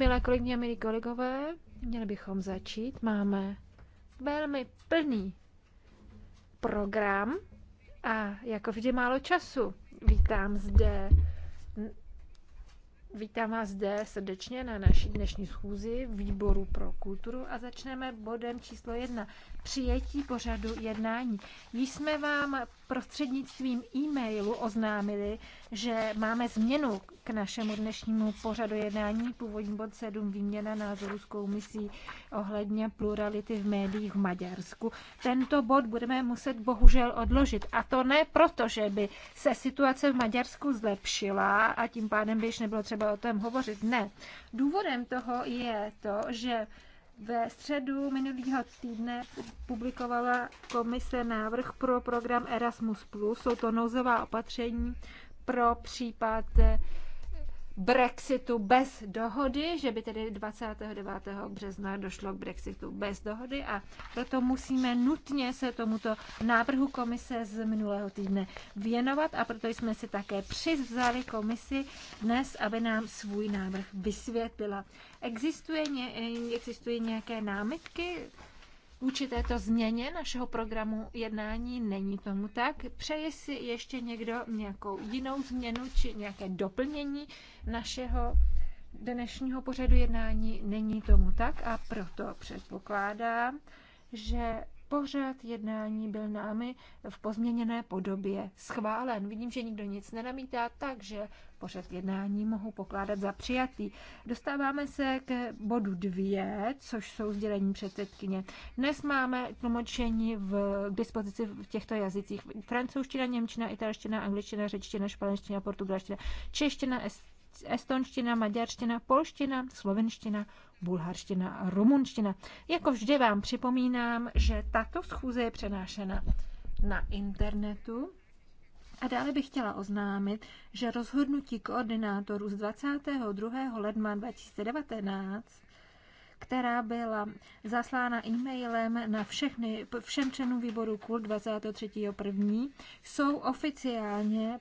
Milé kolegyně, milí kolegové, měli bychom začít. Máme velmi plný program a jako vždy málo času. Vítám zde Vítám vás zde srdečně na naší dnešní schůzi výboru pro kulturu a začneme bodem číslo jedna. Přijetí pořadu jednání. Již jsme vám prostřednictvím e-mailu oznámili, že máme změnu k našemu dnešnímu pořadu jednání. Původní bod 7 výměna názoru s komisí ohledně plurality v médiích v Maďarsku. Tento bod budeme muset bohužel odložit. A to ne proto, že by se situace v Maďarsku zlepšila a tím pádem by již nebylo třeba třeba o tom hovořit. Ne. Důvodem toho je to, že ve středu minulého týdne publikovala komise návrh pro program Erasmus+. Jsou to nouzová opatření pro případ Brexitu bez dohody, že by tedy 29. března došlo k Brexitu bez dohody a proto musíme nutně se tomuto návrhu komise z minulého týdne věnovat a proto jsme si také přizvali komisi dnes, aby nám svůj návrh vysvětlila. Existuje ně, existují nějaké námitky vůči této změně našeho programu jednání? Není tomu tak. Přeje si ještě někdo nějakou jinou změnu či nějaké doplnění našeho dnešního pořadu jednání? Není tomu tak a proto předpokládám, že Pořád jednání byl námi v pozměněné podobě schválen. Vidím, že nikdo nic nenamítá, takže pořád jednání mohu pokládat za přijatý. Dostáváme se k bodu dvě, což jsou sdělení předsedkyně. Dnes máme tlumočení v, k dispozici v těchto jazycích. Francouzština, němčina, italština, angličtina, řečtina, španělština, portugalština, čeština, estonština, maďarština, polština, slovenština, bulharština a rumunština. Jako vždy vám připomínám, že tato schůze je přenášena na internetu. A dále bych chtěla oznámit, že rozhodnutí koordinátorů z 22. ledna 2019 která byla zaslána e-mailem na všechny, všem členům výboru KUL 23.1., jsou oficiálně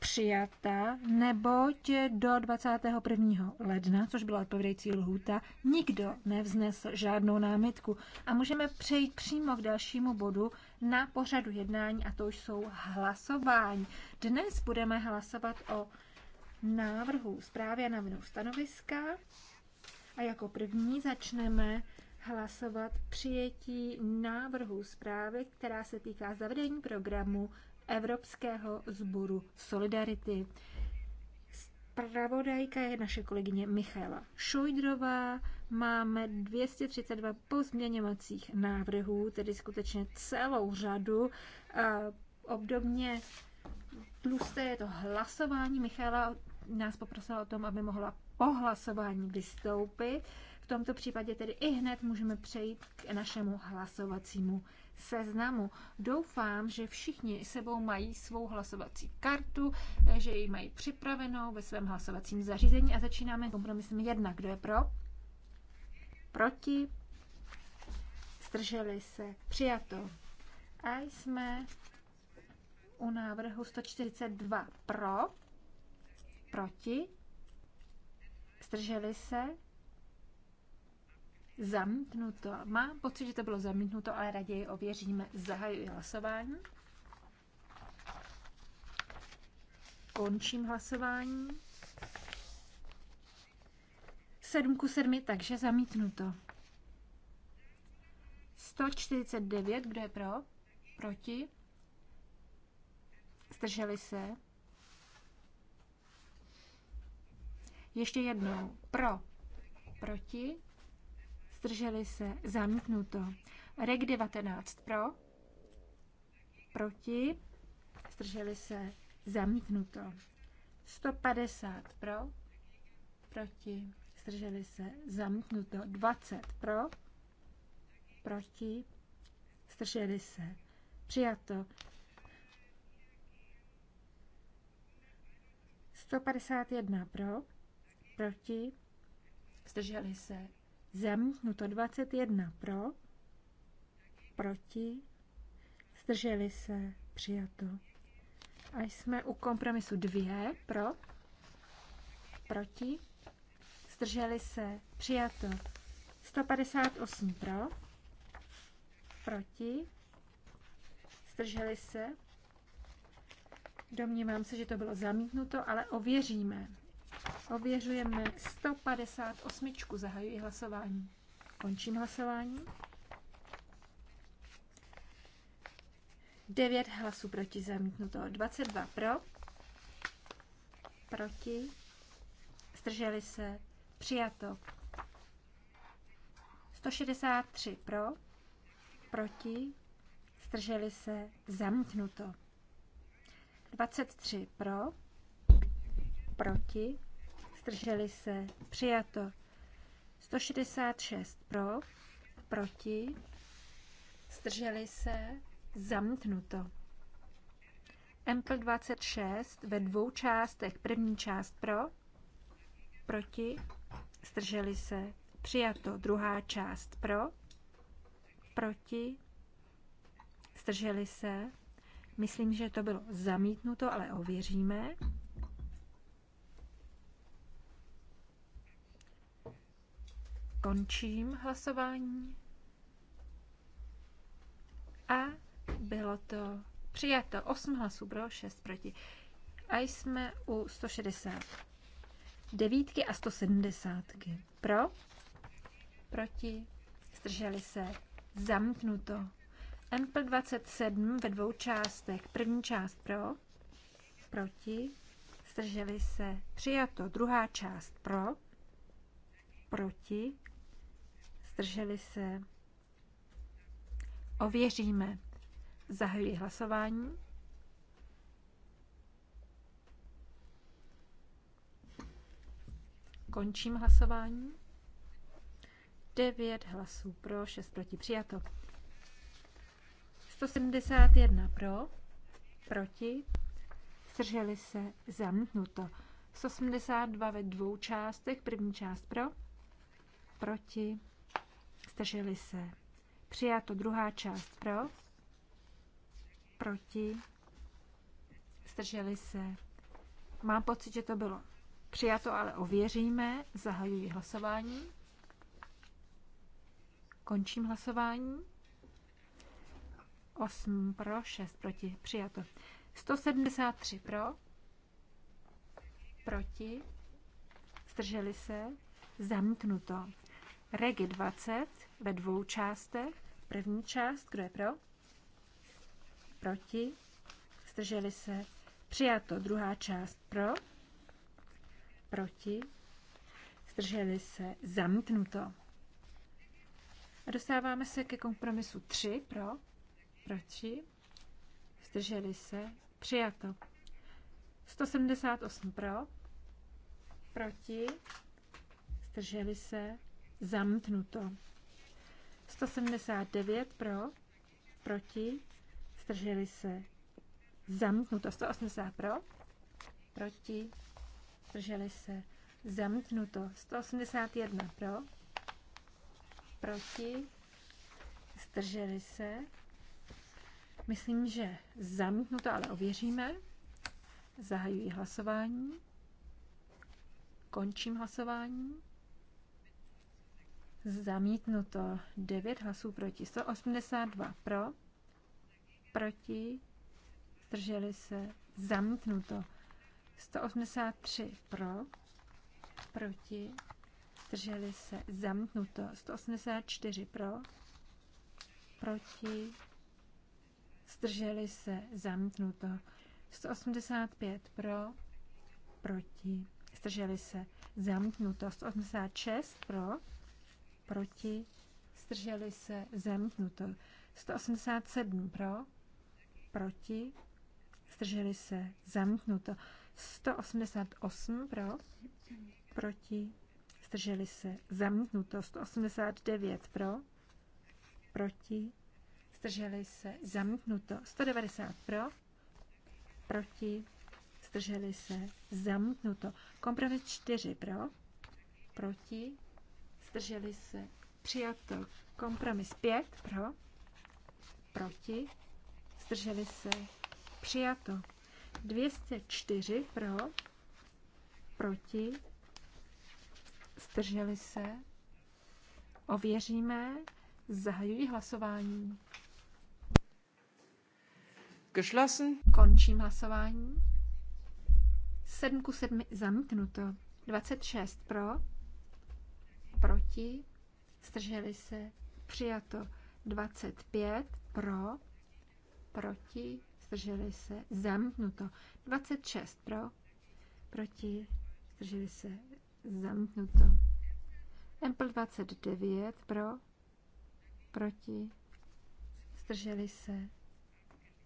přijata, neboť do 21. ledna, což byla odpovědající lhůta, nikdo nevznesl žádnou námitku. A můžeme přejít přímo k dalšímu bodu na pořadu jednání, a to už jsou hlasování. Dnes budeme hlasovat o návrhu zprávy a návrhu stanoviska. A jako první začneme hlasovat přijetí návrhu zprávy, která se týká zavedení programu Evropského sboru Solidarity. Pravodajka je naše kolegyně Michaela Šojdrová. Máme 232 pozměňovacích návrhů, tedy skutečně celou řadu. Obdobně tlusté je to hlasování. Michaela nás poprosila o tom, aby mohla po hlasování vystoupit. V tomto případě tedy i hned můžeme přejít k našemu hlasovacímu seznamu. Doufám, že všichni sebou mají svou hlasovací kartu, že ji mají připravenou ve svém hlasovacím zařízení a začínáme kompromisem jedna. Kdo je pro? Proti? Zdrželi se? Přijato. A jsme u návrhu 142 pro, proti, zdrželi se, zamítnuto. Mám pocit, že to bylo zamítnuto, ale raději ověříme. Zahajuji hlasování. Končím hlasování. 7 ku 7, takže zamítnuto. 149, kdo je pro? Proti? Zdrželi se? Ještě jednou. Pro. Proti? zdrželi se, zamítnuto. Reg 19 pro, proti, zdrželi se, zamítnuto. 150 pro, proti, zdrželi se, zamítnuto. 20 pro, proti, zdrželi se, přijato. 151 pro, proti, zdrželi se, Zamítnuto 21 pro, proti, zdrželi se, přijato. A jsme u kompromisu 2 pro, proti, zdrželi se, přijato. 158 pro, proti, zdrželi se. Domnívám se, že to bylo zamítnuto, ale ověříme. Ověřujeme 158. Zahajuji hlasování. Končím hlasování. 9 hlasů proti zamítnuto, 22 pro, proti, zdrželi se, přijato. 163 pro, proti, zdrželi se, zamítnuto. 23 pro, proti, zdrželi se, přijato. 166 pro, proti, zdrželi se, zamítnuto Ample 26 ve dvou částech. První část pro, proti, zdrželi se, přijato. Druhá část pro, proti, zdrželi se. Myslím, že to bylo zamítnuto, ale ověříme. Končím hlasování. A bylo to přijato 8 hlasů pro, 6 proti. A jsme u 160. Devítky a 170. Pro, proti, zdrželi se, zamknuto. mp 27 ve dvou částech. První část pro, proti, zdrželi se, přijato. Druhá část pro, proti, zdrželi se. Ověříme. Zahajuji hlasování. Končím hlasování. 9 hlasů pro, 6 proti přijato. 171 pro, proti, zdrželi se zamítnuto. 182 ve dvou částech, první část pro, proti, Zdrželi se. Přijato druhá část pro. Proti. Zdrželi se. Mám pocit, že to bylo přijato, ale ověříme. Zahajuji hlasování. Končím hlasování. 8 pro, 6 proti. Přijato. 173 pro. Proti. Zdrželi se. Zamítnuto. Regi 20 ve dvou částech. První část, kdo je pro? Proti. Zdrželi se. Přijato. Druhá část pro. Proti. Zdrželi se. Zamítnuto. A dostáváme se ke kompromisu 3 pro. Proti. Zdrželi se. Přijato. 178 pro. Proti. Zdrželi se. Zamknuto. 179 pro, proti, zdrželi se. Zamknuto. 180 pro, proti, zdrželi se. Zamknuto. 181 pro, proti, zdrželi se. Myslím, že zamítnuto, ale ověříme. Zahajuji hlasování. Končím hlasování. Zamítnuto 9 hlasů proti. 182 pro, proti, zdrželi se. Zamítnuto 183 pro, proti, zdrželi se. Zamítnuto 184 pro, proti, zdrželi se. Zamítnuto 185 pro, proti, zdrželi se. Zamítnuto 186 pro, proti, zdrželi se, zamítnuto. 187 pro, proti, zdrželi se, zamítnuto. 188 pro, proti, zdrželi se, zamítnuto. 189 pro, proti, zdrželi se, zamítnuto. 190 pro, proti, zdrželi se, zamítnuto. Kompromis 4 pro, proti, zdrželi se, přijato. Kompromis 5 pro, proti, zdrželi se, přijato. 204 pro, proti, zdrželi se, ověříme, zahajuji hlasování. Geschlossen. Končím hlasování. 7 ku 7 zamítnuto. 26 pro, proti, zdrželi se, přijato 25 pro, proti, zdrželi se, zamknuto 26 pro, proti, zdrželi se, zamknuto. Empl 29 pro, proti, zdrželi se,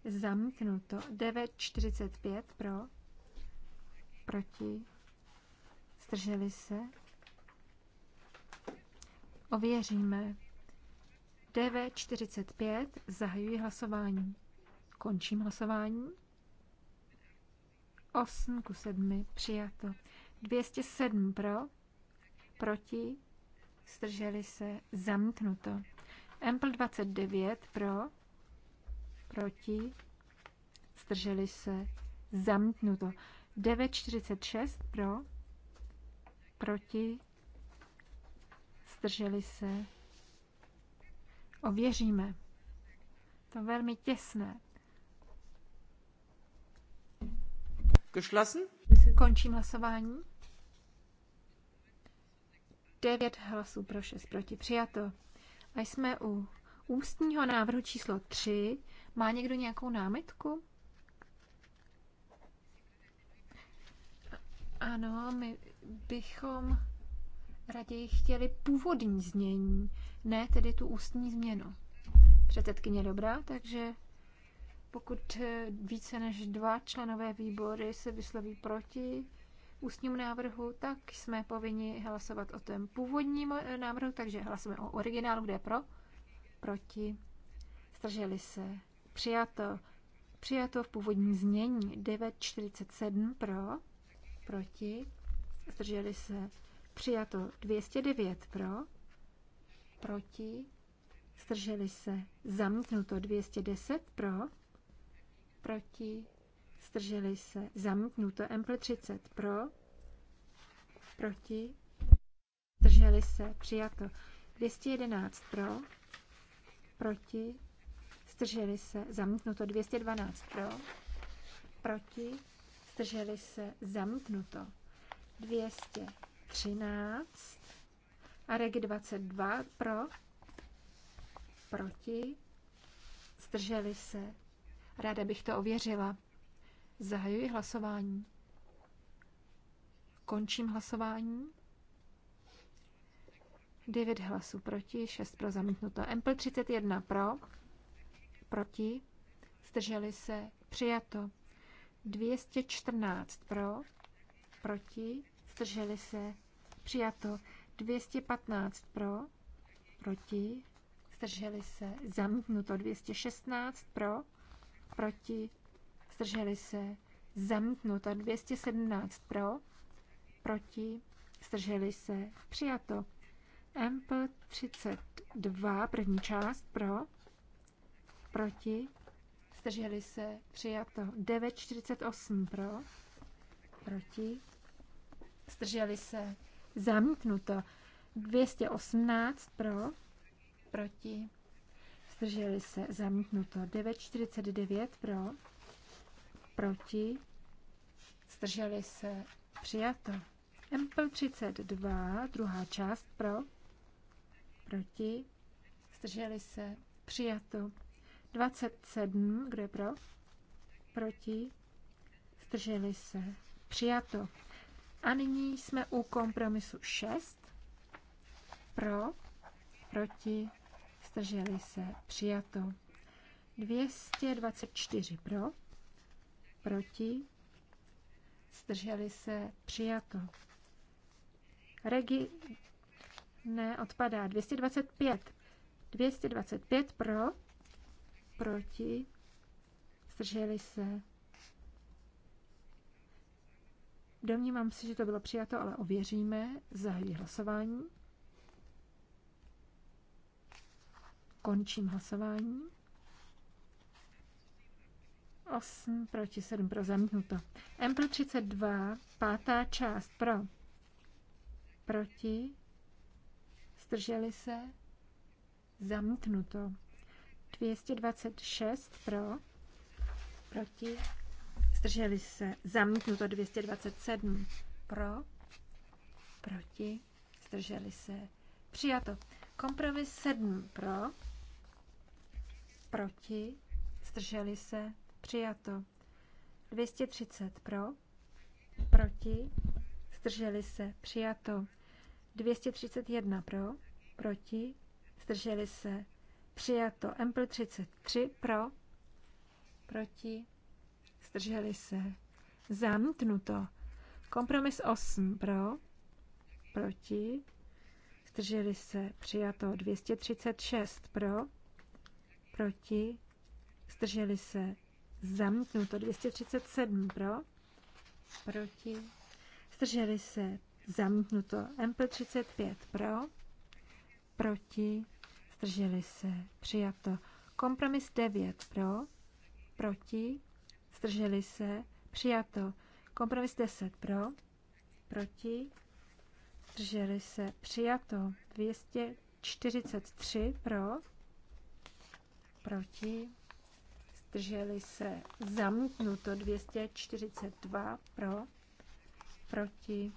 zamknuto 945 pro, proti, zdrželi se, Ověříme. DV45, zahajuji hlasování. Končím hlasování. 8 ku 7, přijato. 207 pro, proti, zdrželi se, zamítnuto. Ample 29 pro, proti, zdrželi se, zamítnuto. 946 pro, proti, zdrželi se, ověříme. To je velmi těsné. Geschlossen? Končím hlasování. 9 hlasů pro 6 proti přijato. A jsme u ústního návrhu číslo 3. Má někdo nějakou námitku? Ano, my bychom raději chtěli původní znění, ne tedy tu ústní změnu. Předsedkyně dobrá, takže pokud eh, více než dva členové výbory se vysloví proti ústnímu návrhu, tak jsme povinni hlasovat o tom původním eh, návrhu, takže hlasujeme o originálu, kde je pro, proti, zdrželi se, přijato, přijato v původní znění, 947 pro, proti, zdrželi se, Přijato 209 pro, proti, strželi se. Zamítnuto 210 pro, proti, strželi se. Zamítnuto MP30 pro, proti, strželi se. Přijato 211 pro, proti, strželi se. Zamítnuto 212 pro, proti, strželi se. Zamítnuto 200 13 a Regi 22 pro, proti, zdrželi se. Ráda bych to ověřila. Zahajuji hlasování. Končím hlasování. 9 hlasů proti, 6 pro zamítnuto. mp 31 pro, proti, zdrželi se, přijato. 214 pro, proti, zdrželi se, Přijato 215 pro, proti, zdrželi se, zamítnuto 216 pro, proti, zdrželi se, zamítnuto 217 pro, proti, zdrželi se, přijato. MP 32, první část, pro, proti, zdrželi se, přijato. 948 pro, proti, zdrželi se, Zamítnuto. 218 pro, proti, zdrželi se, zamítnuto. 949 pro, proti, zdrželi se, přijato. Empl 32, druhá část pro, proti, zdrželi se, přijato. 27, kdo je pro, proti, zdrželi se, přijato. A nyní jsme u kompromisu 6. Pro, proti, zdrželi se, přijato. 224 pro, proti, zdrželi se, přijato. Regi neodpadá. 225. 225 pro, proti, zdrželi se, Domnívám se, že to bylo přijato, ale ověříme. Zahajuji hlasování. Končím hlasování. 8 proti 7 pro zamítnuto. Ample 32, pátá část pro. Proti. Zdrželi se. Zamítnuto. 226 pro. Proti zdrželi se, zamítnuto 227 pro, proti, zdrželi se, přijato. Kompromis 7 pro, proti, zdrželi se, přijato. 230 pro, proti, zdrželi se, přijato. 231 pro, proti, zdrželi se, přijato. Empl 33 pro, proti, zdrželi se, zamítnuto. Kompromis 8 pro, proti, zdrželi se, přijato 236 pro, proti, zdrželi se, zamítnuto 237 pro, proti, zdrželi se, zamítnuto MP35 pro, proti, zdrželi se, přijato kompromis 9 pro, proti, Zdrželi se? Přijato. Kompromis 10 pro? Proti? Zdrželi se? Přijato. 243 pro? Proti? Zdrželi se? Zamítnuto. 242 pro? Proti?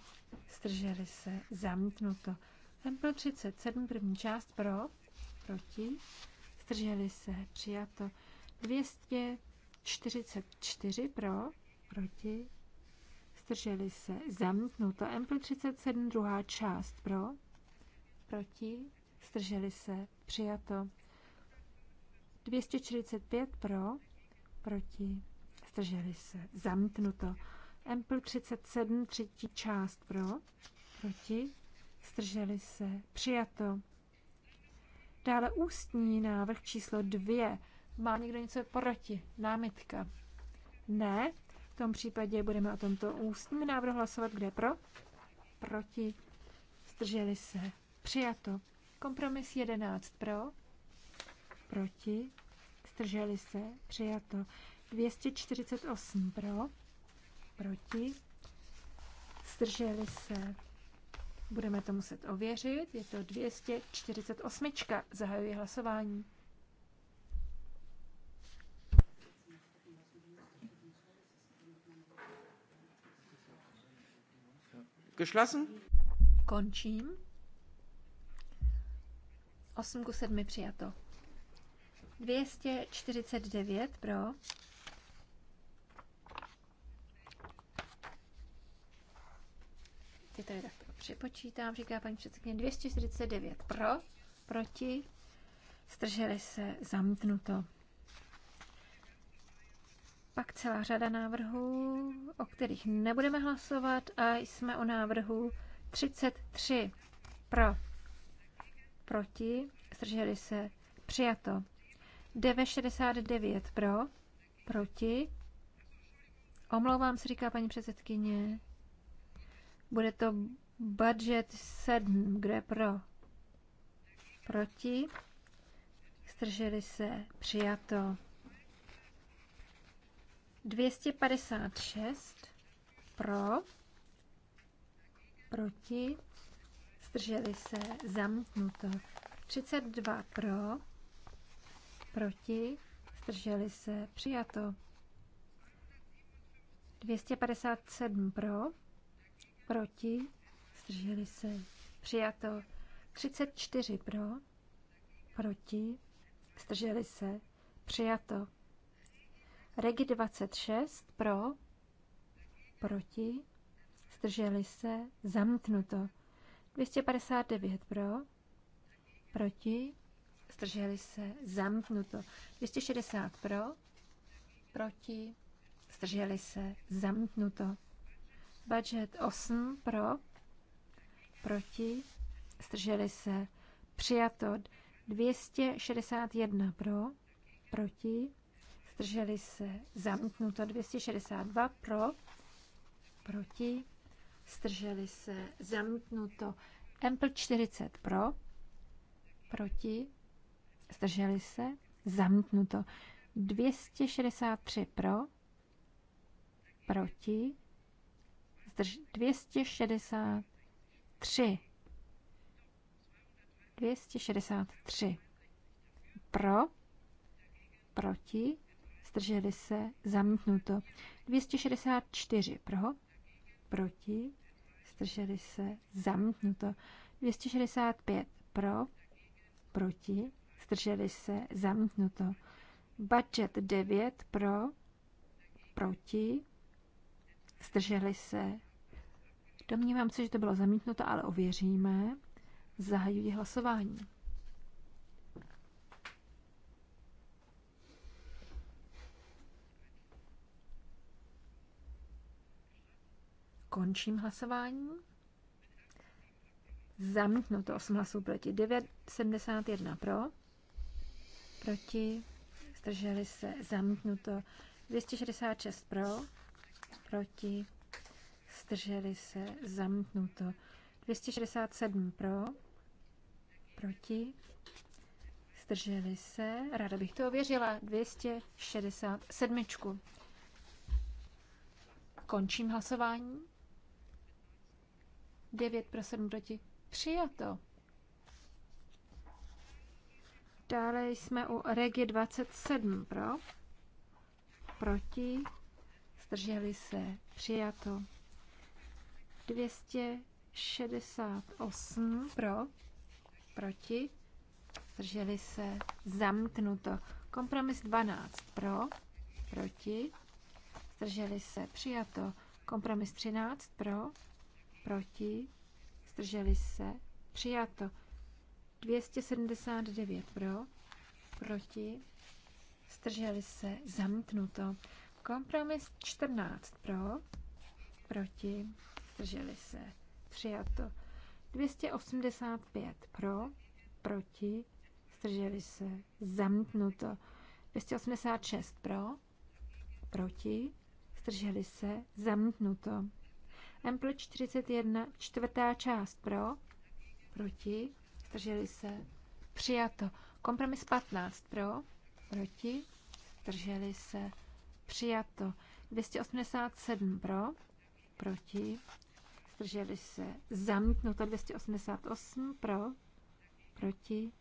Zdrželi se? Zamítnuto. Temple 37, první část pro? Proti? Zdrželi se? Přijato. 200 44 pro, proti, zdrželi se, zamítnuto. MP37 druhá část pro, proti, zdrželi se, přijato. 245 pro, proti, zdrželi se, zamítnuto. MP37 třetí část pro, proti, zdrželi se, přijato. Dále ústní návrh číslo 2 má někdo něco proti? Námitka? Ne. V tom případě budeme o tomto ústním návrhu hlasovat. Kde pro? Proti. Zdrželi se. Přijato. Kompromis 11 pro. Proti. Zdrželi se. Přijato. 248 pro. Proti. Zdrželi se. Budeme to muset ověřit. Je to 248. Zahajuji hlasování. Geschlossen. Končím. 8 ku 7 přijato. 249 pro. Ty to tak přepočítám, říká paní předsedkyně. 249 pro, proti, strželi se, zamítnuto. Pak celá řada návrhů, o kterých nebudeme hlasovat a jsme o návrhu 33 pro, proti, zdrželi se, přijato. 9,69 pro, proti, omlouvám se, říká paní předsedkyně, bude to budget 7, kde pro, proti, zdrželi se, přijato. 256 pro, proti, zdrželi se, zamknuto. 32 pro, proti, zdrželi se, přijato. 257 pro, proti, zdrželi se, přijato. 34 pro, proti, zdrželi se, přijato. Regi 26 pro, proti, zdrželi se, zamknuto. 259 pro, proti, zdrželi se, zamknuto. 260 pro, proti, zdrželi se, zamknuto. Budget 8 pro, proti, zdrželi se, přijato. 261 pro, proti, zdrželi se, zamítnuto 262 pro, proti, zdrželi se, zamítnuto Ample 40 pro, proti, zdrželi se, zamítnuto 263 pro, proti, zdrž, 263, 263 pro, proti, zdrželi se, zamítnuto. 264 pro, proti, zdrželi se, zamítnuto. 265 pro, proti, zdrželi se, zamítnuto. Budget 9 pro, proti, zdrželi se. Domnívám se, že to bylo zamítnuto, ale ověříme. Zahajuji hlasování. Končím hlasování. Zamítnuto 8 hlasů proti 9, 71 pro, proti, zdrželi se, zamítnuto 266 pro, proti, zdrželi se, zamítnuto 267 pro, proti, zdrželi se, ráda bych to ověřila, 267. Končím hlasování. 9 pro 7 proti. Přijato. Dále jsme u Regi 27 pro. Proti. Zdrželi se. Přijato. 268 pro. Proti. Zdrželi se. Zamknuto. Kompromis 12 pro. Proti. Zdrželi se. Přijato. Kompromis 13 pro proti, zdrželi se, přijato. 279 pro, proti, zdrželi se, zamítnuto. Kompromis 14 pro, proti, zdrželi se, přijato. 285 pro, proti, zdrželi se, zamítnuto. 286 pro, proti, zdrželi se, zamítnuto plus 41, čtvrtá část pro, proti, zdrželi se, přijato. Kompromis 15 pro, proti, zdrželi se, přijato. 287 pro, proti, zdrželi se, zamítnuto. 288 pro, proti,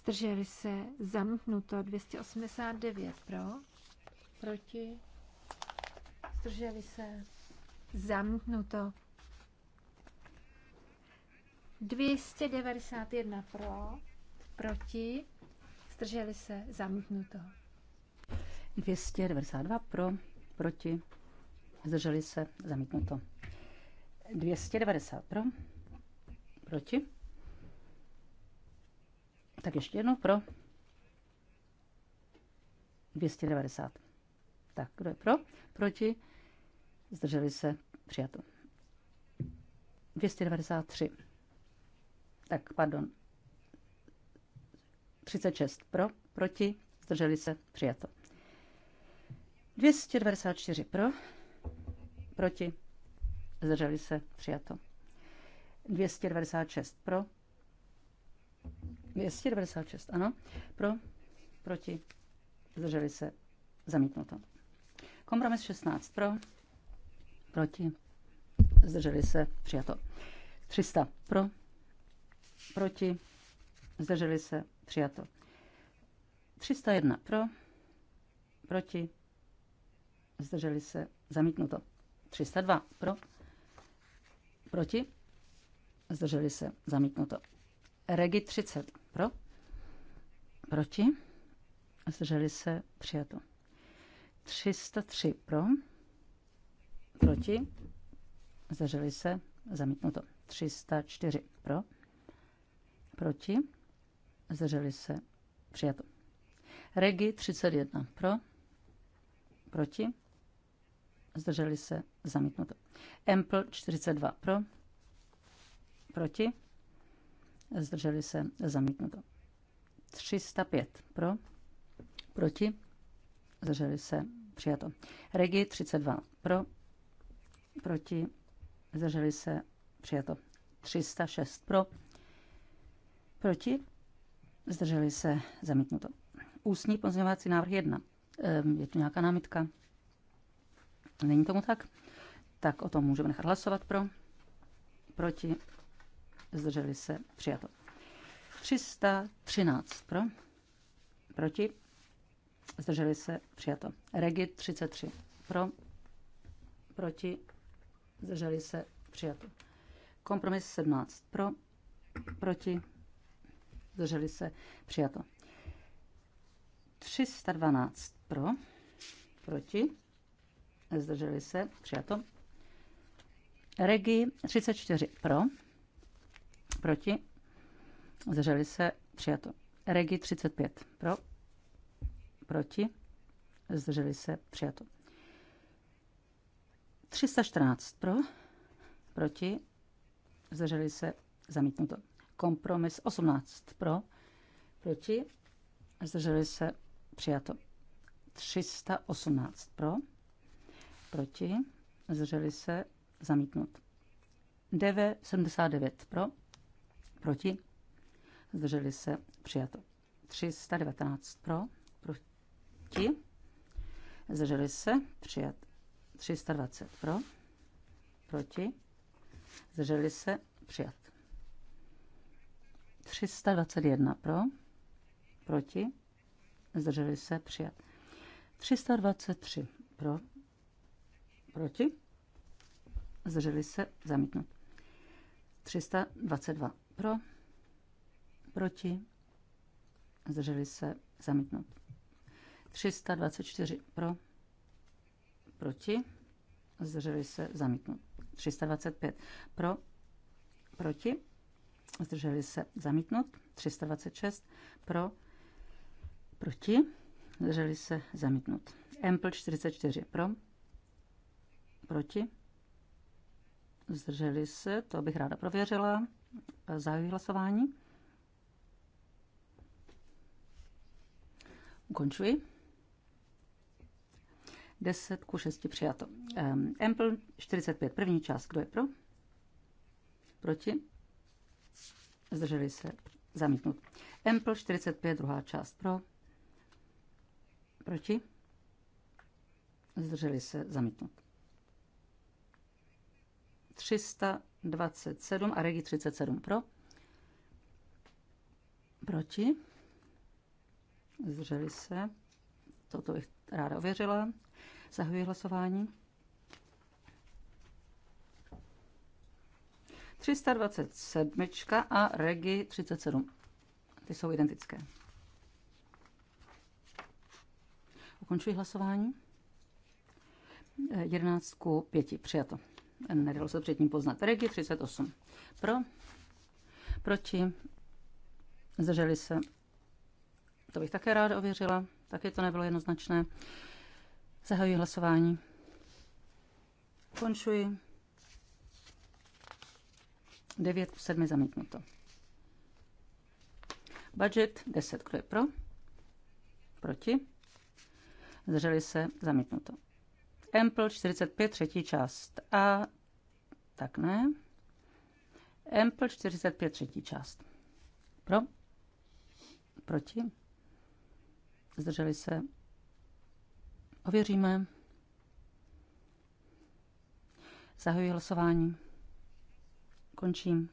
zdrželi se, zamítnuto. 289 pro, proti, zdrželi se, zamknuto. 291 pro, proti, zdrželi se, zamknuto. 292 pro, proti, zdrželi se, zamítnuto. 290 pro, proti. Tak ještě jednou pro. 290. Tak, kdo je pro? Proti? zdrželi se, přijato. 293. Tak, pardon. 36 pro, proti, zdrželi se, přijato. 294 pro, proti, zdrželi se, přijato. 296 pro, 296, ano, pro, proti, zdrželi se, zamítnuto. Kompromis 16 pro, proti, zdrželi se, přijato. 300 pro, proti, zdrželi se, přijato. 301 pro, proti, zdrželi se, zamítnuto. 302 pro, proti, zdrželi se, zamítnuto. Regi 30 pro, proti, zdrželi se, přijato. 303 pro, Proti? Zdrželi se? Zamítnuto. 304 pro. Proti? Zdrželi se? Přijato. Regi 31 pro. Proti? Zdrželi se? Zamítnuto. Empl 42 pro. Proti? Zdrželi se? Zamítnuto. 305 pro. Proti? Zdrželi se? Přijato. Regi 32 pro proti, zdrželi se, přijato. 306 pro, proti, zdrželi se, zamítnuto. Ústní pozměňovací návrh 1. Ehm, je tu nějaká námitka? Není tomu tak? Tak o tom můžeme nechat hlasovat pro, proti, zdrželi se, přijato. 313 pro, proti, zdrželi se, přijato. Regit 33 pro, proti, zdrželi se, přijato. Kompromis 17 pro, proti, zdrželi se, přijato. 312 pro, proti, zdrželi se, přijato. Regi 34 pro, proti, zdrželi se, přijato. Regi 35 pro, proti, zdrželi se, přijato. 314 pro, proti, zdrželi se, zamítnuto. Kompromis 18 pro, proti, zdrželi se, přijato. 318 pro, proti, zdrželi se, zamítnut. 979 pro, proti, zdrželi se, přijato. 319 pro, proti, zdrželi se, přijat. 320 pro, proti, zdrželi se, přijat. 321 pro, proti, zdrželi se, přijat. 323 pro, proti, zdrželi se, zamítnut. 322 pro, proti, zdrželi se, zamítnut. 324 pro, proti, zdrželi se zamítnout. 325 pro, proti, zdrželi se zamítnout. 326 pro, proti, zdrželi se zamítnout. Ample 44 pro, proti, zdrželi se, to bych ráda prověřila, zahajuji hlasování. Ukončuji. 10 ku 6 přijato. Um, Ample 45, první část, kdo je pro? Proti? Zdrželi se zamítnout. Ample 45, druhá část, pro? Proti? Zdrželi se zamítnout. 327 a Regi 37 pro. Proti? Zdrželi se. Toto bych ráda ověřila. Zahajuji hlasování. 327 a Regi 37. Ty jsou identické. Ukončuji hlasování. 11 k 5. Přijato. Nedalo se předtím poznat. Regi 38. Pro. Proti. Zdrželi se. To bych také ráda ověřila. Taky to nebylo jednoznačné. Zahajuji hlasování. Končuji. 9 ku 7 zamítnuto. Budget 10, kdo je pro? Proti? Zdrželi se zamítnuto. Ample 45, třetí část. A tak ne. Ample 45, třetí část. Pro? Proti? zdrželi se. Ověříme. Zahajuji hlasování. Končím.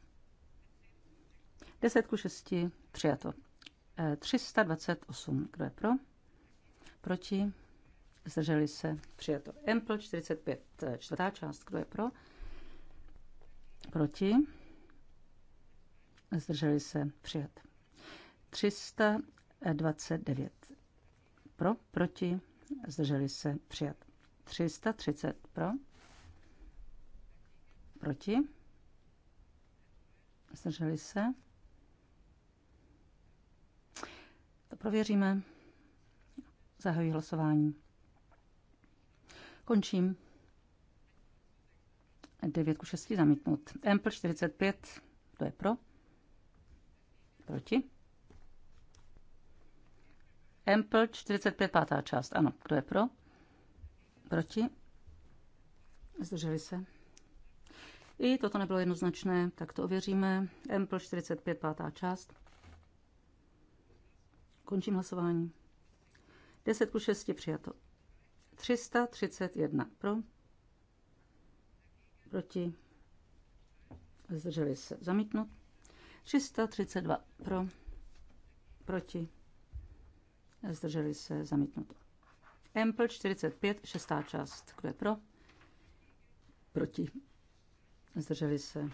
10 ku 6 přijato. 328. Eh, Kdo je pro? Proti? Zdrželi se. Přijato. Empl 45. Eh, čtvrtá část. Kdo je pro? Proti? Zdrželi se. Přijat. 329 pro, proti, zdrželi se přijat. 330 pro, proti, zdrželi se. To prověříme. Zahajuji hlasování. Končím. 9 ku 6 zamítnut. Ample 45, to je pro. Proti. Empl 45, část. Ano, kdo je pro? Proti? Zdrželi se. I toto nebylo jednoznačné, tak to ověříme. Empl 45, pátá část. Končím hlasování. 10 ku 6 přijato. 331 pro. Proti. Zdrželi se. Zamítnut. 332 pro. Proti zdrželi se zamítnuto. Ample 45, šestá část. Kdo je pro? Proti. Zdrželi se.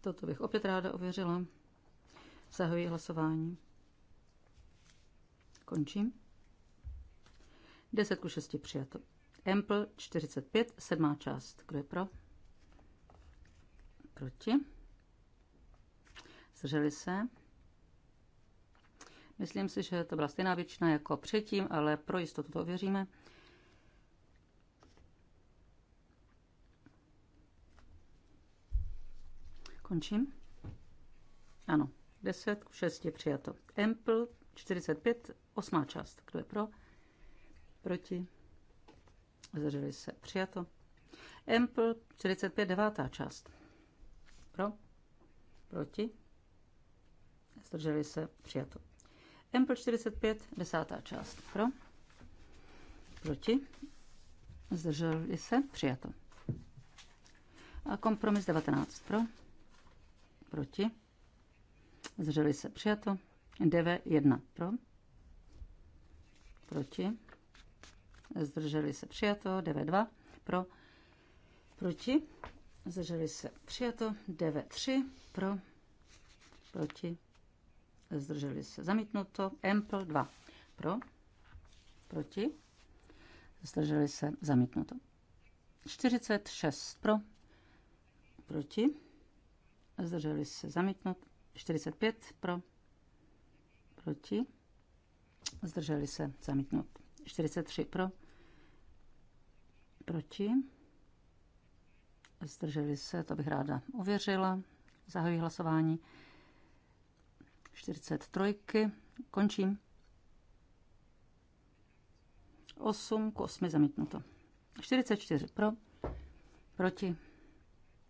Toto bych opět ráda ověřila. Zahojí hlasování. Končím. 10 ku 6 přijato. Ample 45, sedmá část. Kdo je pro? Proti. Zdrželi se. Myslím si, že to byla stejná většina jako předtím, ale pro jistotu to ověříme. Končím. Ano, 10 k 6 je přijato. Ample 45, osmá část. Kdo je pro? Proti? Zdrželi se. Přijato. Ample 45, devátá část. Pro? Proti? Zdrželi se. Přijato. Ample 45, desátá část. Pro? Proti? Zdrželi se? Přijato. A kompromis 19. Pro? Proti? Zdrželi se? Přijato. DV1. Pro? Proti? Zdrželi se? Přijato. DV2. Pro? Proti? Zdrželi se? Přijato. DV3. Pro? Proti? zdrželi se zamítnuto, Ample 2 pro, proti, zdrželi se zamítnuto. 46 pro, proti, zdrželi se zamítnut, 45 pro, proti, zdrželi se zamítnut, 43 pro, proti, zdrželi se, to bych ráda ověřila, zahajuji hlasování. 43. Končím. 8 k 8 zamítnuto. 44 pro, proti,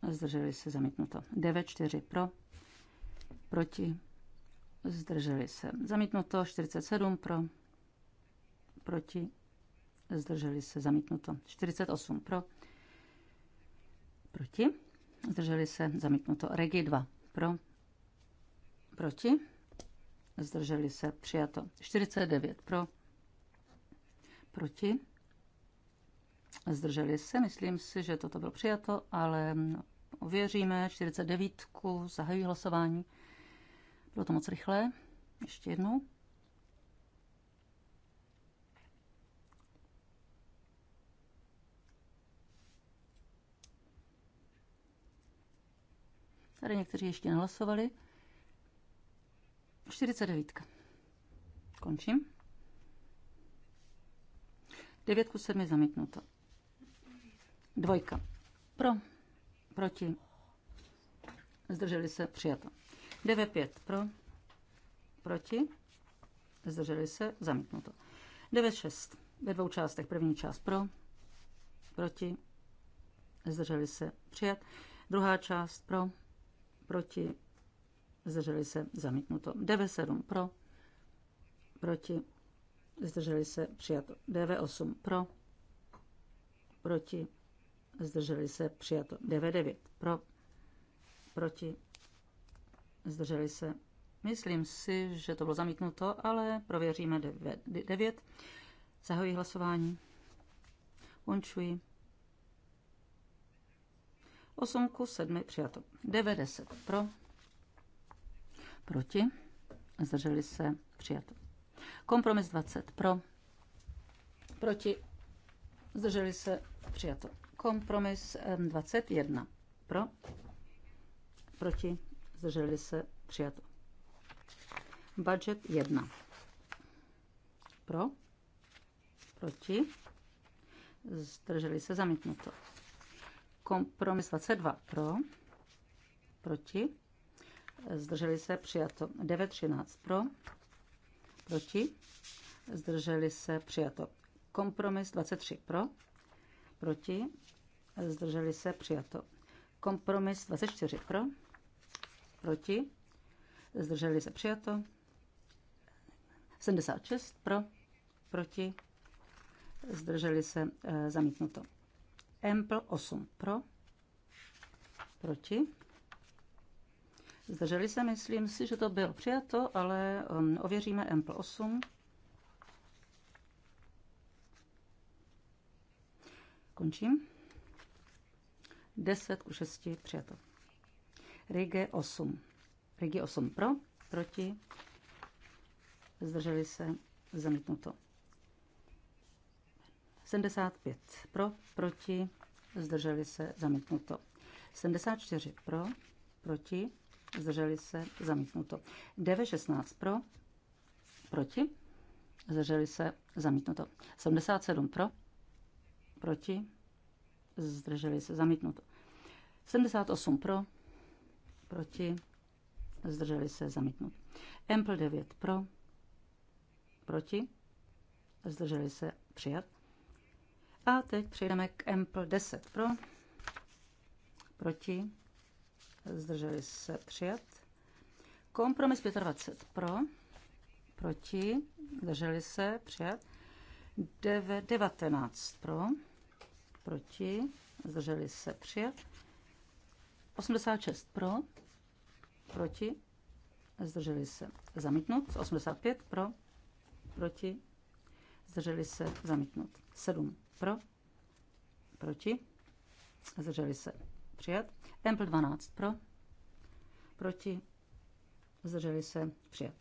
zdrželi se zamítnuto. 9, 4 pro, proti, zdrželi se zamítnuto. 47 pro, proti, zdrželi se zamítnuto. 48 pro, proti, zdrželi se zamítnuto. Regi 2 pro, proti, zdrželi se, přijato. 49 pro, proti, zdrželi se, myslím si, že toto bylo přijato, ale ověříme 49, zahajuji hlasování. Bylo to moc rychlé, ještě jednou. Tady někteří ještě nehlasovali. 49. Končím. 9 ku 7 zamítnuto. Dvojka. Pro. Proti. Zdrželi se. Přijato. 9-5. Pro. Proti. Zdrželi se. Zamítnuto. 9-6. Ve dvou částech. První část pro. Proti. Zdrželi se. Přijat. Druhá část pro. Proti zdrželi se, zamítnuto. 9,7 pro, proti, zdrželi se, přijato. 9,8 pro, proti, zdrželi se, přijato. 9,9 pro, proti, zdrželi se. Myslím si, že to bylo zamítnuto, ale prověříme 9. zahojí hlasování. Končuji. 8 ku 7 přijato. 90 pro proti, zdrželi se, přijat. Kompromis 20 pro, proti, zdrželi se, přijato. Kompromis 21 pro, proti, zdrželi se, přijato. Budget 1 pro, proti, zdrželi se, zamítnuto. Kompromis 22 pro, proti, zdrželi se, přijato. 9.13 pro, proti, zdrželi se, přijato. Kompromis 23 pro, proti, zdrželi se, přijato. Kompromis 24 pro, proti, zdrželi se, přijato. 76 pro, proti, zdrželi se, eh, zamítnuto. Ample 8 pro, proti, Zdrželi se, myslím si, že to bylo přijato, ale um, ověříme Ample 8. Končím. 10 ku 6 přijato. Rigi 8. Rigi 8 pro, proti. Zdrželi se, zamítnuto. 75 pro, proti. Zdrželi se, zamítnuto. 74 pro, proti zdrželi se, zamítnuto. DV16 pro, proti, zdrželi se, zamítnuto. 77 pro, proti, zdrželi se, zamítnuto. 78 pro, proti, zdrželi se, zamítnuto. Empl 9 pro, proti, zdrželi se, přijat. A teď přejdeme k Empl 10 pro, proti, zdrželi se přijat. Kompromis 25 pro, proti, zdrželi se přijat. 9, 19 pro, proti, zdrželi se přijat. 86 pro, proti, zdrželi se zamítnut. 85 pro, proti, zdrželi se zamítnut. 7 pro, proti, zdrželi se přijat. Ample 12 pro, proti, zdrželi se, přijat.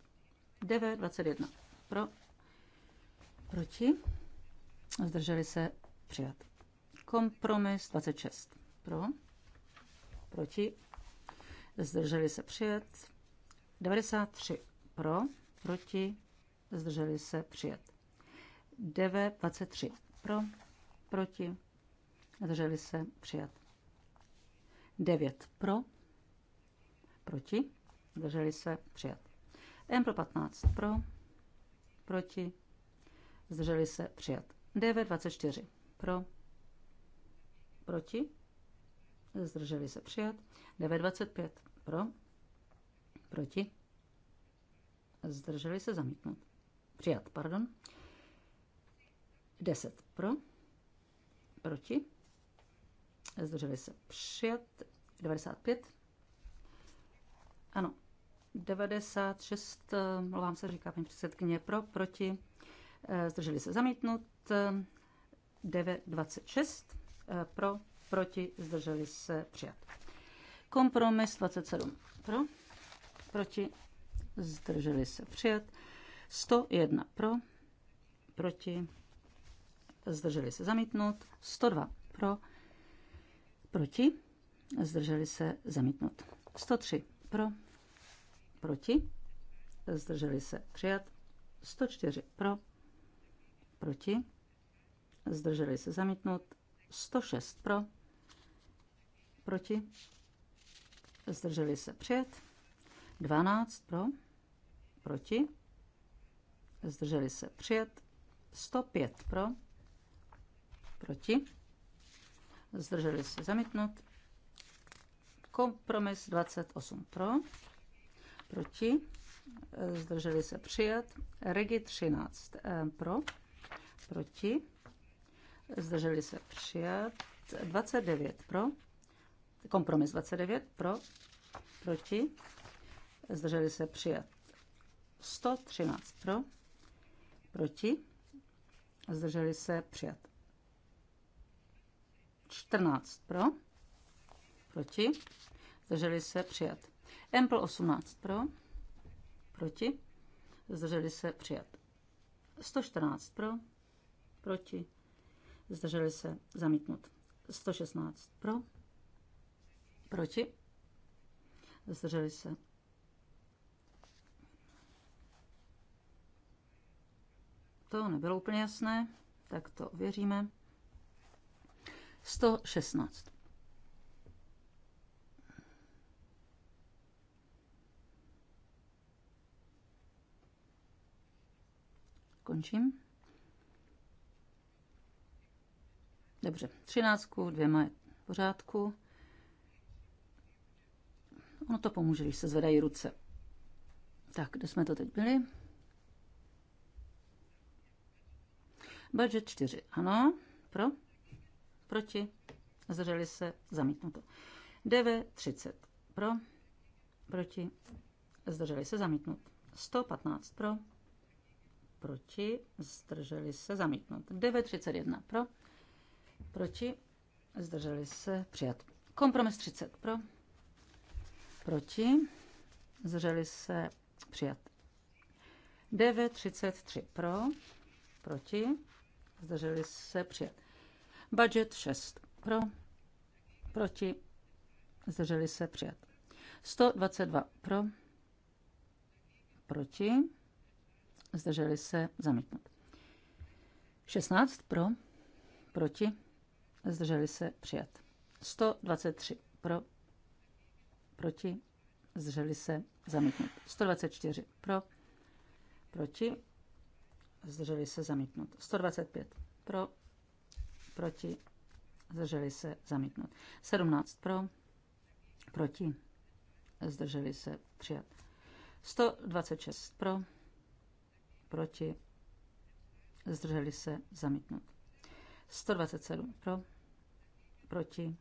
DV 21 pro, proti, zdrželi se, přijat. Kompromis 26 pro, proti, zdrželi se, přijat. 93 pro, proti, zdrželi se, přijat. DV 23 pro, proti, zdrželi se, přijat. 9 pro, proti, zdrželi se, přijat. M pro 15 pro, proti, zdrželi se, přijat. DV 24 pro, proti, zdrželi se, přijat. DV 25 pro, proti, zdrželi se, zamítnout. Přijat, pardon. 10 pro, proti, zdrželi se přijat, 95, ano, 96, eh, mluvám se, říká paní předsedkyně, pro, proti, eh, zdrželi se zamítnut, 926, eh, pro, proti, zdrželi se přijat. Kompromis 27, pro, proti, zdrželi se přijat, 101 pro, proti, zdrželi se zamítnut, 102 pro, Proti? Zdrželi se zamítnout 103 pro. Proti? Zdrželi se přijat. 104 pro. Proti? Zdrželi se zamítnout 106 pro. Proti? Zdrželi se přijat. 12 pro. Proti? Zdrželi se přijat. 105 pro. Proti? zdrželi se zamítnout. Kompromis 28 pro, proti, zdrželi se přijat. Regi 13 eh, pro, proti, zdrželi se přijat. 29 pro, kompromis 29 pro, proti, zdrželi se přijat. 113 pro, proti, zdrželi se přijat. 14 pro, proti, zdrželi se přijat. Ample 18 pro, proti, zdrželi se přijat. 114 pro, proti, zdrželi se zamítnut. 116 pro, proti, zdrželi se to nebylo úplně jasné, tak to věříme. 116. Končím. Dobře, třináctku, dvěma je v pořádku. Ono to pomůže, když se zvedají ruce. Tak, kde jsme to teď byli? Budget čtyři. ano, pro proti, zdrželi se, zamítnuto. DV 30 pro, proti, zdrželi se, zamítnut. 115 pro, proti, zdrželi se, zamítnut. DV 31 pro, proti, zdrželi se, přijat. Kompromis 30 pro, proti, zdrželi se, přijat. DV 33 pro, proti, zdrželi se, přijat. Budget 6 pro, proti, zdrželi se přijat. 122 pro, proti, zdrželi se zamítnout. 16 pro, proti, zdrželi se přijat. 123 pro, proti, zdrželi se zamítnout. 124 pro, proti, zdrželi se zamítnout. 125 pro, proti, zdrželi se zamítnout. 17 pro, proti, zdrželi se přijat. 126 pro, proti, zdrželi se zamítnout. 127 pro, proti,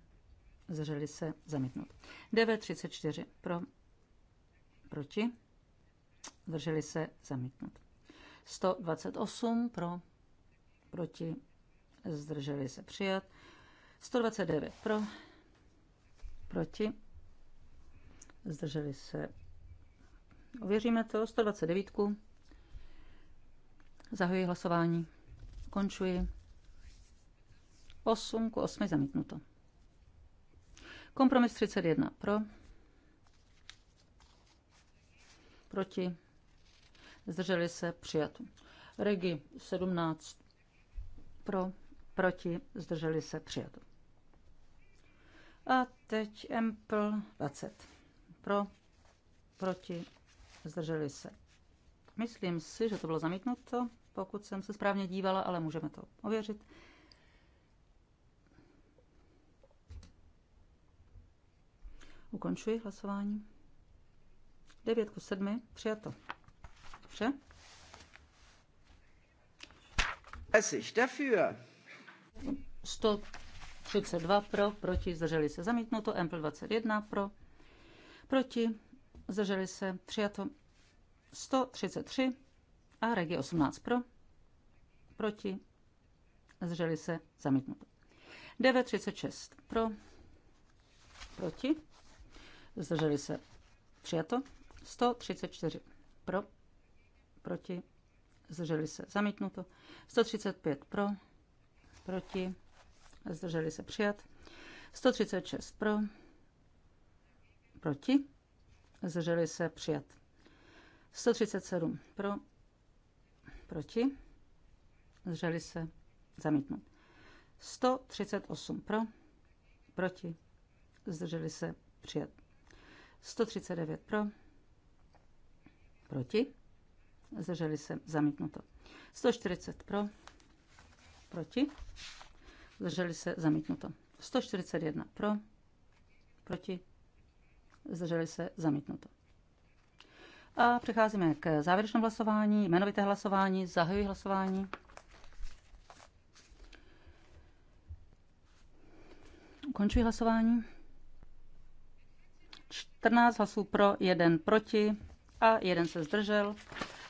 zdrželi se zamítnout. 934 pro, proti, zdrželi se zamítnout. 128 pro, proti, zdrželi se přijat. 129 pro, proti, zdrželi se. Ověříme to, 129. Zahajuji hlasování, končuji. 8 ku 8 zamítnuto. Kompromis 31 pro, proti, zdrželi se přijat. Regi 17 pro, proti, zdrželi se, přijato. A teď Empl 20. Pro, proti, zdrželi se. Myslím si, že to bylo zamítnuto, pokud jsem se správně dívala, ale můžeme to ověřit. Ukončuji hlasování. 9 ku 7, přijato. Vše? ist dafür. 132 pro, proti, zdrželi se zamítnuto, M 21 pro, proti, zdrželi se přijato 133 a Regi 18 pro, proti, zdrželi se zamítnuto. 936 pro, proti, zdrželi se přijato, 134 pro, proti, zdrželi se zamítnuto, 135 pro, proti, zdrželi se přijat. 136 pro, proti, zdrželi se přijat. 137 pro, proti, zdrželi se zamítnout. 138 pro, proti, zdrželi se přijat. 139 pro, proti, zdrželi se zamítnuto. 140 pro, Proti? Zdrželi se zamítnuto. 141 pro. Proti? Zdrželi se zamítnuto. A přecházíme k závěrečnému hlasování, jmenovité hlasování, zahajuji hlasování. Ukončuji hlasování. 14 hlasů pro, 1 proti a jeden se zdržel.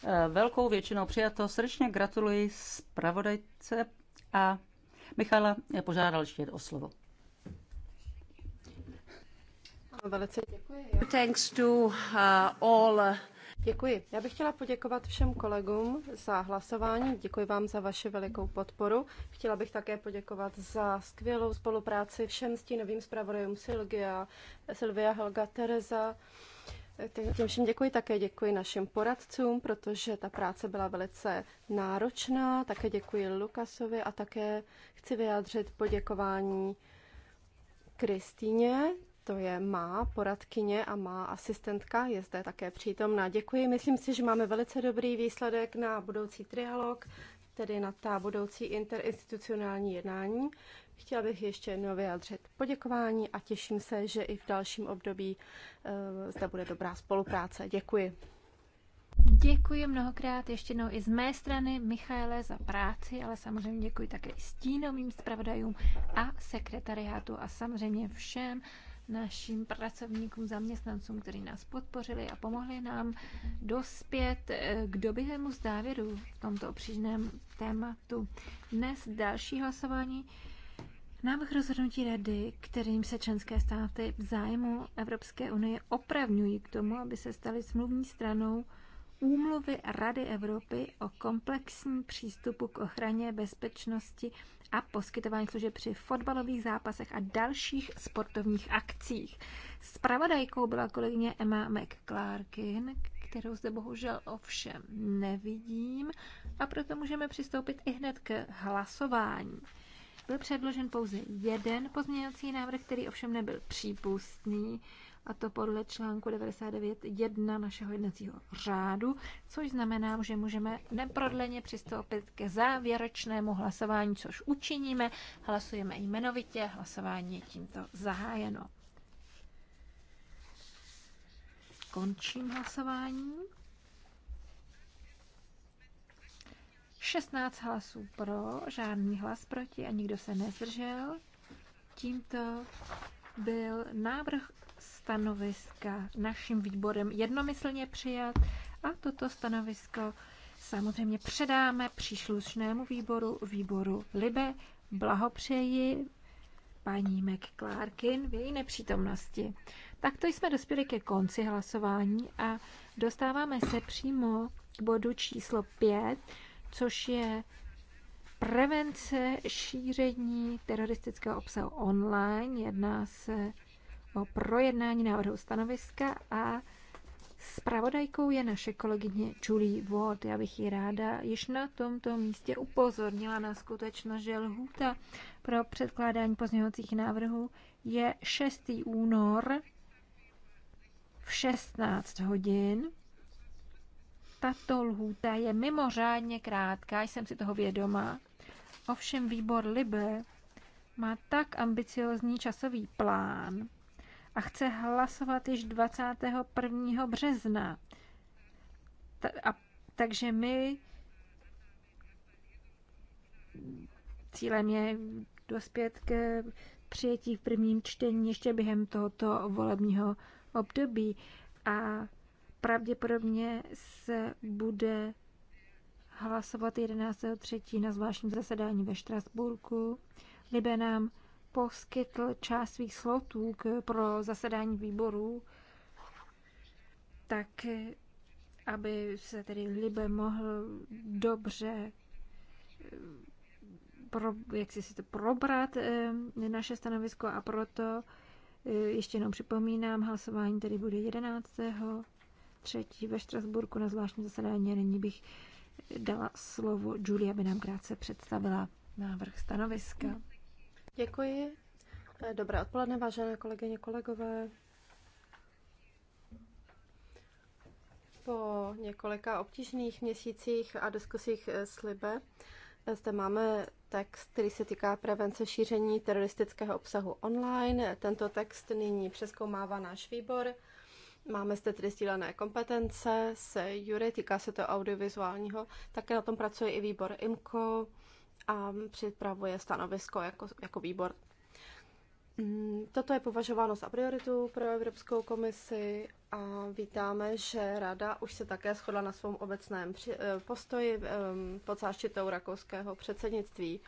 E, velkou většinou přijato. Srdečně gratuluji zpravodajce a Michala požádal ještě o slovo. Velice děkuji. Thanks to uh, all. Uh, děkuji. Já bych chtěla poděkovat všem kolegům za hlasování. Děkuji vám za vaši velikou podporu. Chtěla bych také poděkovat za skvělou spolupráci všem stínovým zpravodajům Silvia, Silvia Helga, Tereza. Těm všem děkuji, také děkuji našim poradcům, protože ta práce byla velice náročná. Také děkuji Lukasovi a také chci vyjádřit poděkování Kristýně, to je má poradkyně a má asistentka, je zde také přítomná. Děkuji, myslím si, že máme velice dobrý výsledek na budoucí trialog, tedy na ta budoucí interinstitucionální jednání. Chtěla bych ještě jednou vyjádřit poděkování a těším se, že i v dalším období eh, zde bude dobrá spolupráce. Děkuji. Děkuji mnohokrát ještě jednou i z mé strany Michaele za práci, ale samozřejmě děkuji také i stínovým zpravodajům a sekretariátu a samozřejmě všem našim pracovníkům, zaměstnancům, kteří nás podpořili a pomohli nám dospět eh, k doběhému závěru v tomto obřížném tématu. Dnes další hlasování Návrh rozhodnutí rady, kterým se členské státy v zájmu Evropské unie opravňují k tomu, aby se staly smluvní stranou úmluvy Rady Evropy o komplexním přístupu k ochraně bezpečnosti a poskytování služeb při fotbalových zápasech a dalších sportovních akcích. Spravodajkou byla kolegyně Emma McClarkin, kterou zde bohužel ovšem nevidím, a proto můžeme přistoupit i hned k hlasování. Byl předložen pouze jeden pozměňovací návrh, který ovšem nebyl přípustný, a to podle článku 99.1 našeho jednacího řádu, což znamená, že můžeme neprodleně přistoupit ke závěrečnému hlasování, což učiníme. Hlasujeme jmenovitě, hlasování je tímto zahájeno. Končím hlasování. 16 hlasů pro, žádný hlas proti a nikdo se nezdržel. Tímto byl návrh stanoviska naším výborem jednomyslně přijat a toto stanovisko samozřejmě předáme příslušnému výboru, výboru Libe. Blahopřeji paní McClarkin v její nepřítomnosti. Takto jsme dospěli ke konci hlasování a dostáváme se přímo k bodu číslo 5, což je prevence šíření teroristického obsahu online. Jedná se o projednání návrhu stanoviska a Spravodajkou je naše kolegyně Julie Ward. Já bych ji ráda již na tomto místě upozornila na skutečnost, že lhůta pro předkládání pozměňovacích návrhů je 6. únor v 16 hodin tato lhůta je mimořádně krátká, jsem si toho vědomá. Ovšem výbor Libe má tak ambiciozní časový plán a chce hlasovat již 21. března. Ta, a, takže my cílem je dospět k přijetí v prvním čtení ještě během tohoto volebního období. A pravděpodobně se bude hlasovat 11.3. na zvláštním zasedání ve Štrasburku. Libe nám poskytl část svých slotů k, pro zasedání výborů, tak aby se tedy Libe mohl dobře pro, jak si, to probrat eh, naše stanovisko a proto eh, ještě jenom připomínám, hlasování tedy bude 11 třetí ve Štrasburku na zvláštní zasedání. nyní bych dala slovo Julie, aby nám krátce představila návrh stanoviska. Děkuji. Dobré odpoledne, vážené kolegyně, kolegové. Po několika obtížných měsících a diskusích s Libe zde máme text, který se týká prevence šíření teroristického obsahu online. Tento text nyní přeskoumává náš výbor. Máme zde tedy sdílené kompetence se Jury, týká se to audiovizuálního. Také na tom pracuje i výbor IMCO a připravuje stanovisko jako, jako výbor. Mm, toto je považováno za prioritu pro Evropskou komisi a vítáme, že Rada už se také shodla na svém obecném eh, postoji pod záštitou rakouského předsednictví.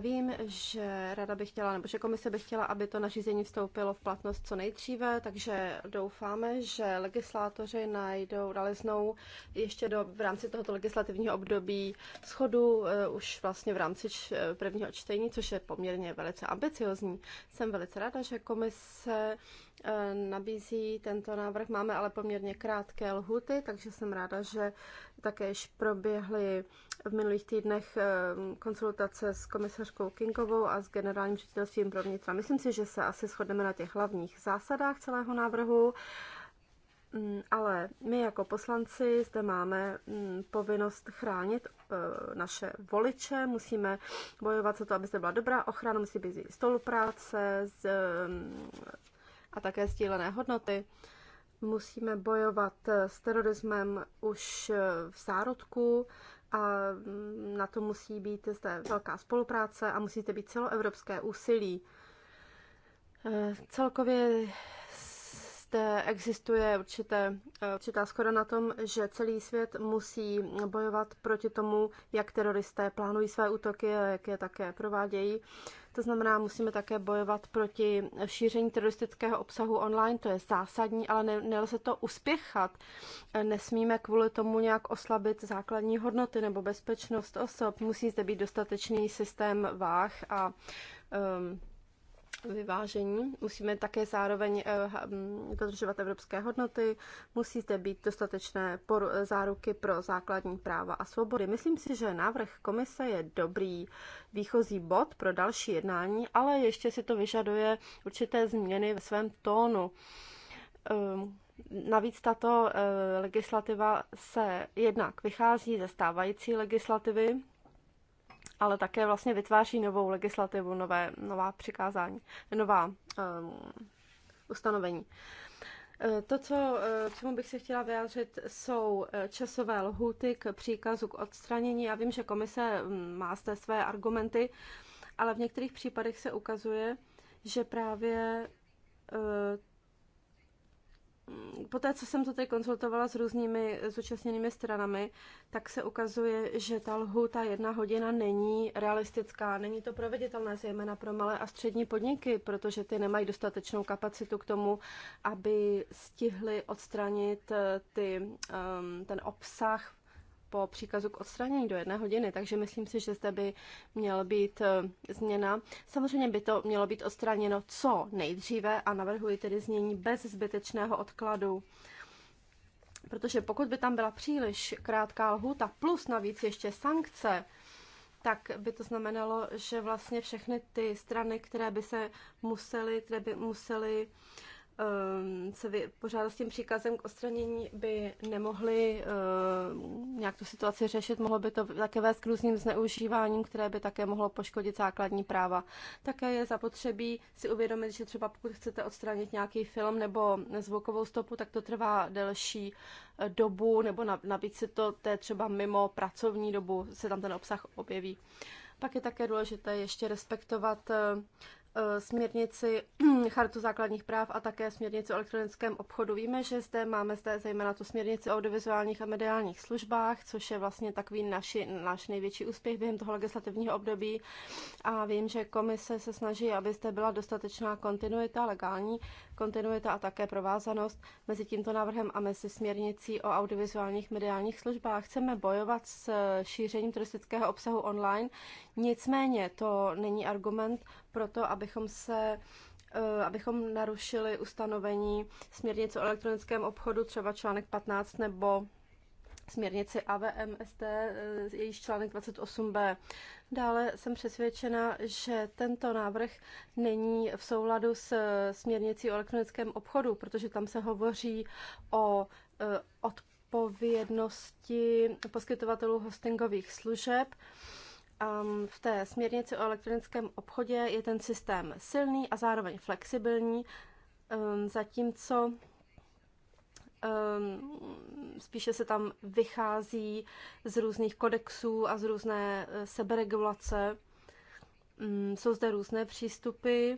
Vím, že rada by chtěla, nebo že komise by chtěla, aby to nařízení vstoupilo v platnost co nejdříve, takže doufáme, že legislátoři najdou, naleznou ještě do, v rámci tohoto legislativního období schodu uh, už vlastně v rámci č, eh, prvního čtení, což je poměrně velice ambiciozní. Jsem velice ráda, že komise uh, Eh, nabízí tento návrh. Máme ale poměrně krátké lhuty, takže jsem ráda, že také již proběhly v minulých týdnech eh, konzultace s komisařkou Kinkovou a s generálním ředitelstvím pro vnitra. Myslím si, že se asi shodneme na těch hlavních zásadách celého návrhu. Mm, ale my jako poslanci zde máme mm, povinnost chránit eh, naše voliče, musíme bojovat za to, aby zde byla dobrá ochrana, musí být spolupráce s a také sdílené hodnoty. Musíme bojovat s terorismem už v zárodku a na to musí být zde velká spolupráce a musíte být celoevropské úsilí. Celkově zde existuje určité, určitá skoda na tom, že celý svět musí bojovat proti tomu, jak teroristé plánují své útoky a jak je také provádějí. To znamená, musíme také bojovat proti šíření teroristického obsahu online, to je zásadní, ale ne, nelze to uspěchat. Nesmíme kvůli tomu nějak oslabit základní hodnoty nebo bezpečnost osob. Musí zde být dostatečný systém váh a um, vyvážení. Musíme také zároveň eh, dodržovat evropské hodnoty, musíte být dostatečné záruky pro základní práva a svobody. Myslím si, že návrh komise je dobrý výchozí bod pro další jednání, ale ještě si to vyžaduje určité změny ve svém tónu. Ehm, navíc tato eh, legislativa se jednak vychází ze stávající legislativy, ale také vlastně vytváří novou legislativu, nové, nová přikázání, nová um, ustanovení. Eh, to, co, eh, k čemu bych se chtěla vyjádřit, jsou eh, časové lhuty k příkazu k odstranění. Já vím, že komise mm, má té své argumenty, ale v některých případech se ukazuje, že právě poté, co jsem to tady konzultovala s různými zúčastněnými stranami, tak se ukazuje, že ta lhůta jedna hodina není realistická. Není to proveditelné zejména pro malé a střední podniky, protože ty nemají dostatečnou kapacitu k tomu, aby stihly odstranit eh, ty, ehm, ten obsah po příkazu k odstranění do jedné hodiny, takže myslím si, že zde by měla být e, změna. Samozřejmě by to mělo být odstraněno co nejdříve a navrhuji tedy změní bez zbytečného odkladu. Protože pokud by tam byla příliš krátká lhůta plus navíc ještě sankce, tak by to znamenalo, že vlastně všechny ty strany, které by se musely, které by musely uh, se ehm, vypořádat s tím příkazem k odstranění, by nemohli ehm, nějak tu situaci řešit. Mohlo by to také vést k různým zneužíváním, které by také mohlo poškodit základní práva. Také je zapotřebí si uvědomit, že třeba pokud chcete odstranit nějaký film nebo zvukovou stopu, tak to trvá delší eh, dobu, nebo navíc se to, to je třeba mimo pracovní dobu, se tam ten obsah objeví. Pak je také důležité ještě respektovat eh, Eh, směrnici Chartu základních práv a také směrnici o elektronickém obchodu. Víme, že zde máme zde zejména tu směrnici o audiovizuálních a mediálních službách, což je vlastně takový naši, náš největší úspěch během toho legislativního období. A vím, že komise se snaží, aby zde byla dostatečná kontinuita, legální kontinuita a také provázanost mezi tímto návrhem a mezi směrnicí o audiovizuálních mediálních službách. Chceme bojovat s šířením turistického obsahu online, nicméně to není argument proto, abychom se eh, abychom narušili ustanovení směrnice o elektronickém obchodu, třeba článek 15 nebo směrnici AVMST, eh, jejíž článek 28b. Dále jsem přesvědčena, že tento návrh není v souladu s eh, směrnicí o elektronickém obchodu, protože tam se hovoří o odpovědnosti poskytovatelů hostingových služeb v té směrnici o elektronickém obchodě je ten systém silný a zároveň flexibilní, zatímco spíše se tam vychází z různých kodexů a z různé e, seberegulace. Mm, jsou zde různé přístupy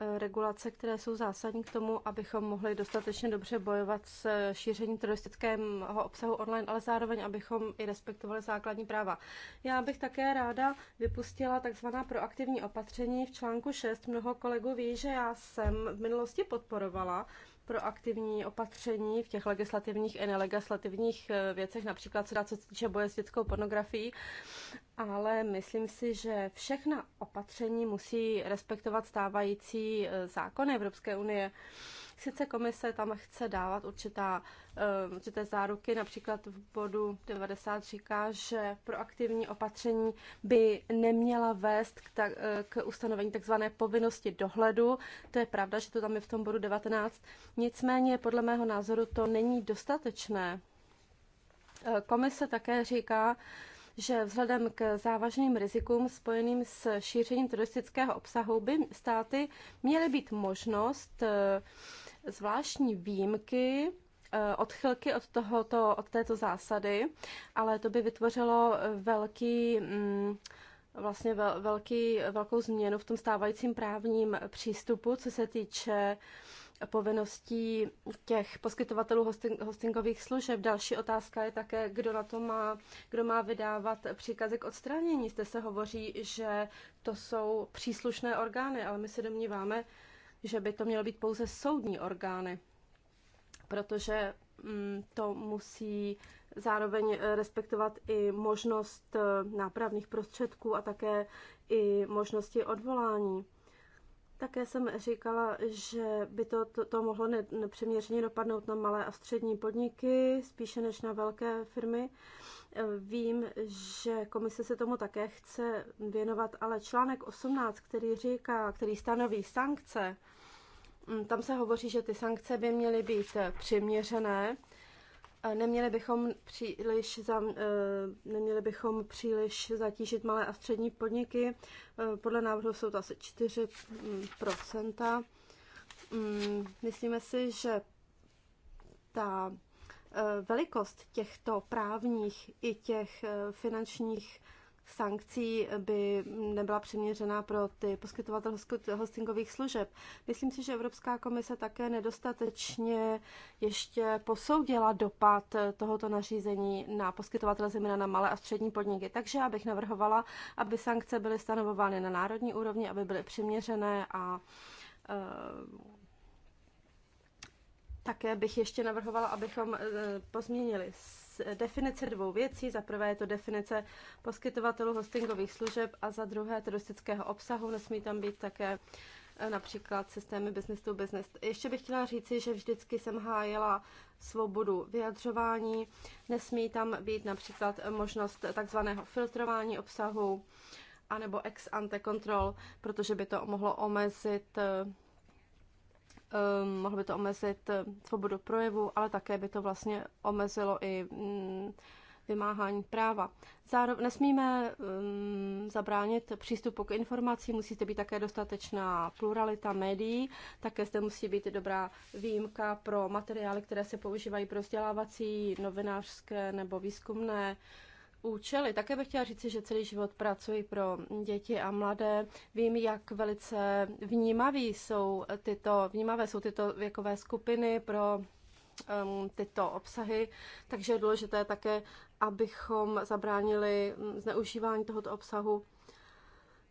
Eh, regulace, které jsou zásadní k tomu, abychom mohli dostatečně dobře bojovat s eh, šířením teroristického obsahu online, ale zároveň, abychom i respektovali základní práva. Já bych také ráda vypustila takzvaná proaktivní opatření. V článku 6 mnoho kolegů ví, že já jsem v minulosti podporovala proaktivní opatření v těch legislativních i nelegislativních eh, věcech, například co dá co se týče boje s dětskou pornografií, ale myslím si, že všechna opatření musí respektovat stávající eh, zákony Evropské unie. Sice komise tam chce dávat určitá, eh, určité záruky, například v bodu 90 říká, že proaktivní opatření by neměla vést k, ta, eh, k ustanovení tzv. povinnosti dohledu. To je pravda, že to tam je v tom bodu 19. Nicméně, podle mého názoru, to není dostatečné. Eh, komise také říká, že vzhledem k závažným rizikům spojeným s šířením teroristického obsahu by státy měly být možnost zvláštní výjimky, eh, odchylky od, tohoto, od této zásady, ale to by vytvořilo velký, mm, vlastně velký, velkou změnu v tom stávajícím právním přístupu, co se týče povinností těch poskytovatelů hosting, hostingových služeb. Další otázka je také, kdo na to má, kdo má vydávat příkazy k odstranění. Zde se hovoří, že to jsou příslušné orgány, ale my se domníváme, že by to mělo být pouze soudní orgány, protože mm, to musí zároveň eh, respektovat i možnost eh, nápravných prostředků a také i možnosti odvolání. Také jsem říkala, že by to, to, to mohlo nepřeměřeně dopadnout na malé a střední podniky, spíše než na velké firmy. Eh, vím, že komise se tomu také chce věnovat, ale článek 18, který říká, který stanoví sankce, Mm, tam se hovoří, že ty sankce by měly být eh, přiměřené. Neměli bychom příliš, za, eh, neměli bychom příliš zatížit malé a střední podniky. Eh, podle návrhu jsou to asi 4%. Mm, mm, myslíme si, že ta velikost těchto právních i těch finančních sankcí by nebyla přiměřená pro ty poskytovatele hostingových služeb. Myslím si, že Evropská komise také nedostatečně ještě posoudila dopad tohoto nařízení na poskytovatele zejména na malé a střední podniky. Takže já bych navrhovala, aby sankce byly stanovovány na národní úrovni, aby byly přiměřené a eh, také bych ještě navrhovala, abychom eh, pozměnili definice dvou věcí. Za prvé je to definice poskytovatelů hostingových služeb a za druhé turistického obsahu. Nesmí tam být také eh, například systémy business to business. Ještě bych chtěla říci, že vždycky jsem hájela svobodu vyjadřování. Nesmí tam být například možnost takzvaného filtrování obsahu anebo ex ante kontrol, protože by to mohlo omezit eh, um, mohlo by to omezit eh, svobodu projevu, ale také by to vlastně omezilo i um, vymáhání práva. Zároveň nesmíme um, zabránit přístupu k informacím, musíte být také dostatečná pluralita médií, také zde musí být dobrá výjimka pro materiály, které se používají pro vzdělávací, novinářské nebo výzkumné uh, účely. Také bych chtěla říci, že celý život pracuji pro děti a mladé. Vím, jak velice vnímavý jsou tyto, vnímavé jsou tyto věkové skupiny pro um, tyto obsahy, takže je důležité také, abychom zabránili um, zneužívání tohoto obsahu.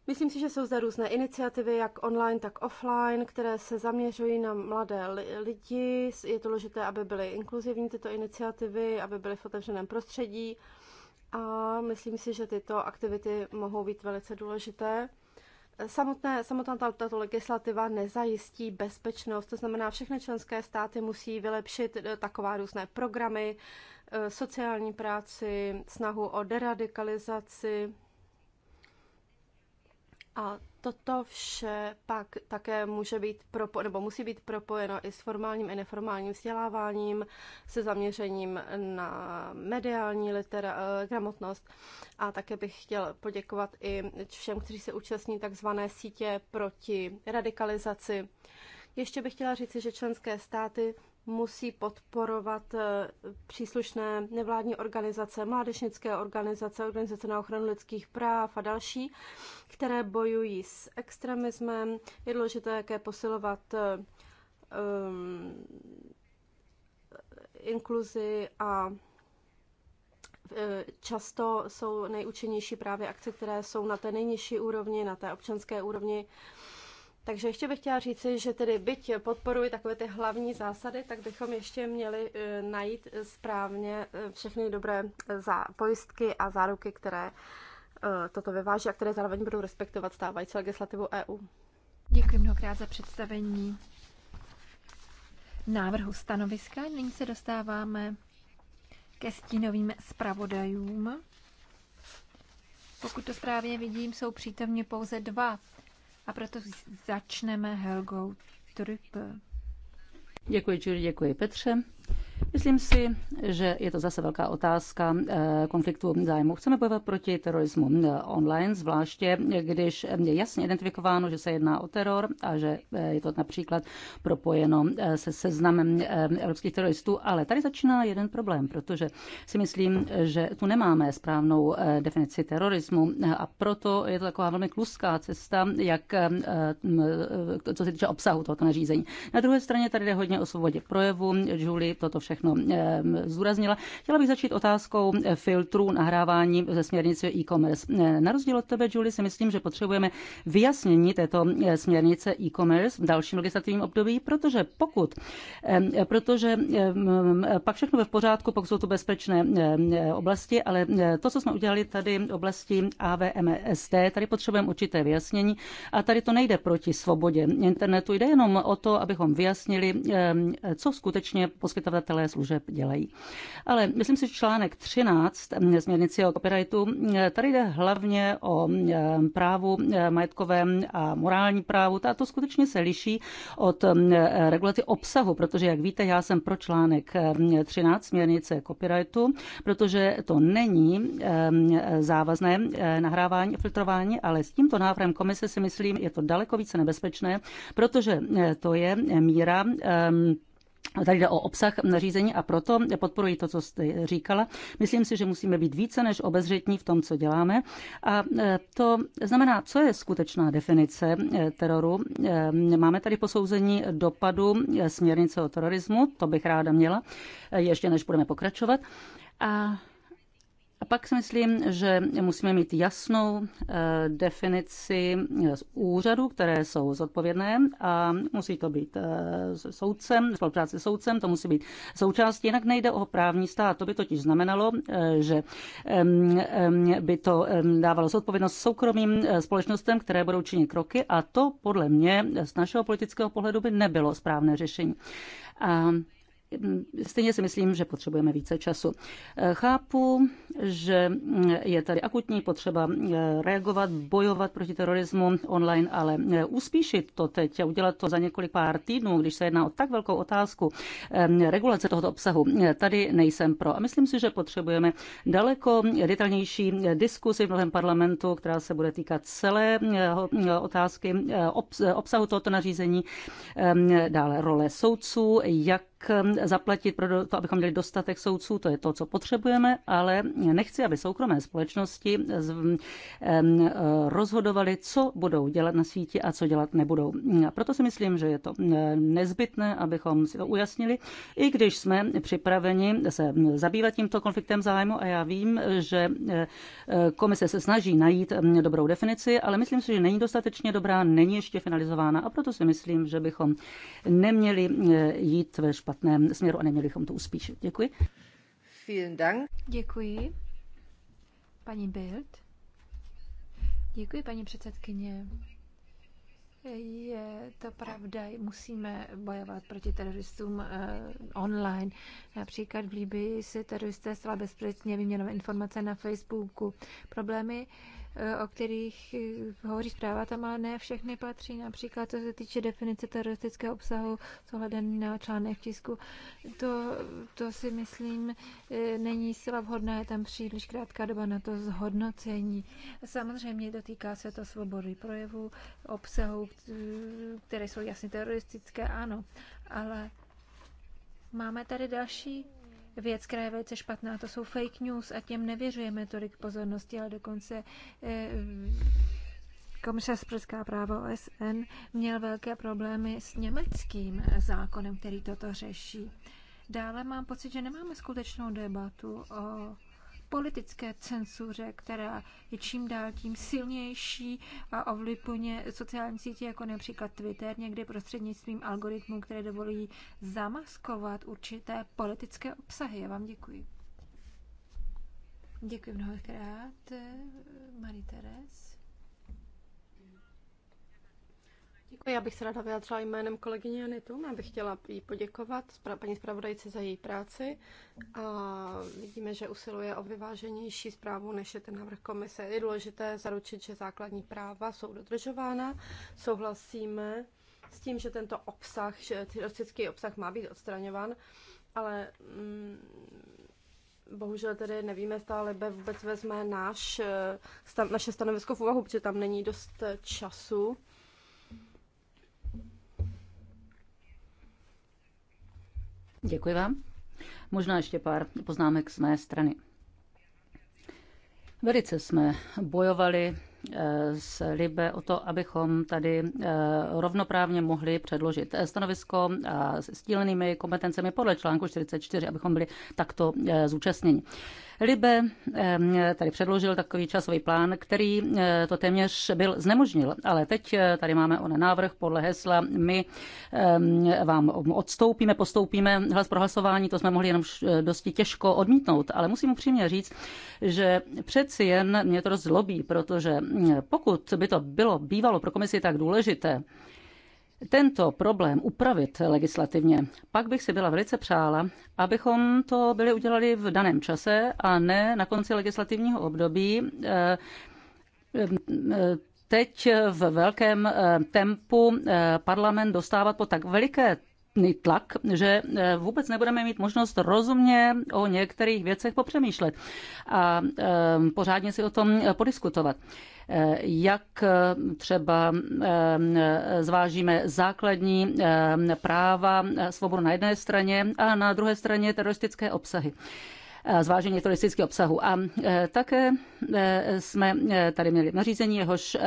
Myslím si, že jsou zde různé iniciativy, jak online, tak offline, které se zaměřují na mladé lidi. Je to důležité, aby byly inkluzivní tyto iniciativy, aby byly v otevřeném prostředí a myslím si, že tyto aktivity mohou být velice důležité. Samotné, samotná tato legislativa nezajistí bezpečnost, to znamená, všechny členské státy musí vylepšit eh, taková různé programy, eh, sociální práci, snahu o deradikalizaci a Toto vše pak také může být propo, nebo musí být propojeno i s formálním i neformálním vzděláváním, se zaměřením na mediální litera, eh, gramotnost. A také bych chtěl poděkovat i všem, kteří se účastní takzvané sítě proti radikalizaci. Ještě bych chtěla říci, že členské státy musí podporovat eh, příslušné nevládní organizace, mládežnické organizace, organizace na ochranu lidských práv a další, které bojují s extremismem. Je důležité také posilovat um, inkluzi a eh, často jsou nejúčinnější právě akce, které jsou na té nejnižší úrovni, na té občanské úrovni. Um, takže ještě bych chtěla říci, že tedy byť podporuji takové ty hlavní zásady, tak bychom ještě měli e, najít e, správně e, všechny dobré pojistky a záruky, které toto vyváží a které zároveň budou respektovat stávající legislativu EU. Děkuji mnohokrát za představení návrhu stanoviska. Nyní se dostáváme ke stínovým zpravodajům. Pokud to správně vidím, jsou přítomně pouze dva a proto začneme Helgou Trüppel. Děkuji, Judy, děkuji Petře. Myslím si, že je to zase velká otázka eh, konfliktu zájmu. Chceme bojovat proti terorismu eh, online, zvláště když je jasně identifikováno, že se jedná o teror a že eh, je to například propojeno se seznamem evropských teroristů. Ale tady začíná jeden problém, protože si myslím, že tu nemáme správnou definici terorismu a proto je to taková velmi kluská cesta, jak co se týče obsahu tohoto nařízení. Na druhé straně tady jde hodně o svobodě projevu. Julie toto všechno všechno eh, zúraznila. Chtěla bych začít otázkou eh, filtru nahrávání ze směrnice e-commerce. Eh, na rozdíl od tebe, Julie, si myslím, že potřebujeme vyjasnění této směrnice e-commerce v dalším legislativním období, protože pokud, protože pak všechno je v pořádku, pokud jsou to bezpečné oblasti, ale to, co jsme udělali tady v oblasti AVMST, tady potřebujeme určité vyjasnění a tady to nejde proti svobodě internetu, jde jenom o to, abychom vyjasnili, co skutečně poskytovatelé služeb dělají. Ale myslím si, že článek 13 eh, směrnici o copyrightu, eh, tady jde hlavně o eh, právu majetkovém a morální právu. Tato to skutečně se liší od regulace obsahu, protože, jak víte, já jsem pro článek 13 směrnice copyrightu, protože to není závazné nahrávání a filtrování, ale s tímto návrhem komise si myslím, je to daleko více nebezpečné, protože to je míra Tady jde o obsah nařízení a proto podporuji to, co jste říkala. Myslím si, že musíme být více než obezřetní v tom, co děláme. A e, to znamená, co je skutečná definice e, teroru. E, máme tady posouzení dopadu směrnice o terorismu, to bych ráda měla, ještě než budeme pokračovat. A a pak si myslím, že musíme mít jasnou eh, definici eh, z úřadů, které jsou zodpovědné a musí to být eh, soudcem, spolupráce s soudcem, to musí být součástí, jinak nejde o právní stát. To by totiž znamenalo, že by to dávalo zodpovědnost soukromým společnostem, které budou činit kroky a to podle mě z našeho politického pohledu by nebylo správné řešení. A stejně si myslím, že potřebujeme více času. Eh, chápu, že mm, je tady akutní potřeba eh, reagovat, bojovat proti terorismu online, ale eh, uspíšit to teď a udělat to za několik pár týdnů, když se jedná o tak velkou otázku regulace tohoto obsahu, tady nejsem pro. A myslím si, že potřebujeme daleko detailnější diskusi v novém parlamentu, která se bude týkat celé otázky obsahu tohoto nařízení, ehm, dále role soudců, jak Hm, zaplatit pro to, abychom měli dostatek soudců, to je to, co potřebujeme, ale nechci, aby soukromé společnosti hm, hm, rozhodovali, co budou dělat na síti a co dělat nebudou. A proto si myslím, že je to nezbytné, abychom si to ujasnili, i když jsme připraveni se zabývat tímto konfliktem zájmu a já vím, že komise se snaží najít dobrou definici, ale myslím si, že není dostatečně dobrá, není ještě finalizována a proto si myslím, že bychom neměli jít ve špatné špatném směru a neměli bychom to uspíšit. Děkuji. Vielen Dank. Děkuji. Paní Bild. Děkuji, paní předsedkyně. Je to pravda, musíme bojovat proti teroristům eh, online. Například v Libii se teroristé stala bezpečně vyměnou informace na Facebooku. Problémy Eh, o kterých eh, hovoří zpráva, tam ale ne všechny patří. Například co se týče definice teroristického obsahu co ohledem na článek tisku. To, to si myslím eh, není sila vhodná, je tam příliš krátká doba na to zhodnocení. Samozřejmě dotýká se to svobody projevu, obsahu, které jsou jasně teroristické, ano, ale máme tady další věc, která je velice špatná, to jsou fake news a těm nevěřujeme tolik pozornosti, ale dokonce eh, komisař Sprská právo OSN měl velké problémy s německým zákonem, který toto řeší. Dále mám pocit, že nemáme skutečnou debatu o politické cenzuře, která je čím dál tím silnější a ovlivňuje sociální sítě, jako například Twitter, někdy prostřednictvím algoritmů, které dovolí zamaskovat určité politické obsahy. Já vám děkuji. Děkuji mnohokrát, eh, Marie Teres. Děkuji, já bych se ráda vyjádřila jménem kolegyně Anitu. Já bych chtěla jí poděkovat paní zpravodajce, za její práci. A vidíme, že usiluje o vyváženější zprávu, než je ten návrh komise. Je důležité zaručit, že základní práva jsou dodržována. Souhlasíme s tím, že tento obsah, že rostický obsah má být odstraňován, ale mm, bohužel tedy nevíme, zda Libe vůbec vezme náš, eh, naše stanovisko v úvahu, protože tam není dost eh, času. Děkuji vám. Možná ještě pár poznámek z mé strany. Velice jsme bojovali eh, s Libe o to, abychom tady eh, rovnoprávně mohli předložit eh, stanovisko s stílenými kompetencemi podle článku 44, abychom byli takto zúčastněni. Libe tady předložil takový časový plán, který eh, to téměř byl znemožnil, ale teď eh, tady máme on návrh podle hesla my vám odstoupíme, postoupíme hlas pro hlasování, to jsme mohli jenom dosti těžko odmítnout, ale musím upřímně říct, že přeci jen mě to dost zlobí, protože mm, pokud by to bylo bývalo pro komisi tak důležité, tento problém upravit legislativně, pak bych si byla velice přála, abychom to byli udělali v daném čase a ne na konci legislativního období. Eh, eh, teď v velkém eh, tempu parlament dostávat po tak veliké tlak, že vůbec nebudeme mít možnost rozumně o některých věcech popřemýšlet a pořádně si o tom podiskutovat jak eh, třeba eh, zvážíme základní eh, práva, svobodu na jedné straně a na druhé straně teroristické obsahy. Eh, zvážení turistických obsahu. A eh, také eh, jsme tady měli nařízení, jehož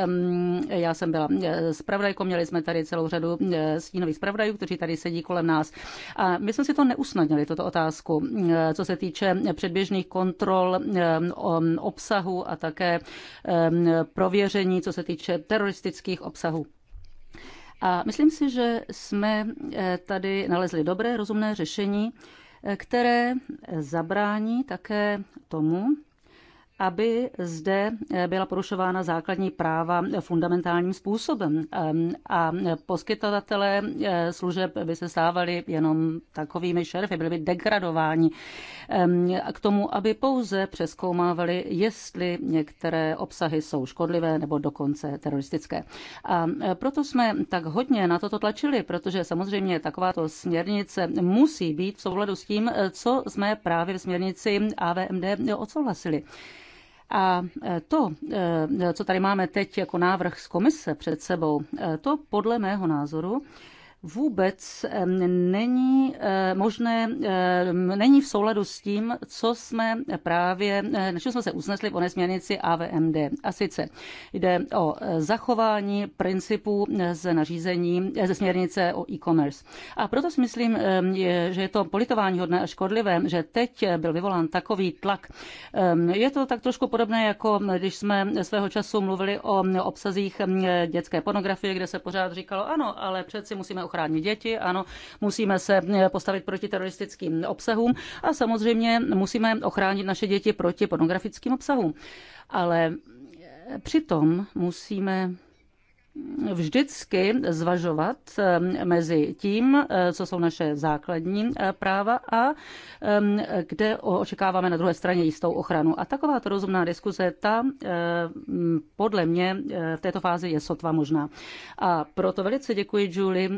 já jsem byla zpravodajkou, měli jsme tady celou řadu stínových zpravodajů, kteří tady sedí kolem nás. A my jsme si to neusnadnili, tuto otázku, co se týče předběžných kontrol obsahu a také prověření, co se týče teroristických obsahů. A myslím si, že jsme tady nalezli dobré, rozumné řešení, které zabrání také tomu, aby zde eh, byla porušována základní práva fundamentálním způsobem ehm, a poskytovatelé eh, služeb by se stávali jenom takovými šerfy, byli by degradováni ehm, k tomu, aby pouze přeskoumávali, jestli některé obsahy jsou škodlivé nebo dokonce teroristické. A eh, proto jsme tak hodně na toto tlačili, protože samozřejmě takováto směrnice musí být v souladu s tím, co jsme právě v směrnici AVMD odsouhlasili. A e, to, e, co tady máme teď jako návrh z komise před sebou, e, to podle mého názoru vůbec není eh, možné, není v souladu s tím, co jsme právě, eh, na čem jsme se usnesli v oné směrnici AVMD. A sice jde o eh, zachování principů z nařízení, ze směrnice o e-commerce. A proto si myslím, že je to politování hodné a škodlivé, že teď byl vyvolán takový tlak. Je to tak trošku podobné, jako když jsme svého času mluvili o obsazích dětské pornografie, kde se pořád říkalo, ano, ale přeci musíme ochránit děti, ano, musíme se eh, postavit proti teroristickým obsahům a samozřejmě musíme ochránit naše děti proti pornografickým obsahům. Ale eh, přitom musíme vždycky zvažovat eh, mezi tím, eh, co jsou naše základní eh, práva a kde očekáváme na druhé straně jistou ochranu. A taková to rozumná diskuze, ta podle mě v této fázi je sotva možná. A proto velice děkuji Julie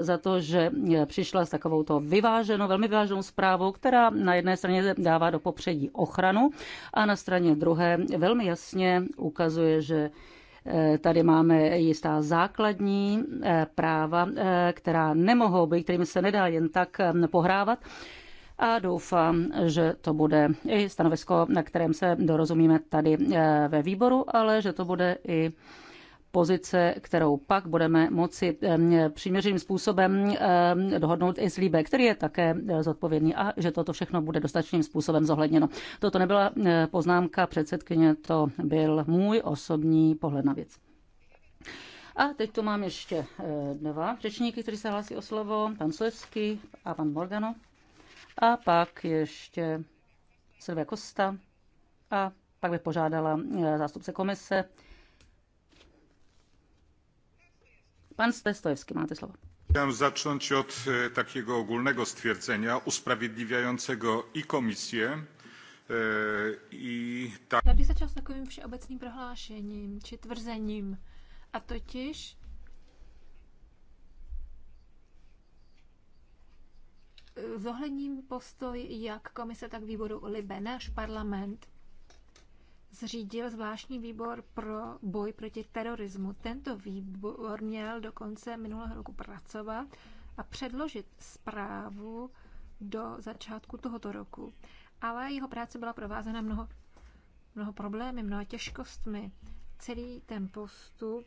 za to, že přišla s takovou to vyváženou, velmi vyváženou zprávou, která na jedné straně dává do popředí ochranu a na straně druhé velmi jasně ukazuje, že Eh, tady máme jistá základní eh, práva, eh, která nemohou být, kterými se nedá jen tak pohrávat a doufám, že to bude i stanovisko, na kterém se dorozumíme tady ve výboru, ale že to bude i pozice, kterou pak budeme moci přiměřeným způsobem dohodnout i s Líbe, který je také eh, zodpovědný a že toto všechno bude dostatečným způsobem zohledněno. Toto nebyla eh, poznámka předsedkyně, to byl můj osobní pohled na věc. A teď tu mám ještě eh, dva řečníky, kteří se hlásí o slovo, pan Sojevský a pan Morgano. A pak ještě Silvia Kosta. A pak bych požádala zástupce komise, Pan Stestojewski, máte slovo. Chciałem zacząć od e, takiego ogólnego stwierdzenia usprawiedliwiającego i komisję, e, i tak. Já bych začal s takovým všeobecným prohlášením či tvrzením, a totiž, e, zohledním postoj jak komise, tak výboru Libe. Náš parlament zřídil zvláštní výbor pro boj proti terorismu. Tento výbor měl do konce minulého roku pracovat a předložit zprávu do začátku tohoto roku. Ale jeho práce byla provázena mnoho, mnoho problémy, mnoha těžkostmi. Celý ten postup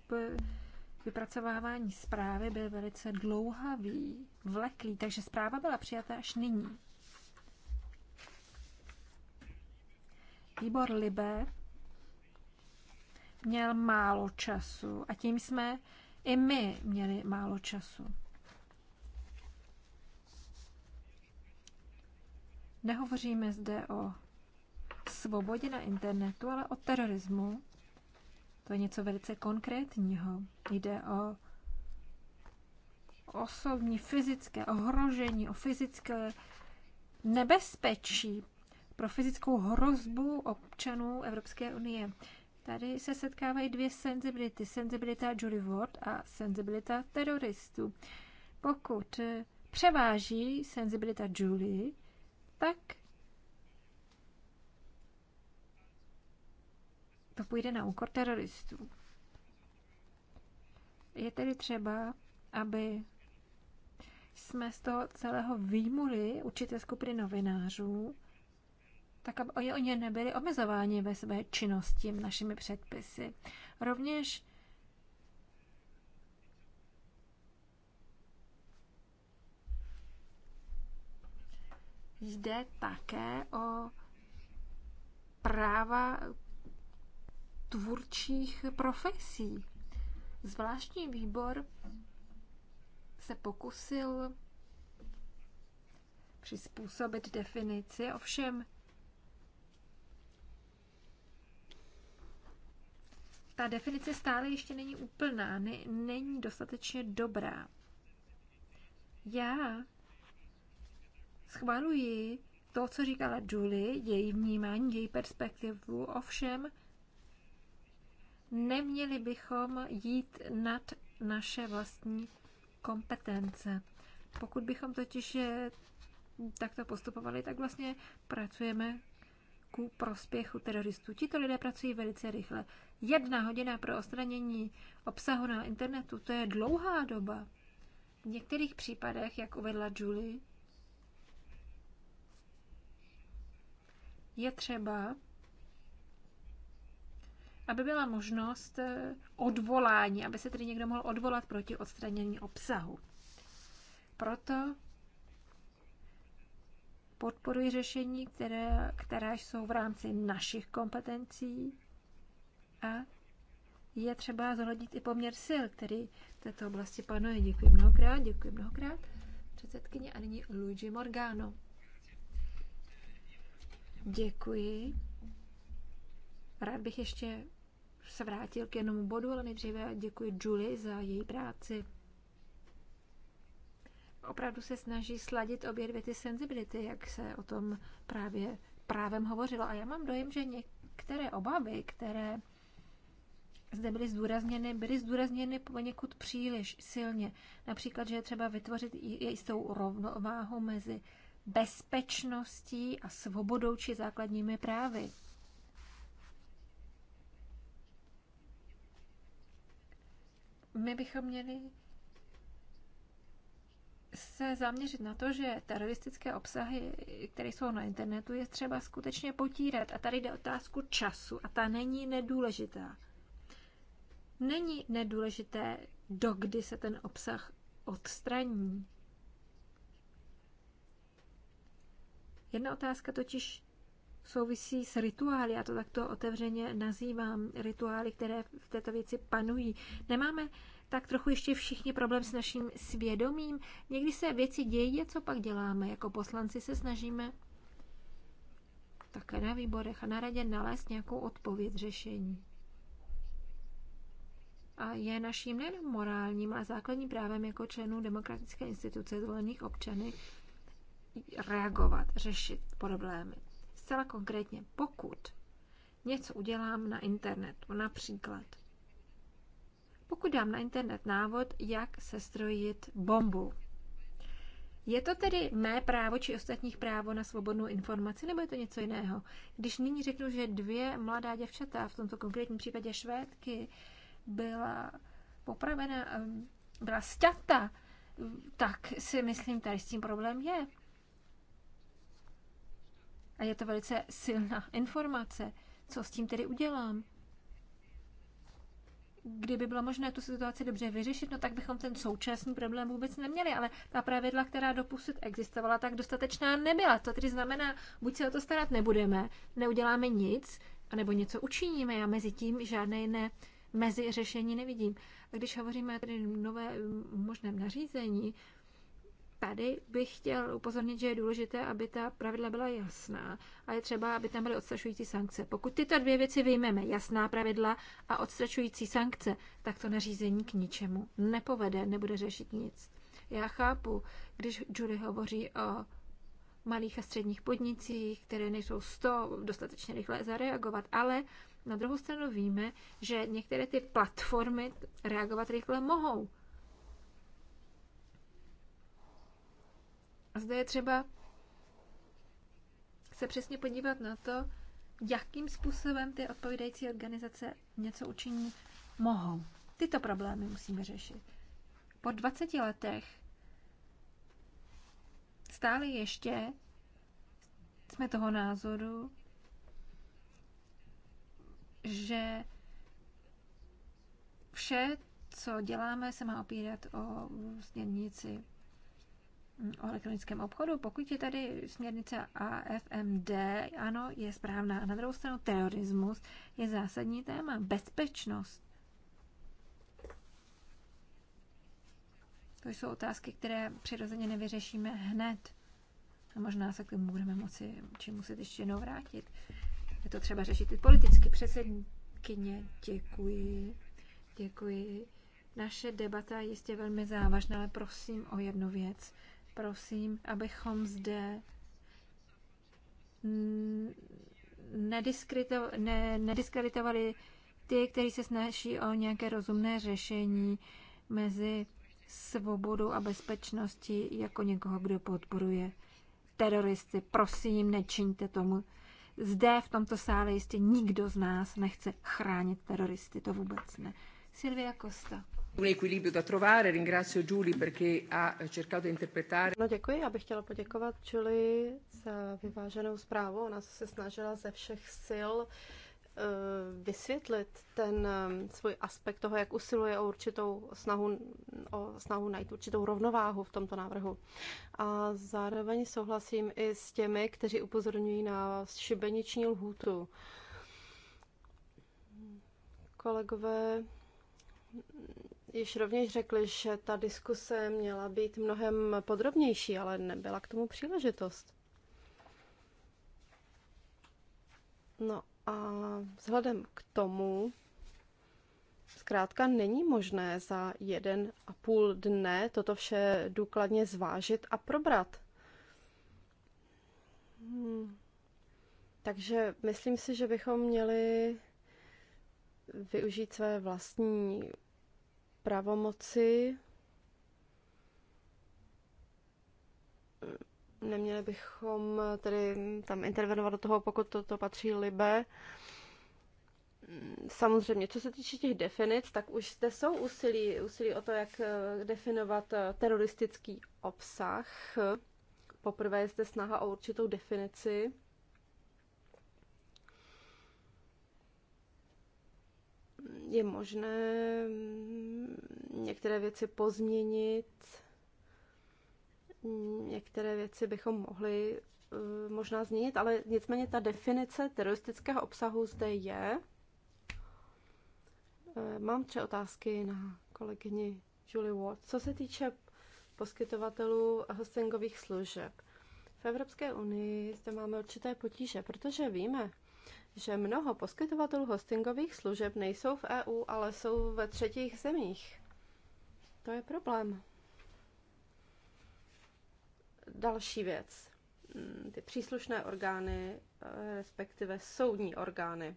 vypracovávání zprávy byl velice dlouhavý, vleklý, takže zpráva byla přijata až nyní. Výbor Libe měl málo času a tím jsme i my měli málo času. Nehovoříme zde o svobodě na internetu, ale o terorismu. To je něco velice konkrétního. Jde o osobní fyzické ohrožení, o fyzické nebezpečí pro fyzickou hrozbu občanů Evropské unie. Tady se setkávají dvě senzibility. Senzibilita Julie Ward a senzibilita teroristů. Pokud eh, převáží senzibilita Julie, tak to půjde na úkor teroristů. Je tedy třeba, aby jsme z toho celého výmuli určité skupiny novinářů, tak aby oni nebyli omezováni ve své činnosti našimi předpisy. Rovněž jde také o práva tvůrčích profesí. Zvláštní výbor se pokusil přizpůsobit definici, ovšem ta definice stále ještě není úplná, ne, není dostatečně dobrá. Já schvaluji to, co říkala Julie, její vnímání, její perspektivu, ovšem neměli bychom jít nad naše vlastní kompetence. Pokud bychom totiž eh, takto postupovali, tak vlastně pracujeme ku prospěchu teroristů. Tito lidé pracují velice rychle. Jedna hodina pro odstranění obsahu na internetu, to je dlouhá doba. V některých případech, jak uvedla Julie, je třeba, aby byla možnost eh, odvolání, aby se tedy někdo mohl odvolat proti odstranění obsahu. Proto podporuji řešení, které, které jsou v rámci našich kompetencí a je třeba zohlednit i poměr sil, který v této oblasti panuje. Děkuji mnohokrát, děkuji mnohokrát předsedkyně a nyní Luigi Morgano. Děkuji. Rád bych ještě se vrátil k jednomu bodu, ale nejdříve děkuji Julie za její práci. Opravdu se snaží sladit obě dvě ty senzibility, jak se o tom právě právem hovořilo. A já mám dojem, že některé obavy, které zde byly zdůrazněny, byly zdůrazněny poněkud příliš silně. Například, že je třeba vytvořit jistou rovnováhu mezi bezpečností a svobodou či základními právy. My bychom měli se zaměřit na to, že teroristické obsahy, které jsou na internetu, je třeba skutečně potírat. A tady jde otázku času a ta není nedůležitá není nedůležité, dokdy se ten obsah odstraní. Jedna otázka totiž souvisí s rituály, já to takto otevřeně nazývám, rituály, které v této věci panují. Nemáme tak trochu ještě všichni problém s naším svědomím. Někdy se věci dějí a co pak děláme? Jako poslanci se snažíme také na výborech a na radě nalézt nějakou odpověď řešení a je naším nejen morálním, ale základním právem jako členů demokratické instituce zvolených občany reagovat, řešit problémy. Zcela konkrétně, pokud něco udělám na internetu, například, pokud dám na internet návod, jak sestrojit bombu, je to tedy mé právo či ostatních právo na svobodnou informaci, nebo je to něco jiného? Když nyní řeknu, že dvě mladá děvčata, v tomto konkrétním případě švédky, byla popravena, byla sťata, tak si myslím, tady s tím problém je. A je to velice silná informace. Co s tím tedy udělám? Kdyby bylo možné tu situaci dobře vyřešit, no tak bychom ten současný problém vůbec neměli, ale ta pravidla, která dopustit existovala, tak dostatečná nebyla. To tedy znamená, buď se o to starat nebudeme, neuděláme nic, anebo něco učiníme. Já mezi tím žádné jiné mezi řešení nevidím. A když hovoříme tedy nové možném nařízení, tady bych chtěl upozornit, že je důležité, aby ta pravidla byla jasná a je třeba, aby tam byly odstrašující sankce. Pokud tyto dvě věci vyjmeme, jasná pravidla a odstrašující sankce, tak to nařízení k ničemu nepovede, nebude řešit nic. Já chápu, když Judy hovoří o malých a středních podnicích, které nejsou 100 dostatečně rychle zareagovat, ale na druhou stranu víme, že některé ty platformy reagovat rychle mohou. A zde je třeba se přesně podívat na to, jakým způsobem ty odpovídající organizace něco učiní mohou. Tyto problémy musíme řešit. Po 20 letech stále ještě jsme toho názoru, že vše, co děláme, se má opírat o směrnici o elektronickém obchodu. Pokud je tady směrnice AFMD, ano, je správná. A na druhou stranu terorismus je zásadní téma. Bezpečnost. To jsou otázky, které přirozeně nevyřešíme hned. A možná se k tomu budeme moci, či muset ještě jednou vrátit je to třeba řešit i politicky. Předsedkyně, děkuji. Děkuji. Naše debata je jistě velmi závažná, ale prosím o jednu věc. Prosím, abychom zde nediskreditovali ty, kteří se snaží o nějaké rozumné řešení mezi svobodou a bezpečností jako někoho, kdo podporuje teroristy. Prosím, nečiňte tomu zde v tomto sále jistě nikdo z nás nechce chránit teroristy, to vůbec ne. Silvia Costa. Un equilibrio da trovare, ringrazio Julie perché ha cercato di interpretare. No děkuji, já bych chtěla poděkovat Julie za vyváženou zprávu, ona se snažila ze všech sil uh, Eh, vysvětlit ten eh, svůj aspekt toho, jak usiluje o určitou snahu, o snahu najít určitou rovnováhu v tomto návrhu. A zároveň souhlasím i s těmi, kteří upozorňují na šibeniční lhůtu. Kolegové již rovněž řekli, že ta diskuse měla být mnohem podrobnější, ale nebyla k tomu příležitost. No a vzhledem k tomu, zkrátka není možné za jeden a půl dne toto vše důkladně zvážit a probrat. Hmm. Takže myslím si, že bychom měli využít své vlastní pravomoci Neměli bychom tedy tam intervenovat do toho, pokud to, to patří libe. Samozřejmě, co se týče těch definic, tak už zde jsou úsilí, úsilí o to, jak eh, definovat eh, teroristický obsah. Poprvé je zde snaha o určitou definici. Je možné mm, některé věci pozměnit, Mm, některé věci bychom mohli eh, možná změnit, ale nicméně ta definice teroristického obsahu zde je. Eh, mám tři otázky na kolegyni Julie Ward. Co se týče poskytovatelů hostingových služeb, v Evropské unii zde máme určité potíže, protože víme, že mnoho poskytovatelů hostingových služeb nejsou v EU, ale jsou ve třetích zemích. To je problém. Další věc. Mm, ty příslušné orgány, eh, respektive soudní orgány.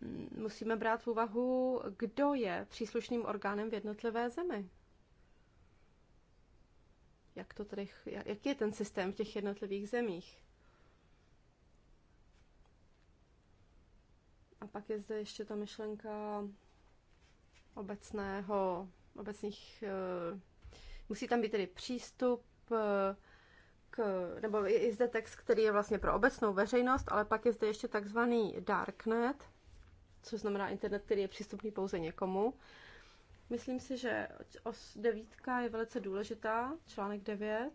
Mm, musíme brát v úvahu, kdo je příslušným orgánem v jednotlivé zemi. Jak to tedy, Jaký je ten systém v těch jednotlivých zemích? A pak je zde ještě ta myšlenka obecného, obecných eh, Musí tam být tedy přístup eh, k, nebo je zde text, který je vlastně pro obecnou veřejnost, ale pak je zde ještě takzvaný darknet, což znamená internet, který je přístupný pouze někomu. Myslím si, že os devítka je velice důležitá, článek 9.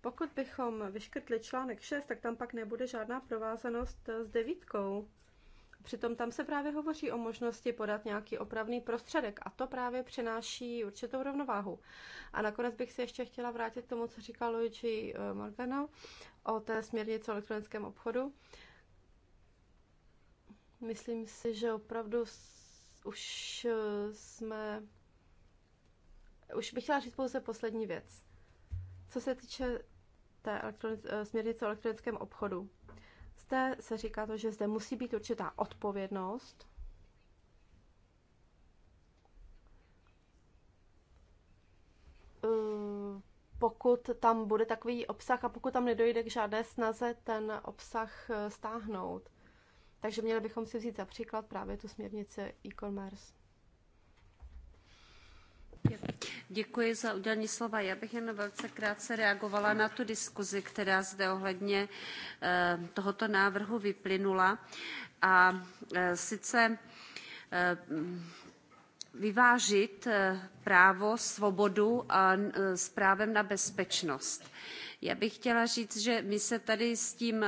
Pokud bychom vyškrtli článek 6, tak tam pak nebude žádná provázanost s devítkou. Přitom tam se právě hovoří o možnosti podat nějaký opravný prostředek a to právě přináší určitou rovnováhu. A nakonec bych se ještě chtěla vrátit k tomu, co říkal Luigi eh, Morgano o té směrnici o elektronickém obchodu. Myslím si, že opravdu už eh, jsme... Už bych chtěla říct pouze poslední věc. Co se týče té elektronic- eh, směrnice o elektronickém obchodu, zde se říká to, že zde musí být určitá odpovědnost. Eh, pokud tam bude takový obsah a pokud tam nedojde k žádné snaze ten obsah eh, stáhnout. Takže měli bychom si vzít za příklad právě tu směrnici e-commerce. Yep. Děkuji za udělení slova. Já bych jen velice krátce reagovala na tu diskuzi, která zde ohledně eh, tohoto návrhu vyplynula. A eh, sice eh, vyvážit právo, svobodu a s právem na bezpečnost. Já bych chtěla říct, že my se tady s tím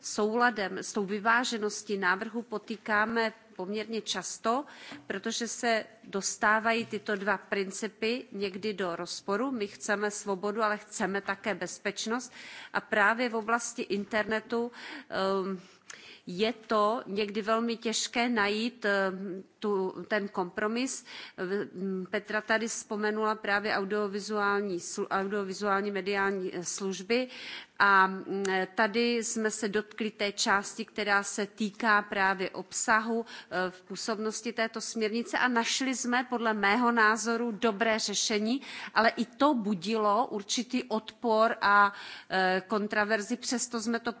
souladem, s tou vyvážeností návrhu potýkáme poměrně často, protože se dostávají tyto dva principy někdy do rozporu. My chceme svobodu, ale chceme také bezpečnost a právě v oblasti internetu ehm, je to někdy velmi těžké najít ehm, tu, ten kompromis. Petra tady vzpomenula právě audiovizuální, audiovizuální mediální e, služby a tady jsme se dotkli té části, která se týká právě obsahu e, v působnosti této směrnice a našli jsme podle mého názoru dobré řešení, ale i to budilo určitý odpor a e, kontraverzi, přesto jsme to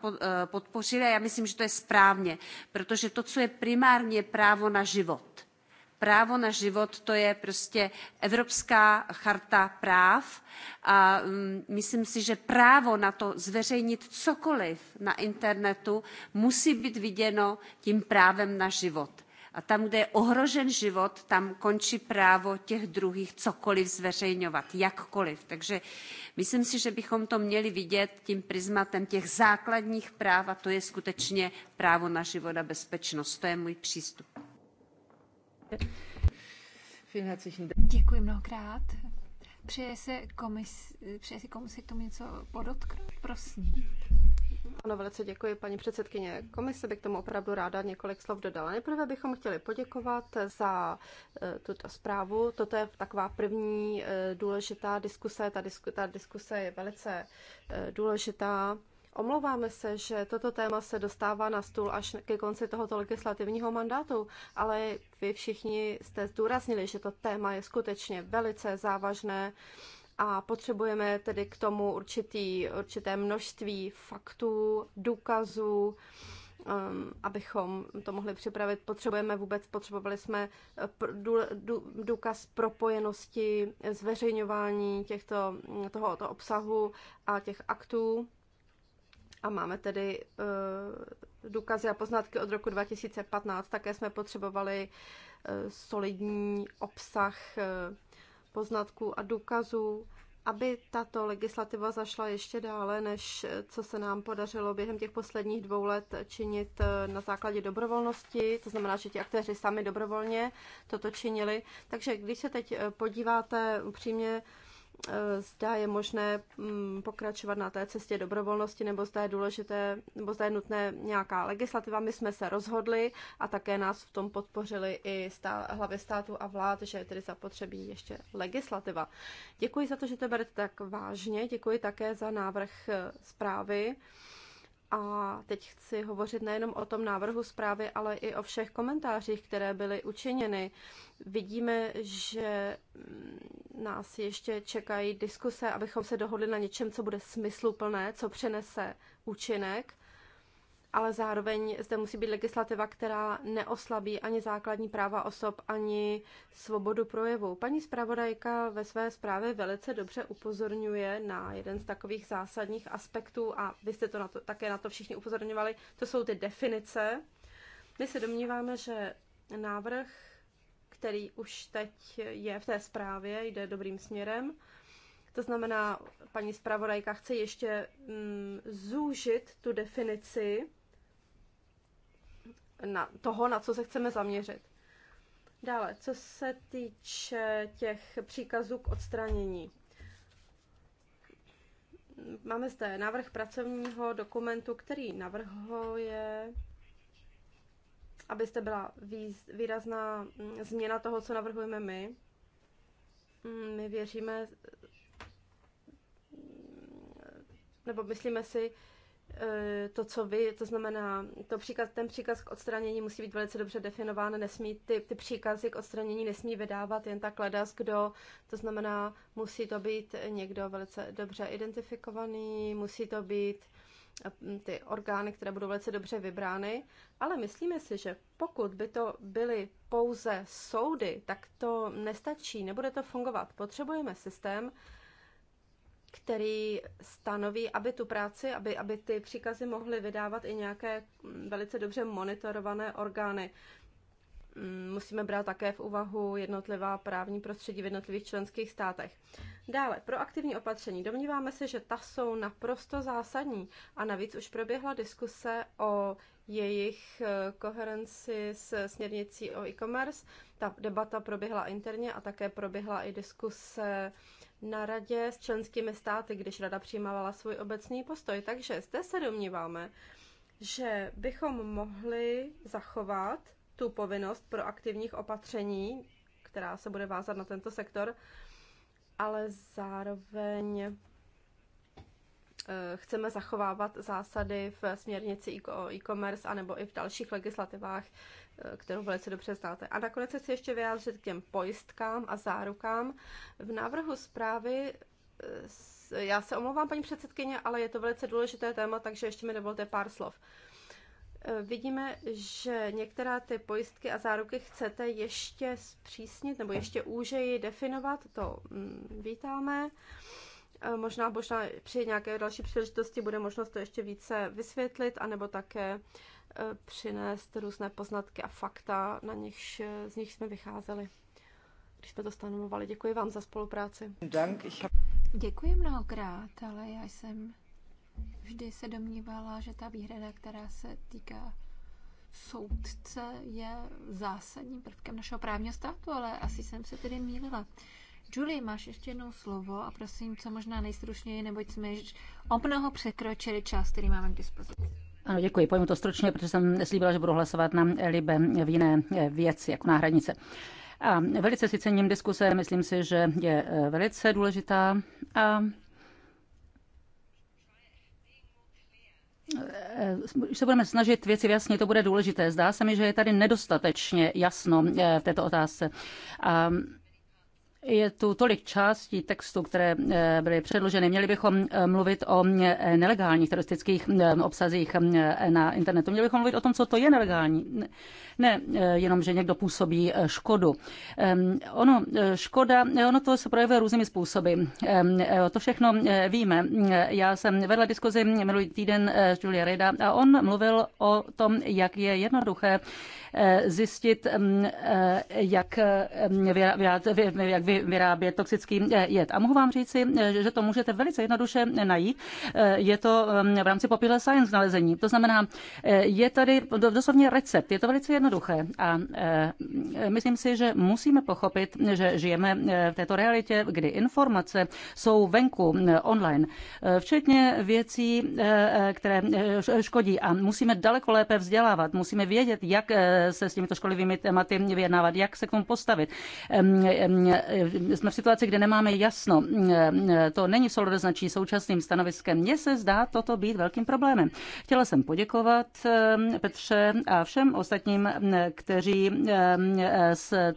podpořili a já myslím, že to je správně, protože to, co je primárně právo na život, právo na život to je prostě Evropská charta práv a mm, myslím si, že právo na to zveřejnit cokoliv na internetu musí být viděno tím právem na život. A tam, kde je ohrožen život, tam končí právo těch druhých cokoliv zveřejňovat, jakkoliv. Takže myslím si, že bychom to měli vidět tím prismatem těch základních práv a to je skutečně právo na život a bezpečnost. To je můj přístup. Děkuji mnohokrát. Přeje se komis, přeje si komisi k tomu něco podotknout, prosím. Ano, velice děkuji, paní předsedkyně. Komise by k tomu opravdu ráda několik slov dodala. Nejprve bychom chtěli poděkovat za eh, tuto zprávu. Toto je taková první eh, důležitá diskuse. Ta, ta diskuse je velice eh, důležitá. Omlouváme se, že toto téma se dostává na stůl až ke konci tohoto legislativního mandátu, ale vy všichni jste zdůraznili, že to téma je skutečně velice závažné a potřebujeme tedy k tomu určitý, určité množství faktů, důkazů, um, abychom to mohli připravit. Potřebujeme vůbec, potřebovali jsme eh, dů, dů, důkaz propojenosti, zveřejňování těchto, tohoto obsahu a těch aktů. A máme tedy uh, důkazy a poznatky od roku 2015. Také jsme potřebovali uh, solidní obsah uh, poznatků a důkazů, aby tato legislativa zašla ještě dále, než co se nám podařilo během těch posledních dvou let činit na základě dobrovolnosti, to znamená, že ti aktéři sami dobrovolně toto činili. Takže když se teď podíváte upřímně, Eh, zda je možné mm, pokračovat na té cestě dobrovolnosti, nebo zda je důležité, nebo zda je nutné nějaká legislativa. My jsme se rozhodli a také nás v tom podpořili i stá, hlavy státu a vlád, že je tedy zapotřebí ještě legislativa. Děkuji za to, že to berete tak vážně. Děkuji také za návrh eh, zprávy. A teď chci hovořit nejenom o tom návrhu zprávy, ale i o všech komentářích, které byly učiněny. Vidíme, že mm, nás ještě čekají diskuse, abychom se dohodli na něčem, co bude smysluplné, co přenese účinek ale zároveň zde musí být legislativa, která neoslabí ani základní práva osob, ani svobodu projevu. Paní zpravodajka ve své zprávě velice dobře upozorňuje na jeden z takových zásadních aspektů a vy jste to, na to také na to všichni upozorňovali, to jsou ty definice. My se domníváme, že návrh, který už teď je v té zprávě, jde dobrým směrem. To znamená, paní zpravodajka chce ještě mm, zúžit tu definici na toho, na co se chceme zaměřit. Dále, co se týče těch příkazů k odstranění. Máme zde návrh pracovního dokumentu, který navrhuje, abyste byla výrazná mm, změna toho, co navrhujeme my. Mm, my věříme, nebo myslíme si, Eh, to, co vy, to znamená, to příkaz, ten příkaz k odstranění musí být velice dobře definován, nesmí, ty, ty příkazy k odstranění nesmí vydávat jen tak ledas, kdo, to znamená, musí to být někdo velice dobře identifikovaný, musí to být eh, ty orgány, které budou velice dobře vybrány, ale myslíme si, že pokud by to byly pouze soudy, tak to nestačí, nebude to fungovat. Potřebujeme systém, který stanoví, aby tu práci, aby, aby ty příkazy mohly vydávat i nějaké velice dobře monitorované orgány. Mm, musíme brát také v úvahu jednotlivá právní prostředí v jednotlivých členských státech. Dále, proaktivní opatření. Domníváme se, že ta jsou naprosto zásadní a navíc už proběhla diskuse o jejich eh, koherenci s směrnicí o e-commerce. Ta debata proběhla interně a také proběhla i diskuse na radě s členskými státy, když rada přijímala svůj obecný postoj. Takže zde se domníváme, že bychom mohli zachovat tu povinnost pro aktivních opatření, která se bude vázat na tento sektor, ale zároveň Eh, chceme zachovávat zásady v směrnici o e-commerce anebo i v dalších legislativách, eh, kterou velice dobře znáte. A nakonec se chci ještě vyjádřit k těm pojistkám a zárukám. V návrhu zprávy eh, já se omlouvám, paní předsedkyně, ale je to velice důležité téma, takže ještě mi dovolte pár slov. Vidíme, že některá ty pojistky a záruky chcete ještě zpřísnit nebo ještě úžeji definovat, to mm, vítáme. Eh, možná, možná při nějaké další příležitosti bude možnost to ještě více vysvětlit, anebo také eh, přinést různé poznatky a fakta, na nichž, eh, z nich jsme vycházeli, když jsme to stanovovali. Děkuji vám za spolupráci. Děkuji mnohokrát, ale já jsem vždy se domnívala, že ta výhrada, která se týká soudce, je zásadním prvkem našeho právního státu, ale asi jsem se tedy mýlila. Julie, máš ještě jednou slovo a prosím, co možná nejstručněji, neboť jsme již o mnoho překročili čas, který máme k dispozici. Ano, děkuji. Pojmu to stručně, protože jsem slíbila, že budu hlasovat na Libe v jiné eh, věci, jako náhradnice. A velice si cením diskuse, myslím si, že je eh, velice důležitá. A když eh, se budeme snažit věci jasně, to bude důležité. Zdá se mi, že je tady nedostatečně jasno v této otázce. A je tu tolik částí textu, které eh, byly předloženy. Měli bychom eh, mluvit o eh, nelegálních teroristických obsazích na internetu. Měli bychom mluvit o tom, co to je nelegální. Ne jenom, že někdo působí škodu. Ehm, ono, škoda, ono to se projevuje různými způsoby. Ehm, to všechno víme. Já jsem vedla diskuzi minulý týden s Julia Reda a on mluvil o tom, jak je jednoduché zjistit, mm, jak, jak vy vyrábět toxický eh, jed. A mohu vám říci, eh, že to můžete velice jednoduše eh, najít. Je to v rámci Popular Science nalezení. To znamená, je tady doslovně recept. Je to velice jednoduché. A myslím si, že musíme pochopit, že žijeme v této realitě, kdy informace jsou venku online, včetně věcí, které škodí. A musíme daleko lépe vzdělávat. Musíme vědět, jak se s těmito školivými tématy vyjednávat, jak se k tomu postavit jsme v situaci, kde nemáme jasno. To není v souladu s naší současným stanoviskem. Mně se zdá toto být velkým problémem. Chtěla jsem poděkovat eh, Petře a všem ostatním, eh, kteří eh,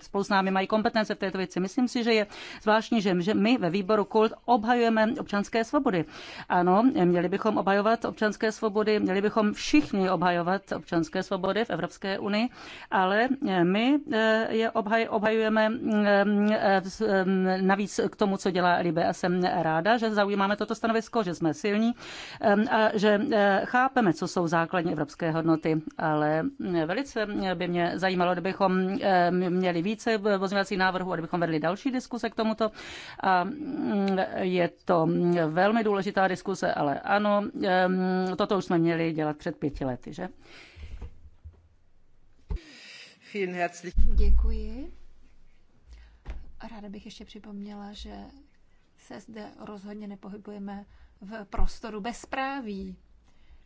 spolu s námi mají kompetence v této věci. Myslím si, že je zvláštní, že my ve výboru KULT obhajujeme občanské svobody. Ano, měli bychom obhajovat občanské svobody, měli bychom všichni obhajovat občanské svobody v Evropské unii, ale my je obhaj, obhajujeme navíc k tomu, co dělá Libe. A jsem ráda, že zaujímáme toto stanovisko, že jsme silní a že eh, chápeme, co jsou základní evropské hodnoty. Ale mm, velice by mě zajímalo, kdybychom měli více pozměňovacích návrhů a kdybychom vedli další diskuse k tomuto. A mm, je to mm, velmi důležitá diskuse, ale ano, toto už jsme měli dělat před pěti lety, že? Děkuji. Ráda bych ještě připomněla, že se zde rozhodně nepohybujeme v prostoru bezpráví.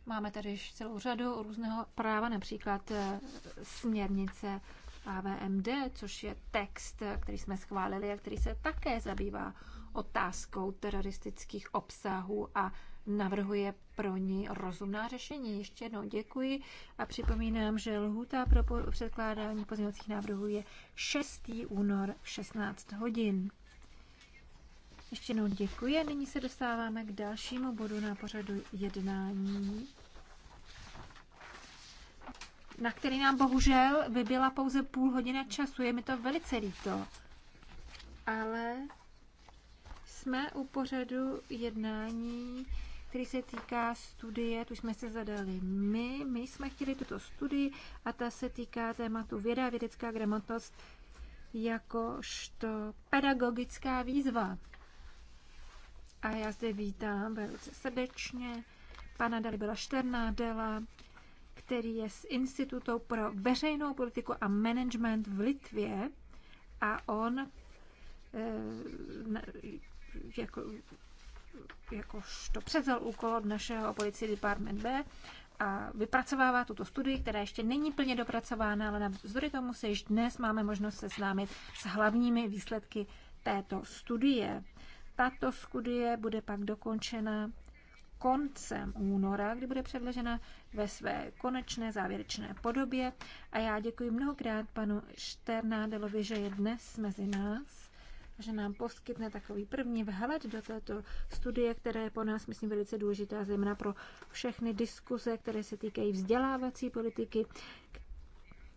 Máme tady celou řadu různého práva, například eh, směrnice AVMD, což je text, který jsme schválili a který se také zabývá otázkou teroristických obsahů a navrhuje pro ní rozumná řešení. Ještě jednou děkuji a připomínám, že lhůta pro předkládání pozměňovacích návrhů je 6. únor 16 hodin. Ještě jednou děkuji a nyní se dostáváme k dalšímu bodu na pořadu jednání, na který nám bohužel vybyla pouze půl hodina času. Je mi to velice líto, ale jsme u pořadu jednání který se týká studie, tu jsme se zadali my. My jsme chtěli tuto studii a ta se týká tématu věda a vědecká gramotnost jakožto pedagogická výzva. A já zde vítám velice srdečně pana Dalibela Šternádela, který je z Institutu pro veřejnou politiku a management v Litvě a on eh, jako jakožto převzal úkol od našeho policie Department B a vypracovává tuto studii, která ještě není plně dopracována, ale vzory tomu se již dnes máme možnost seznámit s hlavními výsledky této studie. Tato studie bude pak dokončena koncem února, kdy bude předložena ve své konečné závěrečné podobě. A já děkuji mnohokrát panu Šternádelovi, že je dnes mezi nás že nám poskytne takový první vhled do této studie, která je po nás, myslím, velice důležitá, zejména pro všechny diskuze, které se týkají vzdělávací politiky.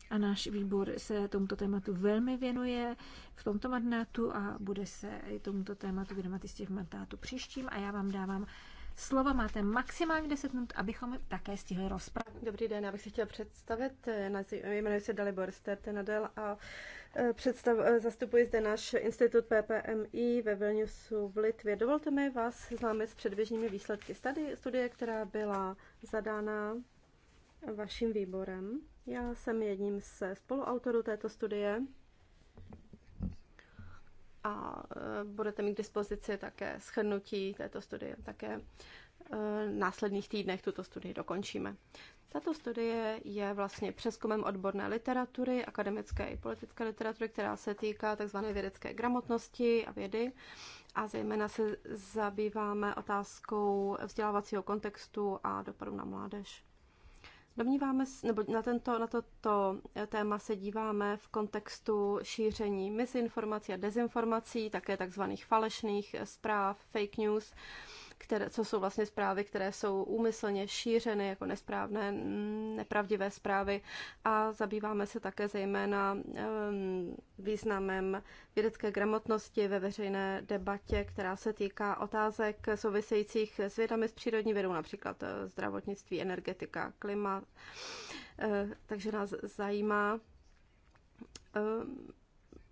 A náš výbor se tomuto tématu velmi věnuje v tomto mandátu a bude se tomuto tématu věnovat jistě v mandátu příštím. A já vám dávám slovo. Máte maximálně 10 minut, abychom také stihli rozpravu. Dobrý den, já bych se chtěla představit. Jmenuji se Dalibor Stertenadel a Eh, představ, eh, zastupuji zde náš institut PPMI ve Vilniusu v Litvě. Dovolte mi vás známit s předběžnými výsledky study, studie, která byla zadána vaším výborem. Já jsem jedním ze spoluautorů této studie a eh, budete mít k dispozici také shrnutí této studie. Také Eh, následných týdnech tuto studii dokončíme. Tato studie je vlastně přeskumem odborné literatury, akademické i politické literatury, která se týká tzv. vědecké gramotnosti a vědy. A zejména se zabýváme otázkou vzdělávacího kontextu a dopadu na mládež. Domníváme, nebo na, tento, na toto téma se díváme v kontextu šíření misinformací a dezinformací, také tzv. falešných zpráv, fake news, které, co jsou vlastně zprávy, které jsou úmyslně šířeny jako nesprávné, nepravdivé zprávy a zabýváme se také zejména významem vědecké gramotnosti ve veřejné debatě, která se týká otázek souvisejících s vědami s přírodní vědou, například eh, zdravotnictví, energetika, klima. Eh, takže nás zajímá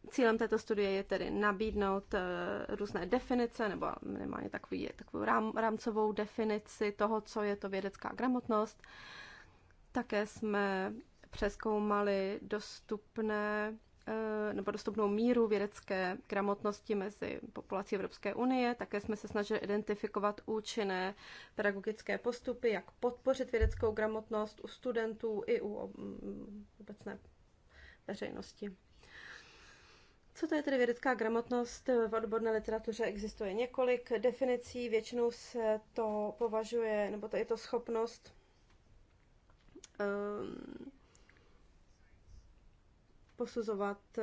Cílem této studie je tedy nabídnout eh, různé definice nebo minimálně takový, takovou rám, rámcovou definici toho, co je to vědecká gramotnost. Také jsme přeskoumali dostupné eh, nebo dostupnou míru vědecké gramotnosti mezi populací Evropské unie. Také jsme se snažili identifikovat účinné pedagogické postupy, jak podpořit vědeckou gramotnost u studentů i u mm, obecné veřejnosti. Co to je tedy vědecká gramotnost? V odborné literatuře existuje několik definicí, většinou se to považuje, nebo to je to schopnost um, posuzovat, eh,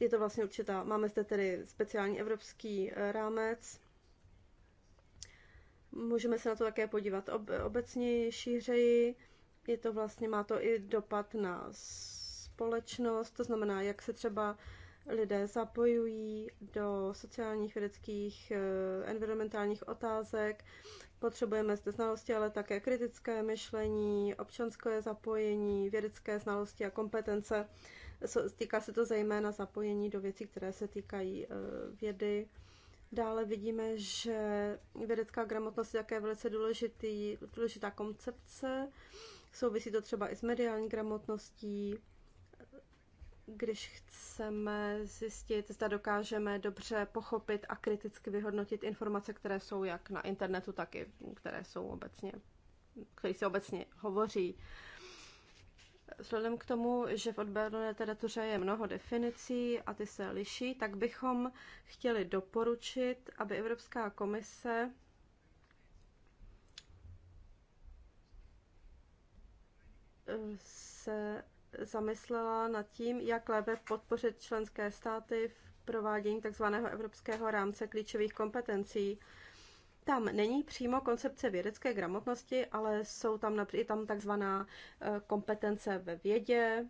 je to vlastně určitá, máme zde tedy speciální evropský eh, rámec, Můžeme se na to také podívat ob, obecně šířeji. Je to vlastně, má to i dopad na společnost, to znamená, jak se třeba lidé zapojují do sociálních, vědeckých, eh, environmentálních otázek. Potřebujeme zde znalosti, ale také kritické myšlení, občanské zapojení, vědecké znalosti a kompetence. Týká se to zejména zapojení do věcí, které se týkají eh, vědy. Dále vidíme, že vědecká gramotnost je také velice důležitý, důležitá koncepce. Souvisí to třeba i s mediální gramotností, když chceme zjistit, zda dokážeme dobře pochopit a kriticky vyhodnotit informace, které jsou jak na internetu, tak i které jsou obecně, které se obecně hovoří. Vzhledem k tomu, že v odborné literatuře je mnoho definicí a ty se liší, tak bychom chtěli doporučit, aby Evropská komise se zamyslela nad tím, jak lépe podpořit členské státy v provádění tzv. evropského rámce klíčových kompetencí. Tam není přímo koncepce vědecké gramotnosti, ale jsou tam i tam takzvaná eh, kompetence ve vědě.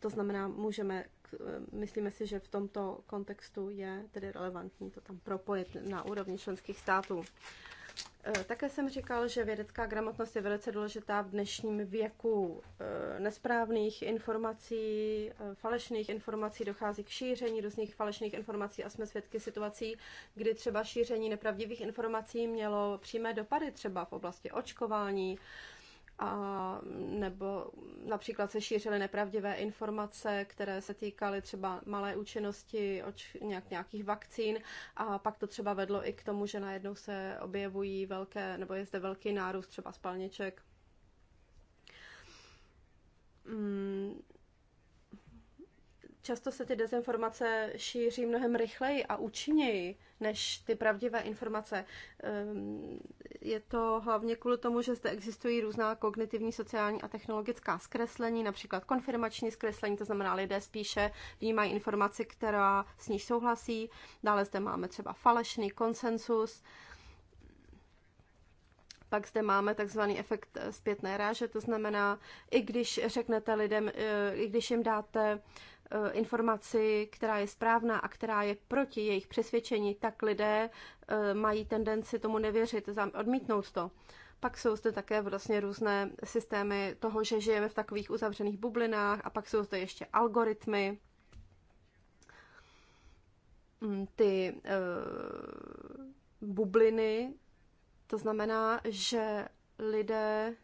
To znamená, můžeme, eh, myslíme si, že v tomto kontextu je tedy relevantní to tam propojit na úrovni členských států. Eh, také jsem říkal, že vědecká gramotnost je velice důležitá v dnešním věku eh, nesprávných informací, eh, falešných informací, dochází k šíření různých falešných informací a jsme svědky situací, kdy třeba šíření nepravdivých informací mělo přímé dopady třeba v oblasti očkování, a nebo například se šířily nepravdivé informace, které se týkaly třeba malé účinnosti od nějak, nějakých vakcín a pak to třeba vedlo i k tomu, že najednou se objevují velké, nebo je zde velký nárůst třeba spalniček. Mm Často se ty dezinformace šíří mnohem rychleji a účinněji než ty pravdivé informace. Ehm, je to hlavně kvůli tomu, že zde existují různá kognitivní, sociální a technologická zkreslení, například konfirmační zkreslení, to znamená lidé spíše vnímají informaci, která s níž souhlasí. Dále zde máme třeba falešný konsensus, pak zde máme takzvaný efekt eh, zpětné ráže, to znamená, i když řeknete lidem, eh, i když jim dáte Eh, informaci, která je správná a která je proti jejich přesvědčení, tak lidé eh, mají tendenci tomu nevěřit, odmítnout to. Pak jsou zde také vlastně různé systémy toho, že žijeme v takových uzavřených bublinách a pak jsou zde ještě algoritmy. Mm, ty uh, bubliny, to znamená, že lidé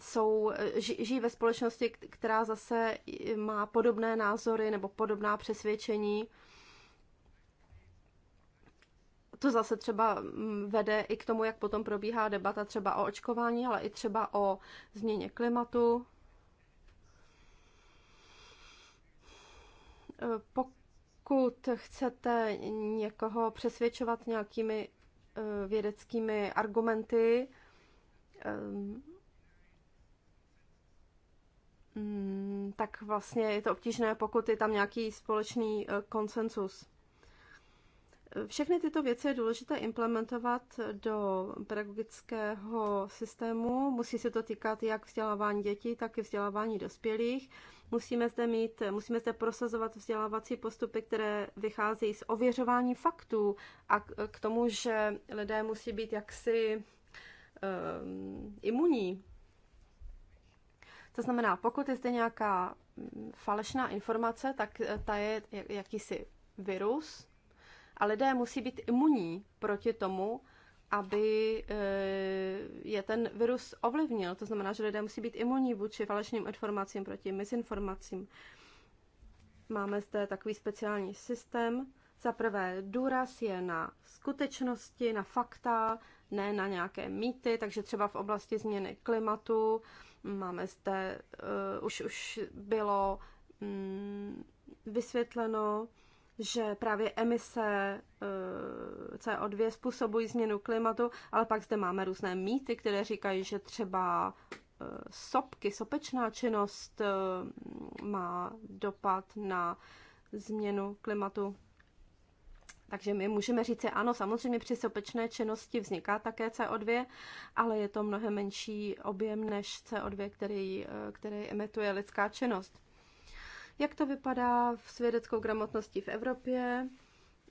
jsou, žijí ve společnosti, která zase má podobné názory nebo podobná přesvědčení. To zase třeba mm, vede i k tomu, jak potom probíhá debata třeba o očkování, ale i třeba o změně klimatu. Pokud chcete někoho přesvědčovat nějakými eh, vědeckými argumenty, eh, Mm, tak vlastně je to obtížné, pokud je tam nějaký společný eh, konsensus. Všechny tyto věci je důležité implementovat do pedagogického systému. Musí se to týkat jak vzdělávání dětí, tak i vzdělávání dospělých. Musíme zde mít, musíme zde prosazovat vzdělávací postupy, které vycházejí z ověřování faktů a k tomu, že lidé musí být jaksi um, imunní to znamená, pokud je zde nějaká mm, falešná informace, tak eh, ta je jakýsi virus a lidé musí být imunní proti tomu, aby eh, je ten virus ovlivnil. To znamená, že lidé musí být imunní vůči falešným informacím, proti misinformacím. Máme zde takový speciální systém. Za prvé, důraz je na skutečnosti, na fakta, ne na nějaké mýty, takže třeba v oblasti změny klimatu Máme zde, uh, už, už bylo um, vysvětleno, že právě emise eh, CO2 způsobují změnu klimatu, ale pak zde máme různé mýty, které říkají, že třeba eh, sopky, sopečná činnost má dopad na změnu klimatu. Takže my můžeme říct, že ano, samozřejmě při sopečné činnosti vzniká také CO2, ale je to mnohem menší objem než CO2, který, eh, který emituje lidská činnost. Jak to vypadá v svědeckou gramotností v Evropě?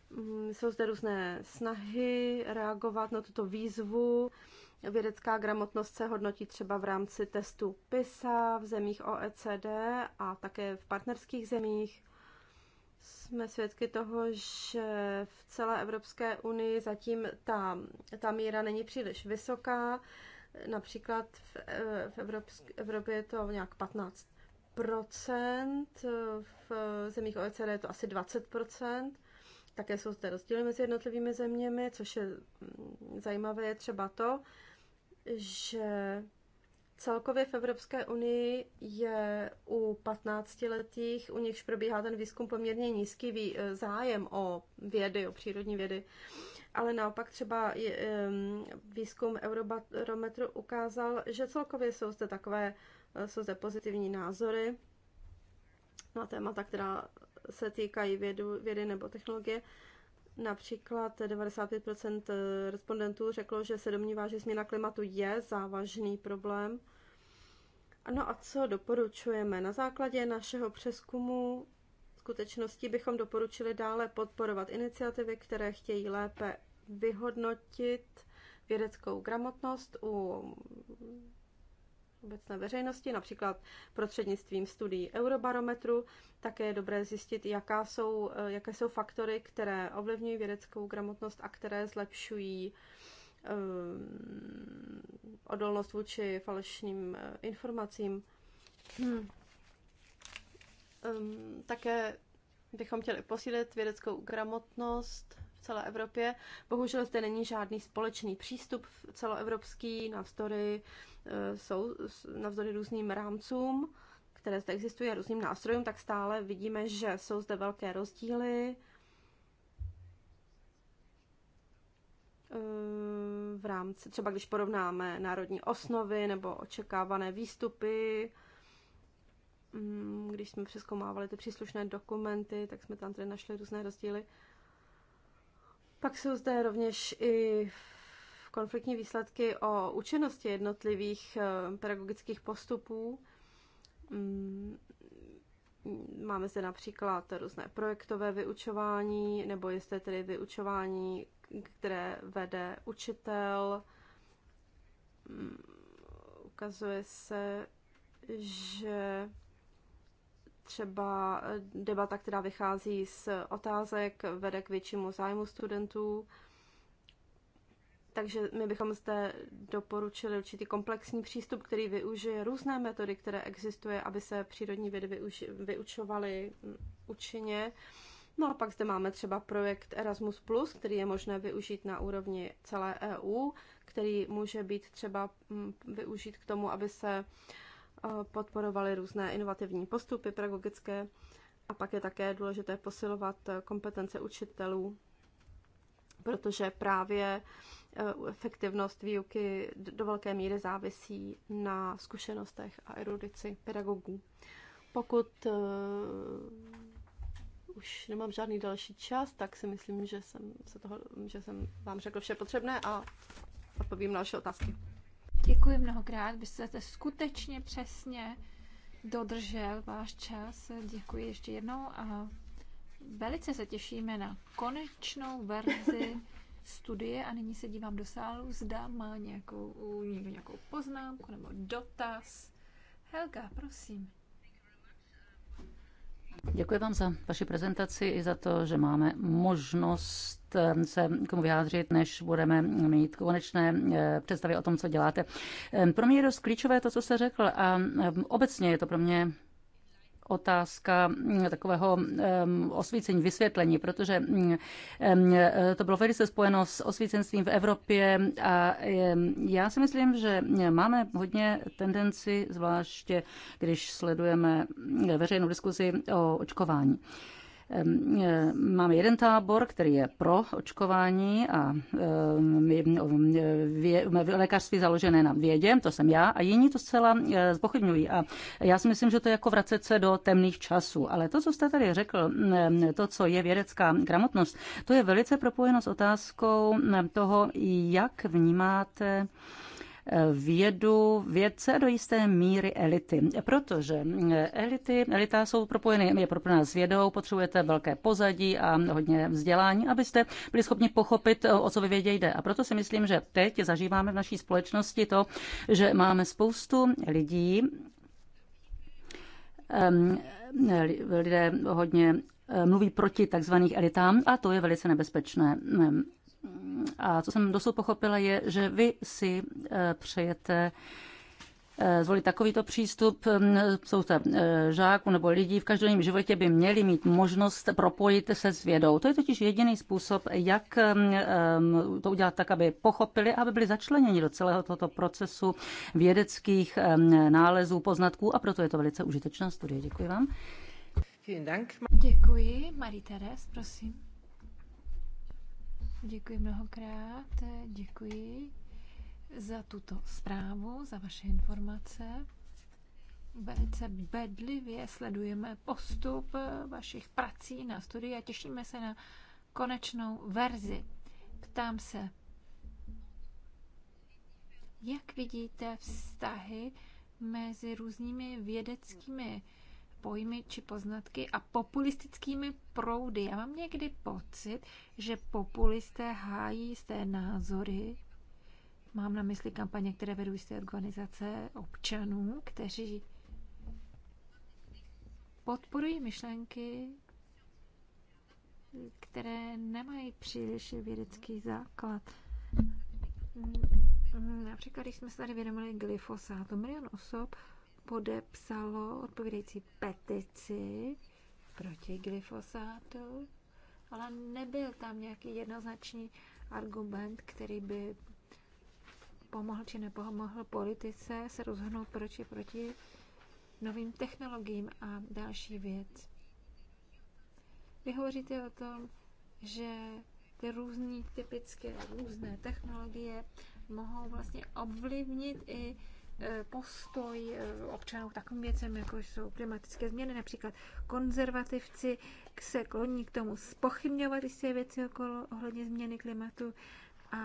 Mm, jsou zde různé snahy reagovat na tuto výzvu. Vědecká gramotnost se hodnotí třeba v rámci testu PISA v zemích OECD a také v partnerských zemích jsme svědky toho, že v celé Evropské unii zatím ta, ta míra není příliš vysoká. Například v, eh, v Evropské, Evropě je to nějak 15 v zemích OECD je to asi 20 Také jsou zde rozdíly mezi jednotlivými zeměmi, což je mm, zajímavé je třeba to, že Celkově v Evropské unii je u 15-letých, u nichž probíhá ten výzkum, poměrně nízký eh, zájem o vědy, o přírodní vědy. Ale naopak třeba eh, eh, výzkum Eurobarometru ukázal, že celkově jsou zde takové jsou zde pozitivní názory na témata, která se týkají vědu, vědy nebo technologie. Například 95% eh, respondentů řeklo, že se domnívá, že změna klimatu je závažný problém. No a co doporučujeme? Na základě našeho přeskumu skutečnosti bychom doporučili dále podporovat iniciativy, které chtějí lépe vyhodnotit vědeckou gramotnost u obecné veřejnosti, například prostřednictvím studií Eurobarometru. Také je dobré zjistit, jaká jsou, eh, jaké jsou faktory, které ovlivňují vědeckou gramotnost a které zlepšují um, odolnost vůči falešným eh, informacím. Hmm. Um, také bychom chtěli posílit vědeckou gramotnost celé Evropě. Bohužel zde není žádný společný přístup celoevropský navzdory, eh, jsou, navzdory různým rámcům, které zde existují a různým nástrojům, tak stále vidíme, že jsou zde velké rozdíly. Eh, v rámci, třeba když porovnáme národní osnovy nebo očekávané výstupy, mm, když jsme přeskoumávali ty příslušné dokumenty, tak jsme tam tedy našli různé rozdíly. Pak jsou zde rovněž i konfliktní výsledky o účinnosti jednotlivých eh, pedagogických postupů. Mm, máme zde například různé projektové vyučování, nebo jestli tedy vyučování, které vede učitel. Mm, ukazuje se, že třeba eh, debata, která vychází z otázek, vede k většímu zájmu studentů. Takže my bychom zde doporučili určitý komplexní přístup, který využije různé metody, které existuje, aby se přírodní vědy využi- vyučovaly mm, účinně. No a pak zde máme třeba projekt Erasmus+, který je možné využít na úrovni celé EU, který může být třeba mm, využít k tomu, aby se uh, Eh, podporovali různé inovativní postupy pedagogické a pak je také důležité posilovat eh, kompetence učitelů, protože právě eh, efektivnost výuky do velké míry závisí na zkušenostech a erudici pedagogů. Pokud už nemám žádný další čas, tak si myslím, že jsem, se toho, že jsem vám řekl vše potřebné a odpovím na vaše otázky. Děkuji mnohokrát, byste se skutečně přesně dodržel váš čas. Děkuji ještě jednou a velice se těšíme na konečnou verzi studie a nyní se dívám do sálu, zda má nějakou, nějakou poznámku nebo dotaz. Helga, prosím. Děkuji vám za vaši prezentaci i za to, že máme možnost eh, se k tomu vyjádřit, než budeme mít konečné eh, představy o tom, co děláte. Eh, pro mě je dost klíčové to, co jste řekl a obecně je to pro mě otázka mm, takového mm, osvícení, vysvětlení, protože mm, to bylo velice spojeno s osvícenstvím v Evropě a já si myslím, že máme hodně tendenci, zvláště když sledujeme veřejnou diskuzi o očkování. Máme jeden tábor, který je pro očkování a lékařství založené na vědě, to jsem já, a jiní to zcela e, zpochybňují. A já si myslím, že to je jako vracet se do temných časů. Ale to, co jste tady řekl, to, co je vědecká gramotnost, to je velice propojeno s otázkou toho, jak vnímáte vědu vědce do jisté míry elity, protože elity, elita jsou propojeny, je propojená s vědou, potřebujete velké pozadí a hodně vzdělání, abyste byli schopni pochopit, o co ve vědě jde. A proto si myslím, že teď zažíváme v naší společnosti to, že máme spoustu lidí, lidé hodně mluví proti takzvaných elitám a to je velice nebezpečné. A co jsem dosud pochopila, je, že vy si eh, přejete eh, zvolit takovýto přístup. Mm, to eh, žáků nebo lidí v každodenním životě by měli mít možnost propojit se s vědou. To je totiž jediný způsob, jak mm, to udělat tak, aby pochopili, aby byli začleněni do celého tohoto procesu vědeckých mm, nálezů, poznatků a proto je to velice užitečná studie. Děkuji vám. Děkuji. Marie Teres, prosím. Děkuji mnohokrát, děkuji za tuto zprávu, za vaše informace. Velice bedlivě sledujeme postup vašich prací na studii a těšíme se na konečnou verzi. Ptám se, jak vidíte vztahy mezi různými vědeckými pojmy či poznatky a populistickými proudy. Já mám někdy pocit, že populisté hájí své názory. Mám na mysli kampaně, které vedou jisté organizace občanů, kteří podporují myšlenky, které nemají příliš vědecký základ. Například, když jsme se tady vědomili glyfosátu, milion osob podepsalo odpovídající petici proti glyfosátu, ale nebyl tam nějaký jednoznačný argument, který by pomohl či nepomohl politice se rozhodnout proč je proti novým technologiím a další věc. Vy hovoříte o tom, že ty různé typické, různé technologie mohou vlastně ovlivnit i E, postoj e, občanů k takovým věcem, jako jsou klimatické změny. Například konzervativci se kloní k tomu spochybňovat jisté věci okolo, ohledně změny klimatu a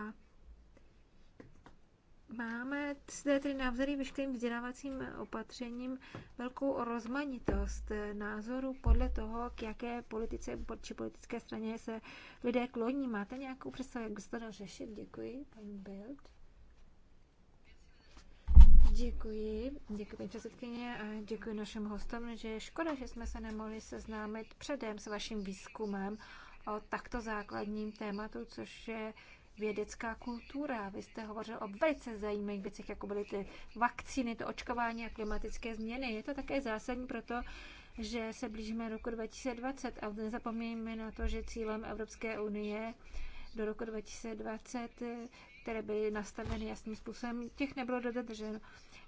máme zde tedy navzory veškerým vzdělávacím opatřením velkou rozmanitost názorů podle toho, k jaké politice či politické straně se lidé kloní. Máte nějakou představu, jak byste to řešit? Děkuji, paní Bild. Děkuji, děkuji paní předsedkyně a děkuji našim hostům, že je škoda, že jsme se nemohli seznámit předem s vaším výzkumem o takto základním tématu, což je vědecká kultura. Vy jste hovořil o velice zajímavých věcech, jako byly ty vakcíny, to očkování a klimatické změny. Je to také zásadní proto, že se blížíme roku 2020 a nezapomeňme na to, že cílem Evropské unie do roku 2020 které byly nastaveny jasným způsobem, těch nebylo dodrženo.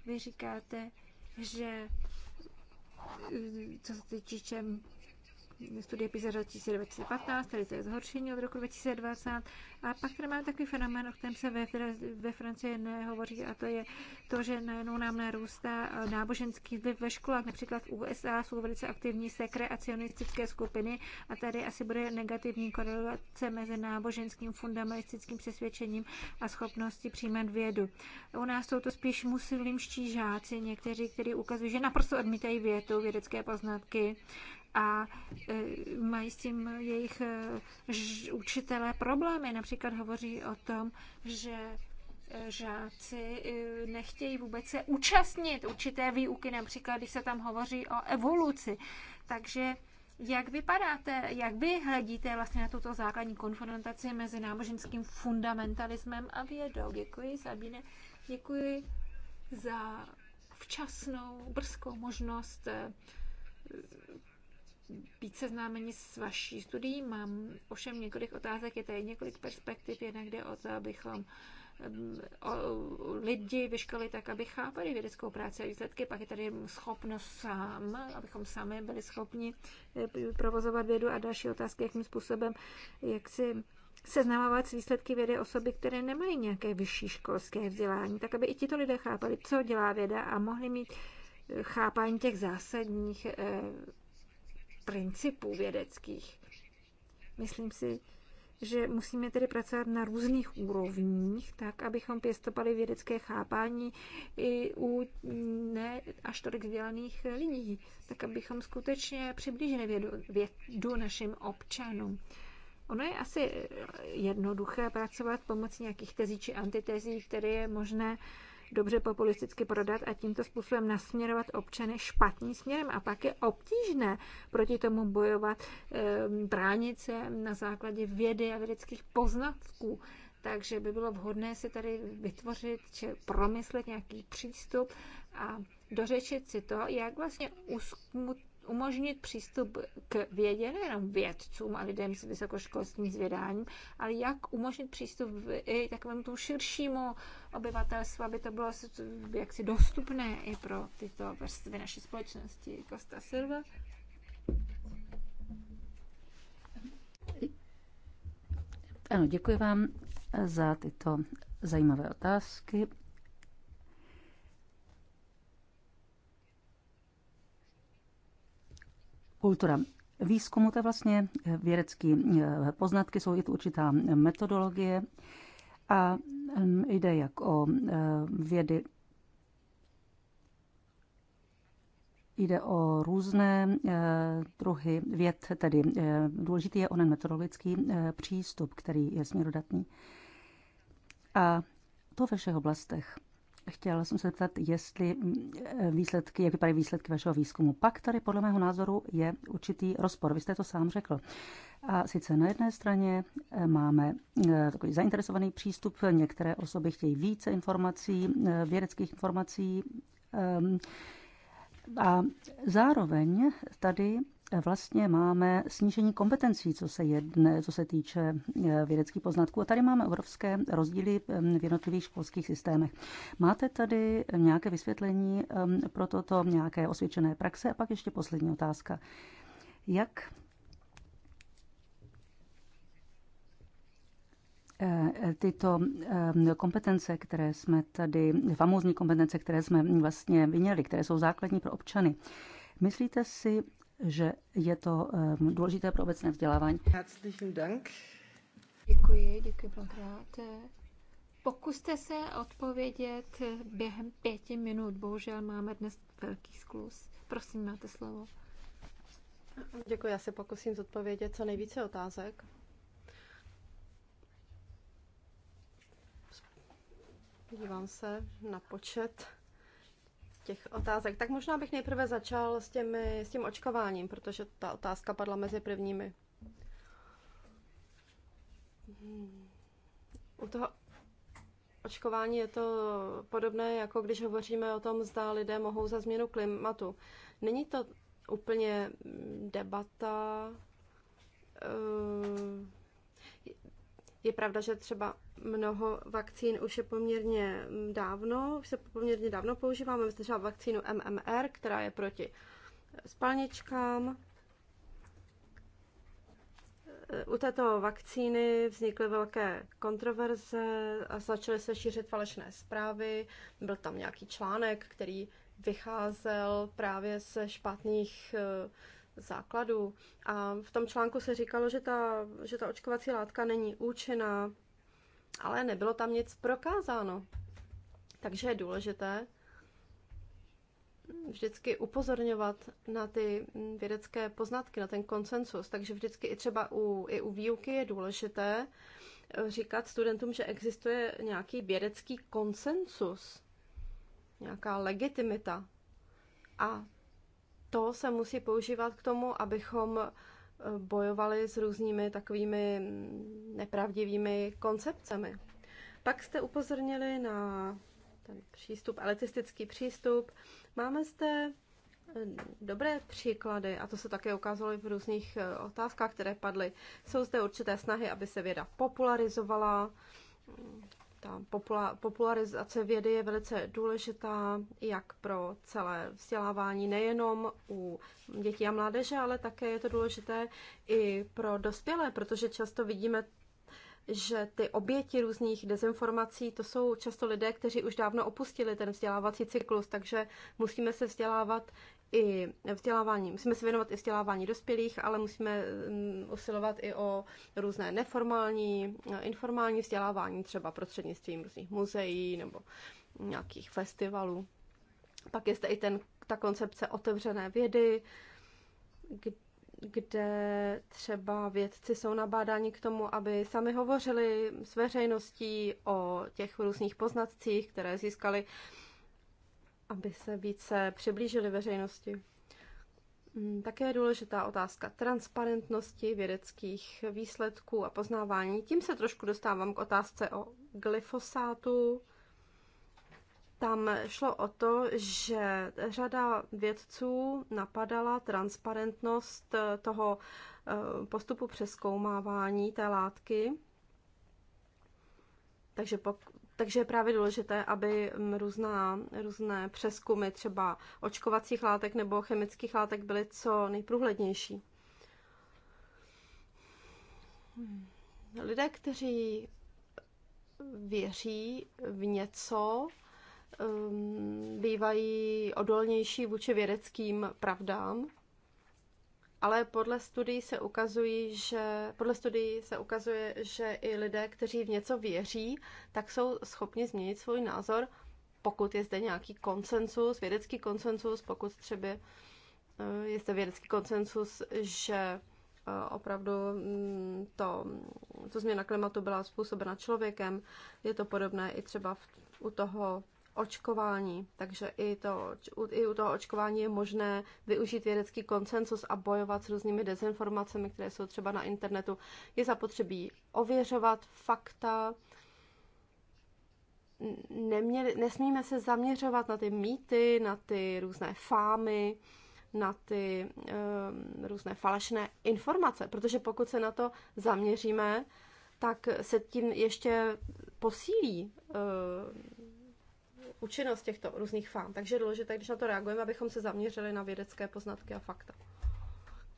Vy říkáte, že eh, co se týče studie PISA 2015, tady to je zhoršení od roku 2020. A pak tady máme takový fenomén, o kterém se ve, ve Francii nehovoří, a to je to, že najednou nám narůstá eh, náboženský vliv ve školách. Například v USA jsou velice aktivní sekreacionistické skupiny a tady asi bude negativní korelace mezi náboženským fundamentalistickým přesvědčením a schopností přijímat vědu. U nás jsou to spíš muslimští žáci, někteří, kteří ukazují, že naprosto odmítají větu, vědecké poznatky a e, mají s tím jejich e, učitelé problémy. Například hovoří o tom, že e, žáci nechtějí vůbec se účastnit určité výuky, například když se tam hovoří o evoluci. Takže jak vypadáte, jak vy hledíte vlastně na tuto základní konfrontaci mezi náboženským fundamentalismem a vědou? Děkuji, Sabine. Děkuji za včasnou, brzkou možnost být seznámeni s vaší studií. Mám ovšem několik otázek, je tady několik perspektiv, jednak jde o to, abychom mm, lidi vyškali tak, aby chápali vědeckou práci a výsledky, pak je tady schopnost sám, abychom sami byli schopni eh, provozovat vědu a další otázky, jakým způsobem, jak si seznamovat s výsledky vědy osoby, které nemají nějaké vyšší školské vzdělání, tak aby i tito lidé chápali, co dělá věda a mohli mít eh, chápání těch zásadních eh, principů vědeckých. Myslím si, že musíme tedy pracovat na různých úrovních, tak abychom pěstopali vědecké chápání i u ne až tolik vzdělaných lidí, tak abychom skutečně přiblížili vědu, vědu našim občanům. Ono je asi jednoduché pracovat pomocí nějakých tezí či antitezí, které je možné uh, dobře populisticky prodat a tímto způsobem nasměrovat občany špatným směrem. A pak je obtížné proti tomu bojovat, ehm, bránit se na základě vědy a vědeckých poznatků. Takže by bylo vhodné si tady vytvořit či promyslet nějaký přístup a dořečit si to, jak vlastně uskutečnit umožnit přístup k vědě nejenom vědcům a lidem s vysokoškolským zvědáním, ale jak umožnit přístup i takovému tomu širšímu obyvatelstvu, aby to bylo jaksi dostupné i pro tyto vrstvy naší společnosti. Kosta Silva. Ano, děkuji vám za tyto zajímavé otázky. kultura výzkumu, to je vlastně eh, vědecké eh, poznatky, jsou i tu určitá metodologie a mm, jde jak o eh, vědy, jde o různé druhy věd, tedy důležitý je onen metodologický přístup, který je směrodatný. A to ve všech oblastech. Chtěla jsem se zeptat, jestli mm, e, výsledky, jak vypadají výsledky vašeho výzkumu. Pak tady podle mého názoru je určitý rozpor. Vy jste to sám řekl. A sice na jedné straně e, máme e, takový zainteresovaný přístup. Některé osoby chtějí více informací, vědeckých informací. A zároveň tady vlastně máme snížení kompetencí, co se, jedne, co se týče e, vědeckých poznatků. A tady máme obrovské rozdíly v jednotlivých školských systémech. Máte tady nějaké vysvětlení pro toto, nějaké osvědčené praxe? A pak ještě poslední otázka. Jak e, e, tyto kompetence, které jsme tady, famózní kompetence, které jsme vlastně vyněli, které jsou základní pro občany, Myslíte si, že je to eh, důležité pro obecné vzdělávání. Dank. Děkuji, děkuji mnohokrát. Pokuste se odpovědět během pěti minut. Bohužel máme dnes velký sklus. Prosím, máte slovo. Děkuji, já se pokusím zodpovědět co nejvíce otázek. Dívám se na počet těch otázek. Tak možná bych nejprve začal s, těmi, s tím očkováním, protože ta otázka padla mezi prvními. Hmm. U toho očkování je to podobné, jako když hovoříme o tom, zda lidé mohou za změnu klimatu. Není to úplně debata. Uh je pravda, že třeba mnoho vakcín už je poměrně mm, dávno, už se poměrně dávno používáme, třeba vakcínu MMR, která je proti eh, spalničkám. Eh, u této vakcíny vznikly velké kontroverze a začaly se šířit falešné zprávy. Byl tam nějaký článek, který vycházel právě ze špatných eh, základů. A v tom článku se říkalo, že ta, že ta očkovací látka není účinná, ale nebylo tam nic prokázáno. Takže je důležité vždycky upozorňovat na ty vědecké poznatky, na ten konsensus. Takže vždycky i třeba u, i u výuky je důležité eh, říkat studentům, že existuje nějaký vědecký konsensus, nějaká legitimita. A to se musí používat k tomu, abychom eh, bojovali s různými takovými mm, nepravdivými koncepcemi. Pak jste upozornili na ten přístup, elitistický přístup. Máme zde eh, dobré příklady, a to se také ukázalo v různých eh, otázkách, které padly. Jsou zde určité snahy, aby se věda popularizovala, mm, ta popularizace vědy je velice důležitá jak pro celé vzdělávání, nejenom u dětí a mládeže, ale také je to důležité i pro dospělé, protože často vidíme že ty oběti různých dezinformací, to jsou často lidé, kteří už dávno opustili ten vzdělávací cyklus, takže musíme se vzdělávat i vzdělávání, musíme se věnovat i vzdělávání dospělých, ale musíme mm, usilovat i o různé neformální, eh, informální vzdělávání, třeba prostřednictvím různých muzeí nebo nějakých festivalů. Pak je zde i ten, ta koncepce otevřené vědy, kdy kde třeba vědci jsou nabádáni k tomu, aby sami hovořili s veřejností o těch různých poznatcích, které získali, aby se více přiblížili veřejnosti. Mm, také je důležitá otázka transparentnosti vědeckých výsledků a poznávání. Tím se trošku dostávám k otázce o glyfosátu. Tam šlo o to, že řada vědců napadala transparentnost eh, toho eh, postupu přeskoumávání té látky. Takže, pok- takže je právě důležité, aby mm, různá, různé přeskumy třeba očkovacích látek nebo chemických látek byly co nejprůhlednější. Lidé, kteří věří v něco, Um, bývají odolnější vůči vědeckým pravdám, ale podle studií se ukazují, že podle studií se ukazuje, že i lidé, kteří v něco věří, tak jsou schopni změnit svůj názor, pokud je zde nějaký konsensus, vědecký konsensus, pokud třeba eh, je zde vědecký konsensus, že eh, opravdu mm, to, to změna klimatu byla způsobena člověkem. Je to podobné i třeba v, u toho očkování. Takže i, to, i u toho očkování je možné využít vědecký konsensus a bojovat s různými dezinformacemi, které jsou třeba na internetu. Je zapotřebí ověřovat fakta, Neměli, nesmíme se zaměřovat na ty mýty, na ty různé fámy, na ty um, různé falešné informace, protože pokud se na to zaměříme, tak se tím ještě posílí uh, účinnost těchto různých fám. Takže je důležité, když na to reagujeme, abychom se zaměřili na vědecké poznatky a fakta.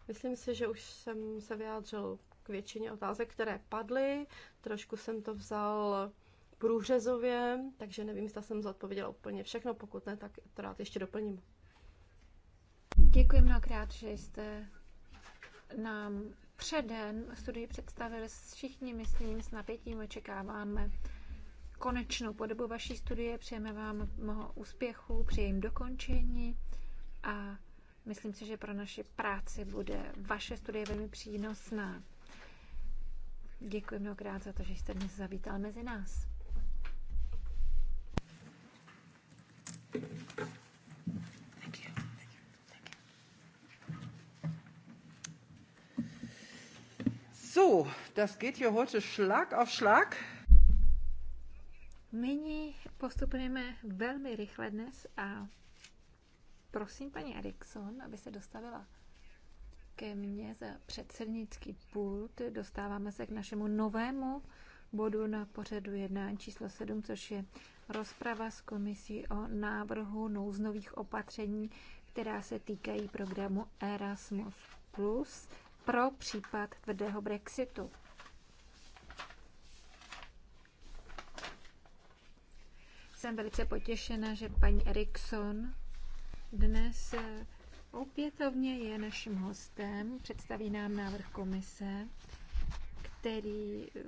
Myslím si, že už jsem se vyjádřil k většině otázek, které padly. Trošku jsem to vzal průřezově, takže nevím, zda jsem zodpověděla úplně všechno. Pokud ne, tak to rád ještě doplním. Děkuji mnohokrát, že jste nám předem studii představili. Všichni, myslím, s napětím očekáváme konečnou podobu vaší studie. Přejeme vám mnoho úspěchů při jejím dokončení a myslím si, že pro naši práci bude vaše studie velmi přínosná. Děkuji mnohokrát za to, že jste dnes zavítal mezi nás. So, das geht hier heute Schlag auf Schlag. Nyní postupujeme velmi rychle dnes a prosím paní Erikson, aby se dostavila ke mně za předsednický pult. Dostáváme se k našemu novému bodu na pořadu jednání číslo 7, což je rozprava s komisí o návrhu nouznových opatření, která se týkají programu Erasmus Plus pro případ tvrdého Brexitu. Jsem velice potěšena, že paní Erikson dnes eh, opětovně je naším hostem. Představí nám návrh komise, který eh,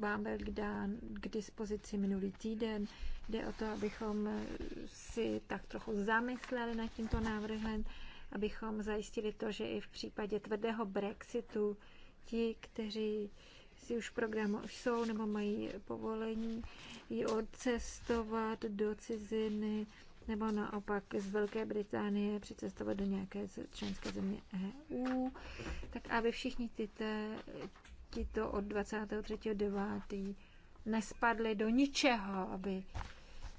vám byl dán k dispozici minulý týden. Jde o to, abychom eh, si tak trochu zamysleli nad tímto návrhem, abychom zajistili to, že i v případě tvrdého Brexitu ti, kteří jestli už v programu už jsou nebo mají povolení ji odcestovat do ciziny nebo naopak z Velké Británie přicestovat do nějaké členské země EU, tak aby všichni tyto, tyto od 23.9. nespadly do ničeho, aby,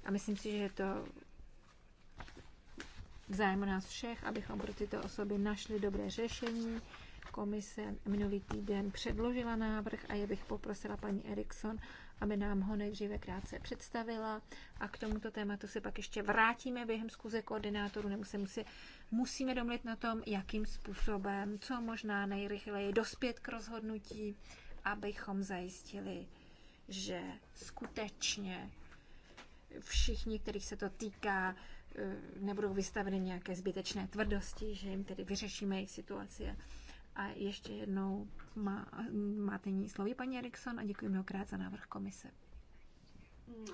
a myslím si, že je to v zájmu nás všech, abychom pro tyto osoby našli dobré řešení, Komise minulý týden předložila návrh a já bych poprosila paní Erikson, aby nám ho nejdříve krátce představila a k tomuto tématu se pak ještě vrátíme během zkuze koordinátorů, Nemusím si, musí, musíme domluvit na tom, jakým způsobem, co možná nejrychleji dospět k rozhodnutí, abychom zajistili, že skutečně všichni, kterých se to týká, eh, nebudou vystaveny nějaké zbytečné tvrdosti, že jim tedy vyřešíme jejich situaci a ještě jednou má, máte ní slovy, paní Erikson, a děkuji mnohokrát za návrh komise. Mm,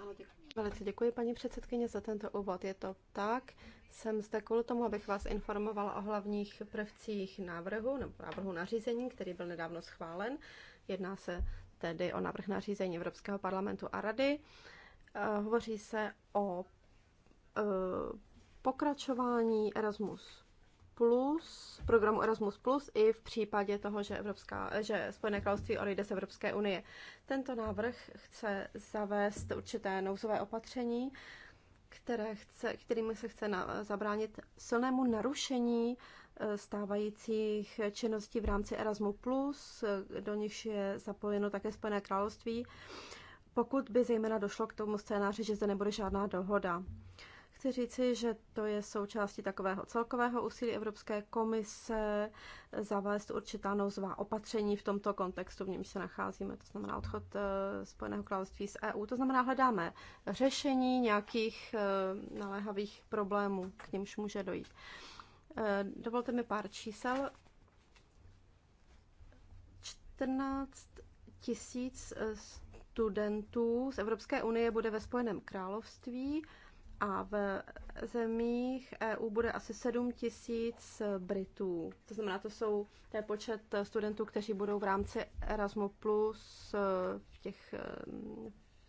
Velice děkuji, paní předsedkyně, za tento úvod. Je to tak, jsem zde kvůli tomu, abych vás informovala o hlavních prvcích návrhu nebo návrhu nařízení, který byl nedávno schválen. Jedná se tedy o návrh nařízení Evropského parlamentu a rady. Eh, hovoří se o eh, pokračování Erasmus plus, programu Erasmus plus i v případě toho, že, Evropská, že Spojené království odejde z Evropské unie. Tento návrh chce zavést určité nouzové opatření, které chce, kterými se chce na, zabránit silnému narušení eh, stávajících činností v rámci Erasmus Plus, eh, do nichž je zapojeno také Spojené království, pokud by zejména došlo k tomu scénáři, že zde nebude žádná dohoda chci říci, že to je součástí takového celkového úsilí Evropské komise zavést určitá nouzová opatření v tomto kontextu, v němž se nacházíme, to znamená odchod eh, Spojeného království z EU. To znamená, hledáme řešení nějakých eh, naléhavých problémů, k nímž může dojít. Eh, dovolte mi pár čísel. 14 tisíc studentů z Evropské unie bude ve Spojeném království a v zemích EU bude asi 7 tisíc Britů. To znamená, to, jsou, ten počet studentů, kteří budou v rámci Erasmus Plus eh, v, těch, eh,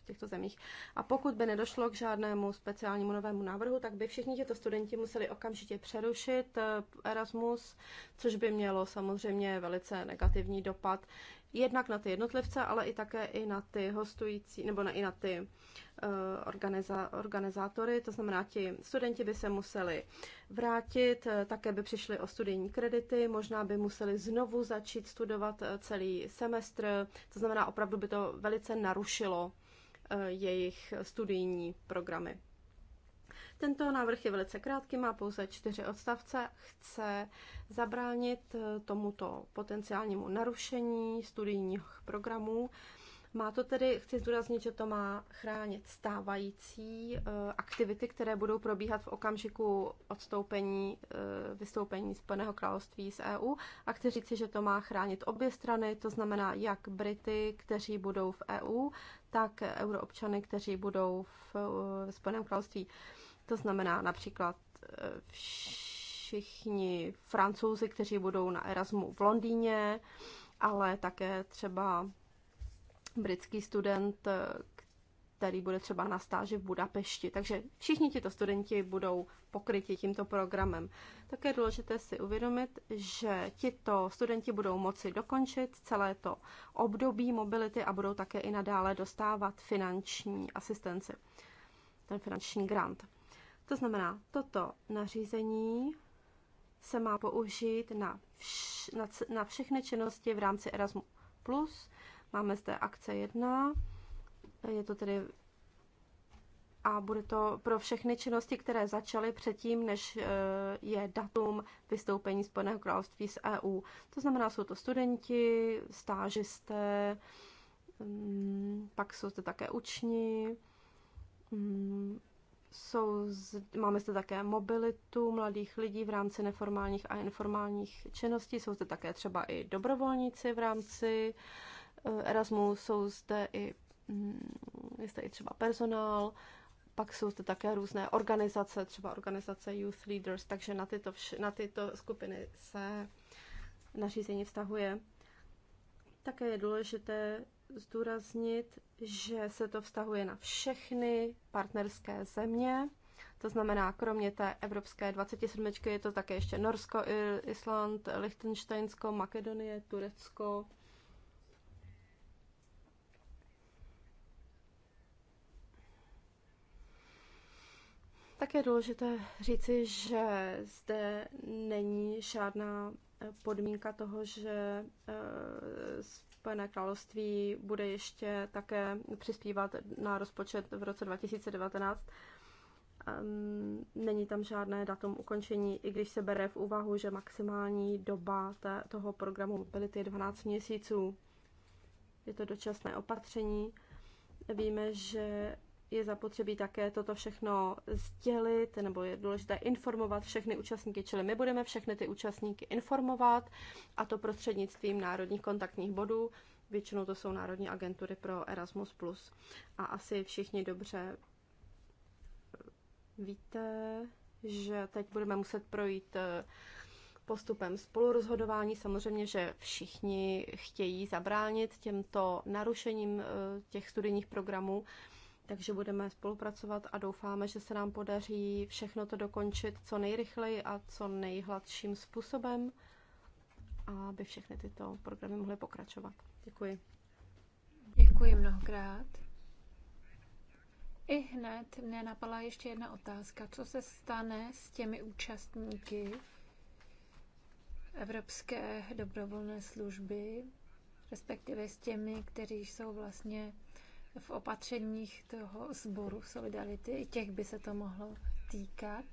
v těchto zemích. A pokud by nedošlo k žádnému speciálnímu novému návrhu, tak by všichni těto studenti museli okamžitě přerušit eh, Erasmus, což by mělo samozřejmě velice negativní dopad jednak na ty jednotlivce, ale i také i na ty hostující, nebo na, i na ty uh, organiza, organizátory, to znamená ti studenti by se museli vrátit, eh, také by přišli o studijní kredity, možná by museli znovu začít studovat eh, celý semestr, to znamená opravdu by to velice narušilo uh, jejich studijní programy. Tento návrh je velice krátký, má pouze čtyři odstavce, chce zabránit eh, tomuto potenciálnímu narušení studijních programů. Má to tedy, chci zdůraznit, že to má chránit stávající eh, aktivity, které budou probíhat v okamžiku odstoupení, eh, vystoupení Spojeného království z EU a chci říci, že to má chránit obě strany, to znamená jak Brity, kteří budou v EU, tak euroobčany, kteří budou v, v Spojeném království. To znamená například eh, všichni francouzi, kteří budou na Erasmu v Londýně, ale také třeba britský student, eh, který bude třeba na stáži v Budapešti. Takže všichni tito studenti budou pokryti tímto programem. Také je důležité si uvědomit, že tito studenti budou moci dokončit celé to období mobility a budou také i nadále dostávat finanční asistenci, ten finanční grant. To znamená, toto nařízení se má použít na, vš, na, na všechny činnosti v rámci Erasmus+. Máme zde akce 1, je to tedy a bude to pro všechny činnosti, které začaly předtím, než e, je datum vystoupení Spojeného království z EU. To znamená, jsou to studenti, stážisté, mm, pak jsou to také uční. Mm, jsou z, máme zde také mobilitu mladých lidí v rámci neformálních a informálních činností. Jsou zde také třeba i dobrovolníci v rámci eh, Erasmu. Jsou zde i, mm, je zde i třeba personál. Pak jsou zde také různé organizace, třeba organizace Youth Leaders, takže na tyto, vš- na tyto skupiny se nařízení vztahuje. Také je důležité zdůraznit, že se to vztahuje na všechny partnerské země. To znamená, kromě té evropské 27 je to také ještě Norsko, Island, Liechtensteinsko, Makedonie, Turecko. Tak je důležité říci, že zde není žádná podmínka toho, že eh, Spojené království bude ještě také přispívat na rozpočet v roce 2019. Ehm, není tam žádné datum ukončení, i když se bere v úvahu, že maximální doba té, toho programu mobility je 12 měsíců. Je to dočasné opatření. Víme, že je zapotřebí také toto všechno sdělit, nebo je důležité informovat všechny účastníky, čili my budeme všechny ty účastníky informovat, a to prostřednictvím národních kontaktních bodů, většinou to jsou národní agentury pro Erasmus+. A asi všichni dobře víte, že teď budeme muset projít eh, postupem spolurozhodování. Samozřejmě, že všichni chtějí zabránit těmto narušením eh, těch studijních programů, takže budeme spolupracovat a doufáme, že se nám podaří všechno to dokončit co nejrychleji a co nejhladším způsobem, aby všechny tyto programy mohly pokračovat. Děkuji. Děkuji mnohokrát. I hned mě napadla ještě jedna otázka. Co se stane s těmi účastníky Evropské dobrovolné služby, respektive s těmi, kteří jsou vlastně v opatřeních toho sboru Solidarity. I těch by se to mohlo týkat.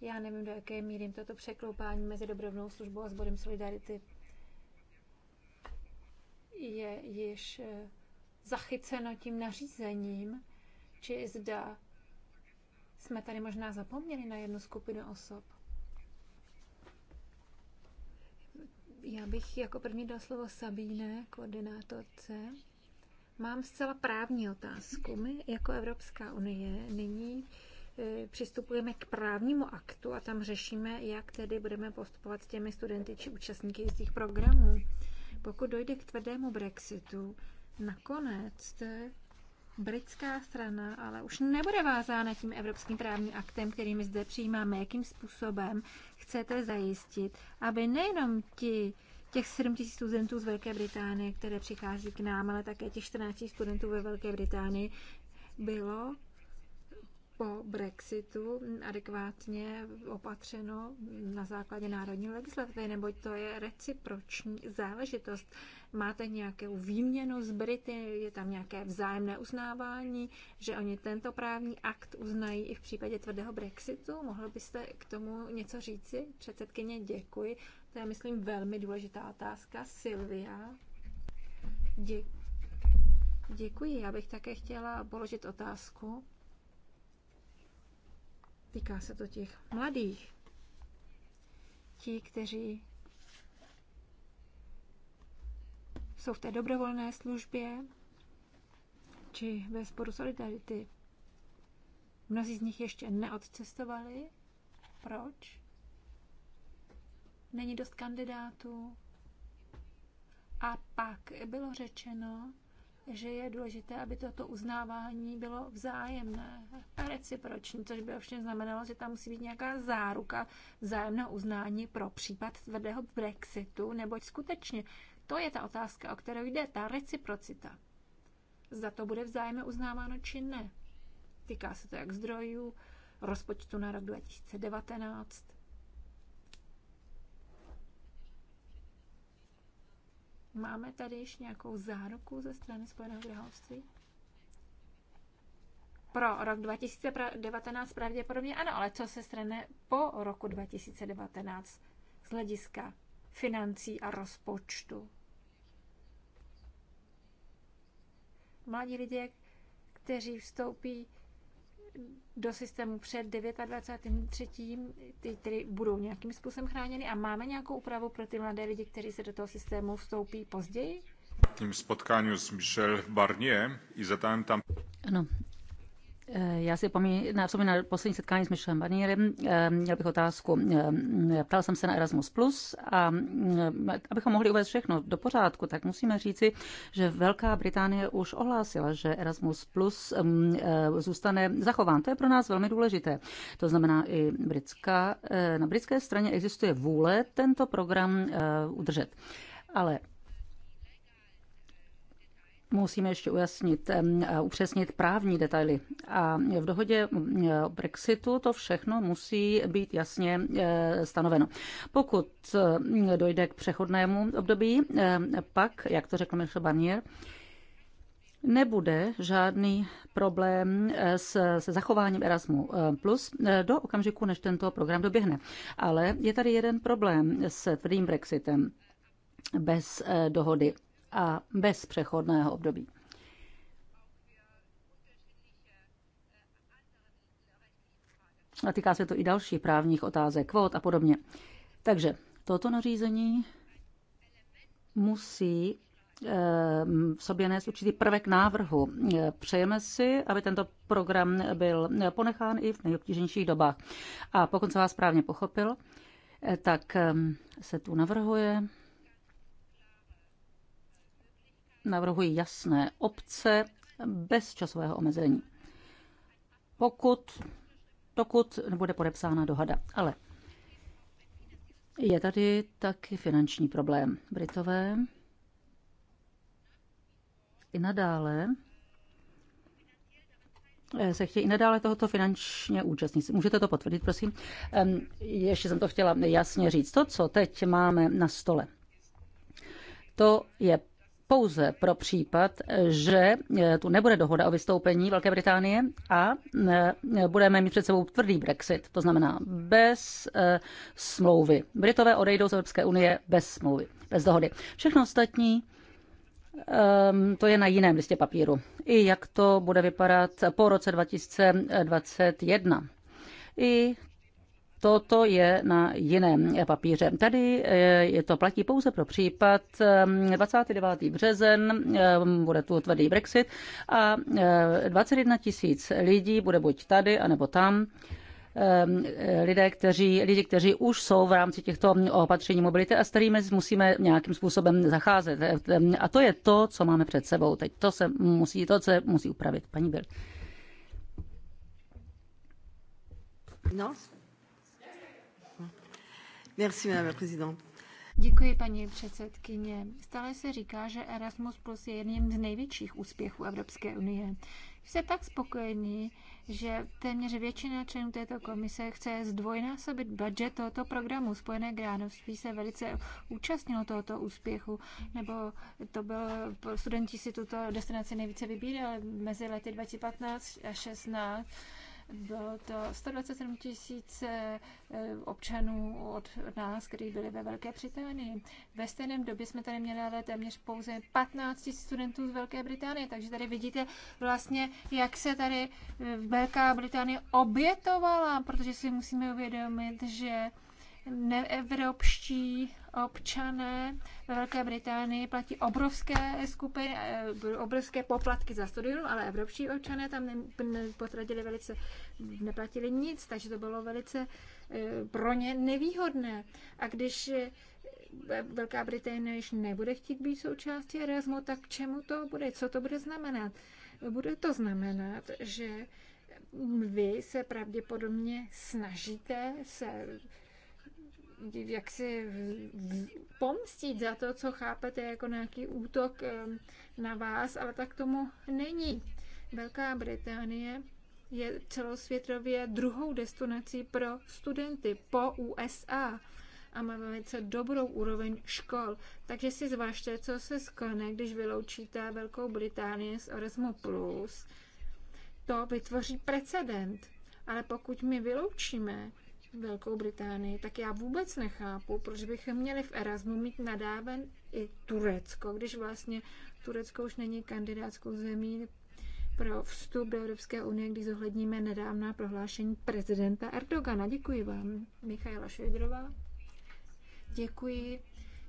Já nevím, do jaké míry jim toto překloupání mezi dobrovnou službou a sborem Solidarity je již eh, zachyceno tím nařízením, či zda jsme tady možná zapomněli na jednu skupinu osob. Já bych jako první dal slovo Sabíne, koordinátorce. Mám zcela právní otázku. My jako Evropská unie nyní e, přistupujeme k právnímu aktu a tam řešíme, jak tedy budeme postupovat s těmi studenty či účastníky z těch programů. Pokud dojde k tvrdému Brexitu, nakonec britská strana ale už nebude vázána tím evropským právním aktem, který my zde přijímáme, jakým způsobem chcete zajistit, aby nejenom ti těch 7 000 studentů z Velké Británie, které přichází k nám, ale také těch 14 000 studentů ve Velké Británii, bylo po Brexitu adekvátně opatřeno na základě národní legislativy, neboť to je reciproční záležitost. Máte nějakou výměnu z Brity, je tam nějaké vzájemné uznávání, že oni tento právní akt uznají i v případě tvrdého Brexitu. Mohl byste k tomu něco říci? Předsedkyně, děkuji. To je, myslím, velmi důležitá otázka. Silvia. Dě- děkuji. Já bych také chtěla položit otázku. Týká se to těch mladých. Ti, kteří jsou v té dobrovolné službě či ve sporu solidarity. Mnozí z nich ještě neodcestovali. Proč? není dost kandidátů. A pak bylo řečeno, že je důležité, aby toto uznávání bylo vzájemné a reciproční, což by ovšem znamenalo, že tam musí být nějaká záruka vzájemného uznání pro případ tvrdého Brexitu, neboť skutečně to je ta otázka, o kterou jde, ta reciprocita. Zda to bude vzájemně uznáváno či ne. Týká se to jak zdrojů, rozpočtu na rok 2019, Máme tady ještě nějakou záruku ze strany Spojeného království? Pro rok 2019 pravděpodobně ano, ale co se strane po roku 2019 z hlediska financí a rozpočtu? Mladí lidé, kteří vstoupí do systému před 29.3., ty, které budou nějakým způsobem chráněny a máme nějakou úpravu pro ty mladé lidi, kteří se do toho systému vstoupí později? Tím spotkání s Michel Barnier i zatím tam... Ano, Eh, já si vzpomínám na poslední setkání s Michelem Barnierem, eh, měl bych otázku. Eh, ptal jsem se na Erasmus+, Plus a mm, abychom mohli uvést všechno do pořádku, tak musíme říci, že Velká Británie už ohlásila, že Erasmus+, Plus mm, zůstane zachován. To je pro nás velmi důležité. To znamená i britská, na britské straně existuje vůle tento program udržet. Ale Musíme ještě ujasnit, upřesnit právní detaily. A v dohodě e, o Brexitu to všechno musí být jasně e, stanoveno. Pokud e, dojde k přechodnému období, pak, jak to řekl Michel Barnier, nebude žádný problém s, se zachováním Erasmu Plus do okamžiku, než tento program doběhne. Ale je tady jeden problém s tvrdým Brexitem bez dohody a bez přechodného období. A týká se to i dalších právních otázek, kvót a podobně. Takže toto nařízení musí eh, v sobě nést určitý prvek návrhu. Přejeme si, aby tento program byl ponechán i v nejobtížnějších dobách. A pokud jsem vás správně pochopil, eh, tak eh, se tu navrhuje navrhuji jasné obce bez časového omezení. Pokud, dokud bude podepsána dohada. Ale je tady taky finanční problém. Britové i nadále se chtějí i nadále tohoto finančně účastnit. Můžete to potvrdit, prosím? Ještě jsem to chtěla jasně říct. To, co teď máme na stole, to je pouze pro případ, že e, tu nebude dohoda o vystoupení Velké Británie a e, budeme mít před sebou tvrdý Brexit, to znamená bez e, smlouvy. Britové odejdou z Evropské unie bez smlouvy, bez dohody. Všechno ostatní ehm, to je na jiném listě papíru. I jak to bude vypadat po roce 2021. I Toto je na jiném papíře. Tady eh, je to platí pouze pro případ 29. Eh, březen, eh, bude tu tvrdý Brexit a 21 tisíc lidí bude buď tady, anebo tam lidé, kteří, lidi, kteří už jsou v rámci těchto opatření mobility a s kterými musíme nějakým způsobem zacházet. A to je to, co máme před sebou. Teď to se musí, to se musí upravit. Paní Bill. No, Merci, madame la présidente. Děkuji, paní předsedkyně. Stále se říká, že Erasmus Plus je jedním z největších úspěchů Evropské unie. Jste tak spokojení, že téměř většina členů této komise chce zdvojnásobit budget tohoto programu. Spojené království se velice účastnilo tohoto úspěchu, nebo to byl, studenti si tuto destinaci nejvíce vybírali mezi lety 2015 a 16 bylo to 127 tisíc eh, občanů od, nás, kteří byli ve Velké Británii. Ve stejném době jsme tady měli ale téměř pouze 15 tisíc studentů z Velké Británie, takže tady vidíte vlastně, jak se tady eh, Velká Británie obětovala, protože si musíme uvědomit, že neevropští občané ve Velké Británii platí obrovské skupiny, eh, obrovské poplatky za studium, ale evropští občané tam nepotratili velice, neplatili nic, takže to bylo velice eh, pro ně nevýhodné. A když eh, Velká Británie již nebude chtít být součástí Erasmu, tak k čemu to bude? Co to bude znamenat? Bude to znamenat, že vy se pravděpodobně snažíte se jak si pomstit za to, co chápete jako nějaký útok eh, na vás, ale tak tomu není. Velká Británie je celosvětově druhou destinací pro studenty po USA a má velice dobrou úroveň škol. Takže si zvažte, co se sklne, když vyloučíte Velkou Británii z Erasmus+. To vytvoří precedent. Ale pokud my vyloučíme Velkou Británii, tak já vůbec nechápu, proč bychom měli v Erasmu mít nadáven i Turecko, když vlastně Turecko už není kandidátskou zemí pro vstup do Evropské unie, když zohledníme nedávná prohlášení prezidenta Erdogana. Děkuji vám, Michaela Švedrová. Děkuji.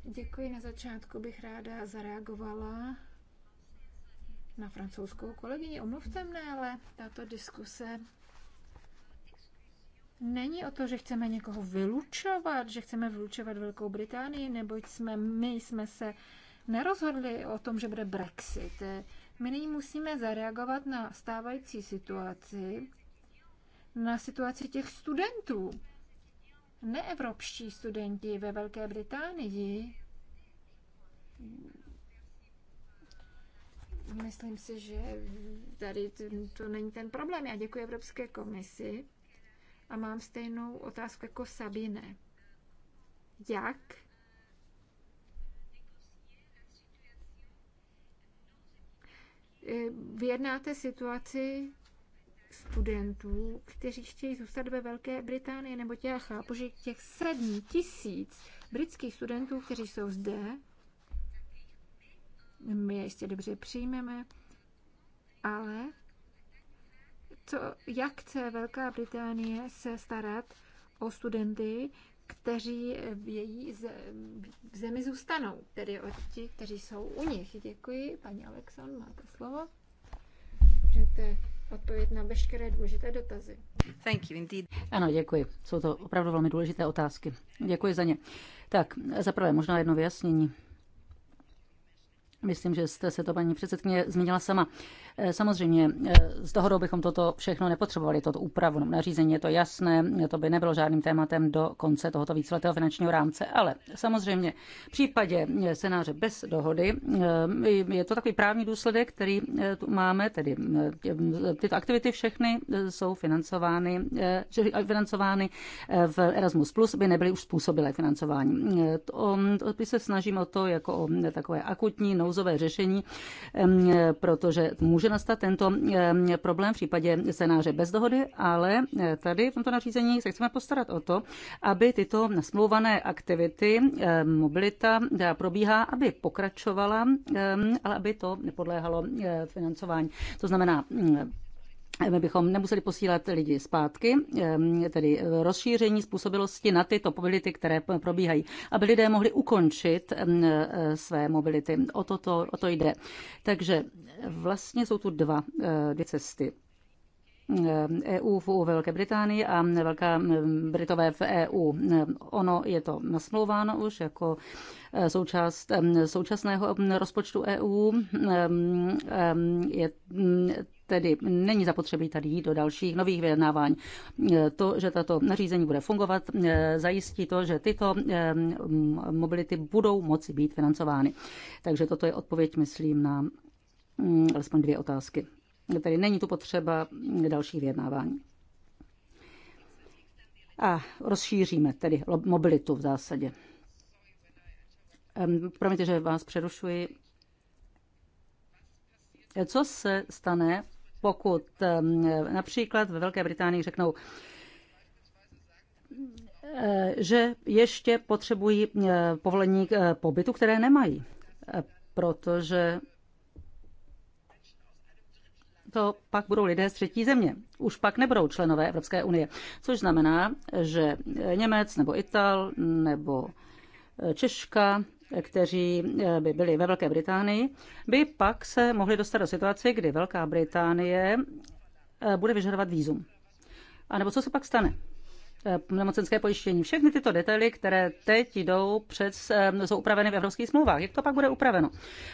Děkuji. Na začátku bych ráda zareagovala na francouzskou kolegyni. Omluvte mne, ale tato diskuse Není o to, že chceme někoho vylučovat, že chceme vylučovat Velkou Británii, nebo jsme, my jsme se nerozhodli o tom, že bude Brexit. My nyní musíme zareagovat na stávající situaci, na situaci těch studentů. Neevropští studenti ve Velké Británii Myslím si, že tady to, to není ten problém. Já děkuji Evropské komisi a mám stejnou otázku jako Sabine. Jak eh, vyjednáte situaci studentů, kteří chtějí zůstat ve Velké Británii, nebo já chápu, že těch sedm tisíc britských studentů, kteří jsou zde, my je ještě dobře přijmeme, ale co, jak chce Velká Británie se starat o studenty, kteří v její zemi zůstanou, tedy o ti, kteří jsou u nich. Děkuji, paní Alexon, máte slovo. Můžete odpovědět na veškeré důležité dotazy. Thank you indeed. Ano, děkuji. Jsou to opravdu velmi důležité otázky. Děkuji za ně. Tak, za prvé možná jedno vyjasnění. Myslím, že jste se to, paní předsedkyně, zmínila sama. Eh, samozřejmě z eh, dohodou bychom toto všechno nepotřebovali, toto úpravu nařízení, je to jasné, to by nebylo žádným tématem do konce tohoto víceletého finančního rámce, ale samozřejmě v případě eh, scénáře bez dohody je to takový právní důsledek, který tu máme, tedy tyto aktivity všechny jsou financovány, financovány v Erasmus+, Plus by nebyly už způsobilé financování. To, mm, to by se snažím o to jako o takové akutní nouzové řešení, protože může nastat tento eh, problém v případě scénáře bez dohody, ale eh, tady v tomto nařízení se chceme postarat o to, aby tyto nasmluvané aktivity, eh, mobilita probíhá, aby pokračovala, ale aby to nepodléhalo financování. To znamená, mm, my bychom nemuseli posílat lidi zpátky, tedy eh, rozšíření způsobilosti na tyto mobility, které probíhají, aby lidé mohli ukončit eh, své mobility. O to, to, o to jde. Takže eh, vlastně jsou tu dva, dvě cesty. EU e v Velké Británii a Velká Britové v EU. Ono je to nasmlouváno už jako součást současného rozpočtu EU. Je tedy není zapotřebí tady jít do dalších nových vyjednávání. E, to, že tato nařízení bude fungovat, e, zajistí to, že tyto e, mobility budou moci být financovány. Takže toto je odpověď, myslím, na mm, alespoň dvě otázky. Tedy není tu potřeba dalších vyjednávání. A rozšíříme tedy mobilitu v zásadě. Promiňte, že vás přerušuji. Co se stane pokud ehm, například ve Velké Británii řeknou, eh, že ještě potřebují eh, povolení k eh, pobytu, které nemají, protože to pak budou lidé z třetí země. Už pak nebudou členové Evropské unie. Což znamená, že Němec nebo Ital nebo Češka kteří eh, by byli ve Velké Británii, by pak se mohli dostat do situace, kdy Velká Británie eh, bude vyžadovat výzum. A nebo co se pak stane? Eh, nemocenské pojištění. Všechny tyto detaily, které teď jdou před, eh, jsou upraveny v evropských smlouvách. Jak to pak bude upraveno?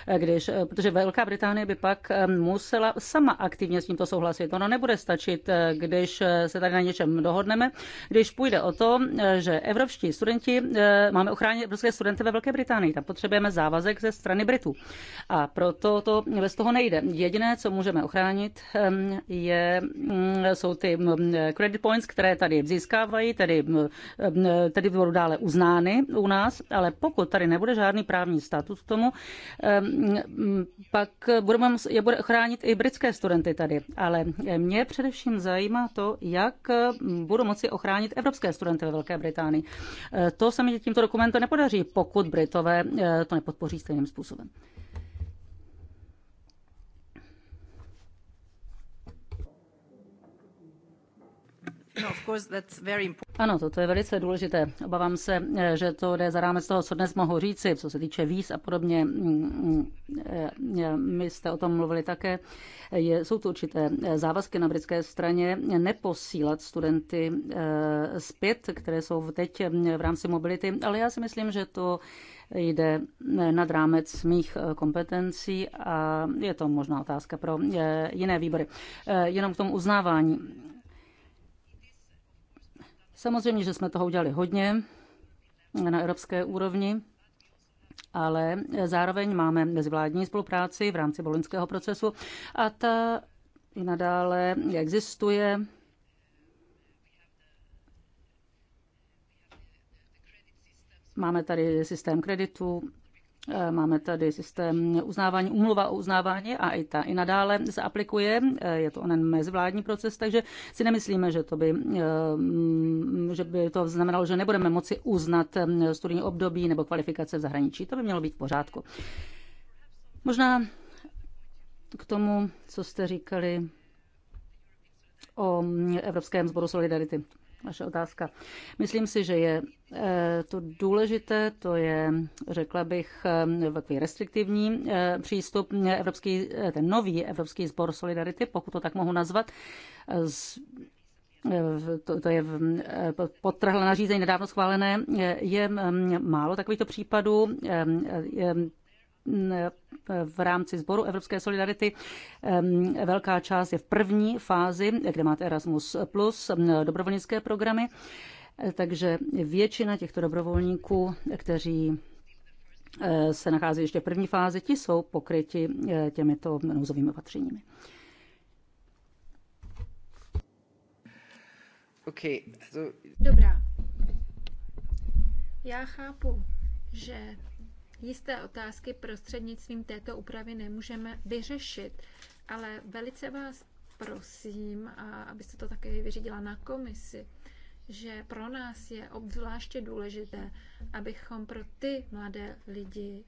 Eh, když, protože Velká Británie by pak musela sama aktivně s tímto souhlasit. Ono nebude stačit, když se tady na něčem dohodneme, když půjde o to, že evropští studenti, máme ochránit evropské studenty ve Velké Británii, tam potřebujeme závazek ze strany Britů. A proto to bez toho nejde. Jediné, co můžeme ochránit, je, mm, jsou ty mm, credit points, které tady získává zůstávají tedy, tedy budou dále uznány u nás, ale pokud tady nebude žádný právní status k tomu, pak budeme je bude chránit i britské studenty tady. Ale mě především zajímá to, jak budou moci ochránit evropské studenty ve Velké Británii. E, to se mi tímto dokumentem nepodaří, pokud Britové e, to nepodpoří stejným způsobem. No, ano, toto je velice důležité. Obávám se, eh, že to jde za rámec toho, co dnes mohu říci, co se týče víz a podobně. Mm, mm, eh, eh, my jste o tom mluvili také. Je, jsou to určité závazky na britské straně neposílat studenty zpět, které jsou teď v rámci mobility, ale já si myslím, že to jde nad rámec mých kompetencí a je to možná otázka pro jiné výbory. Jenom k tomu uznávání Samozřejmě, že jsme toho udělali hodně na evropské úrovni, ale zároveň máme mezivládní spolupráci v rámci boloňského procesu a ta i nadále existuje. Máme tady systém kreditů Eh, máme tady systém uznávání, umluva o uznávání a i ta i nadále se aplikuje. Eh, je to onen mezvládní proces, takže si nemyslíme, že to by, eh, že by to znamenalo, že nebudeme moci uznat studijní období nebo kvalifikace v zahraničí. To by mělo být v pořádku. Možná k tomu, co jste říkali o Evropském sboru solidarity vaše otázka. Myslím si, že je eh, to důležité, to je, řekla bych, eh, takový restriktivní eh, přístup. Evropský, ten nový Evropský sbor Solidarity, pokud to tak mohu nazvat, z to, to je podtrhla nařízení nedávno schválené, je mm, málo takovýchto případů. Je v rámci sboru Evropské solidarity. Velká část je v první fázi, kde máte Erasmus+, plus dobrovolnické programy. Takže většina těchto dobrovolníků, kteří e, se nachází ještě v první fázi, ti jsou pokryti e, těmito nouzovými opatřeními. Okay, so... Dobrá. Já chápu, že jisté otázky prostřednictvím této úpravy nemůžeme vyřešit. Ale velice vás prosím, a abyste to také vyřídila na komisi, že pro nás je obzvláště důležité, abychom pro ty mladé lidi,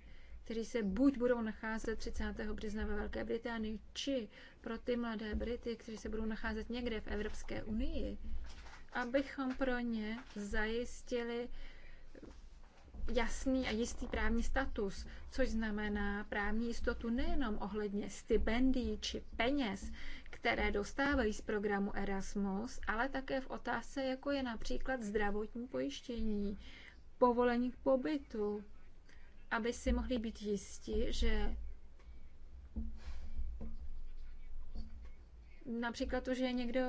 kteří se buď budou nacházet 30. března ve Velké Británii, či pro ty mladé Brity, kteří se budou nacházet někde v Evropské unii, abychom pro ně zajistili jasný a jistý právní status, což znamená právní jistotu nejenom ohledně stipendií či peněz, které dostávají z programu Erasmus, ale také v otázce, jako je například zdravotní pojištění, povolení k pobytu, aby si mohli být jisti, že například to, že někdo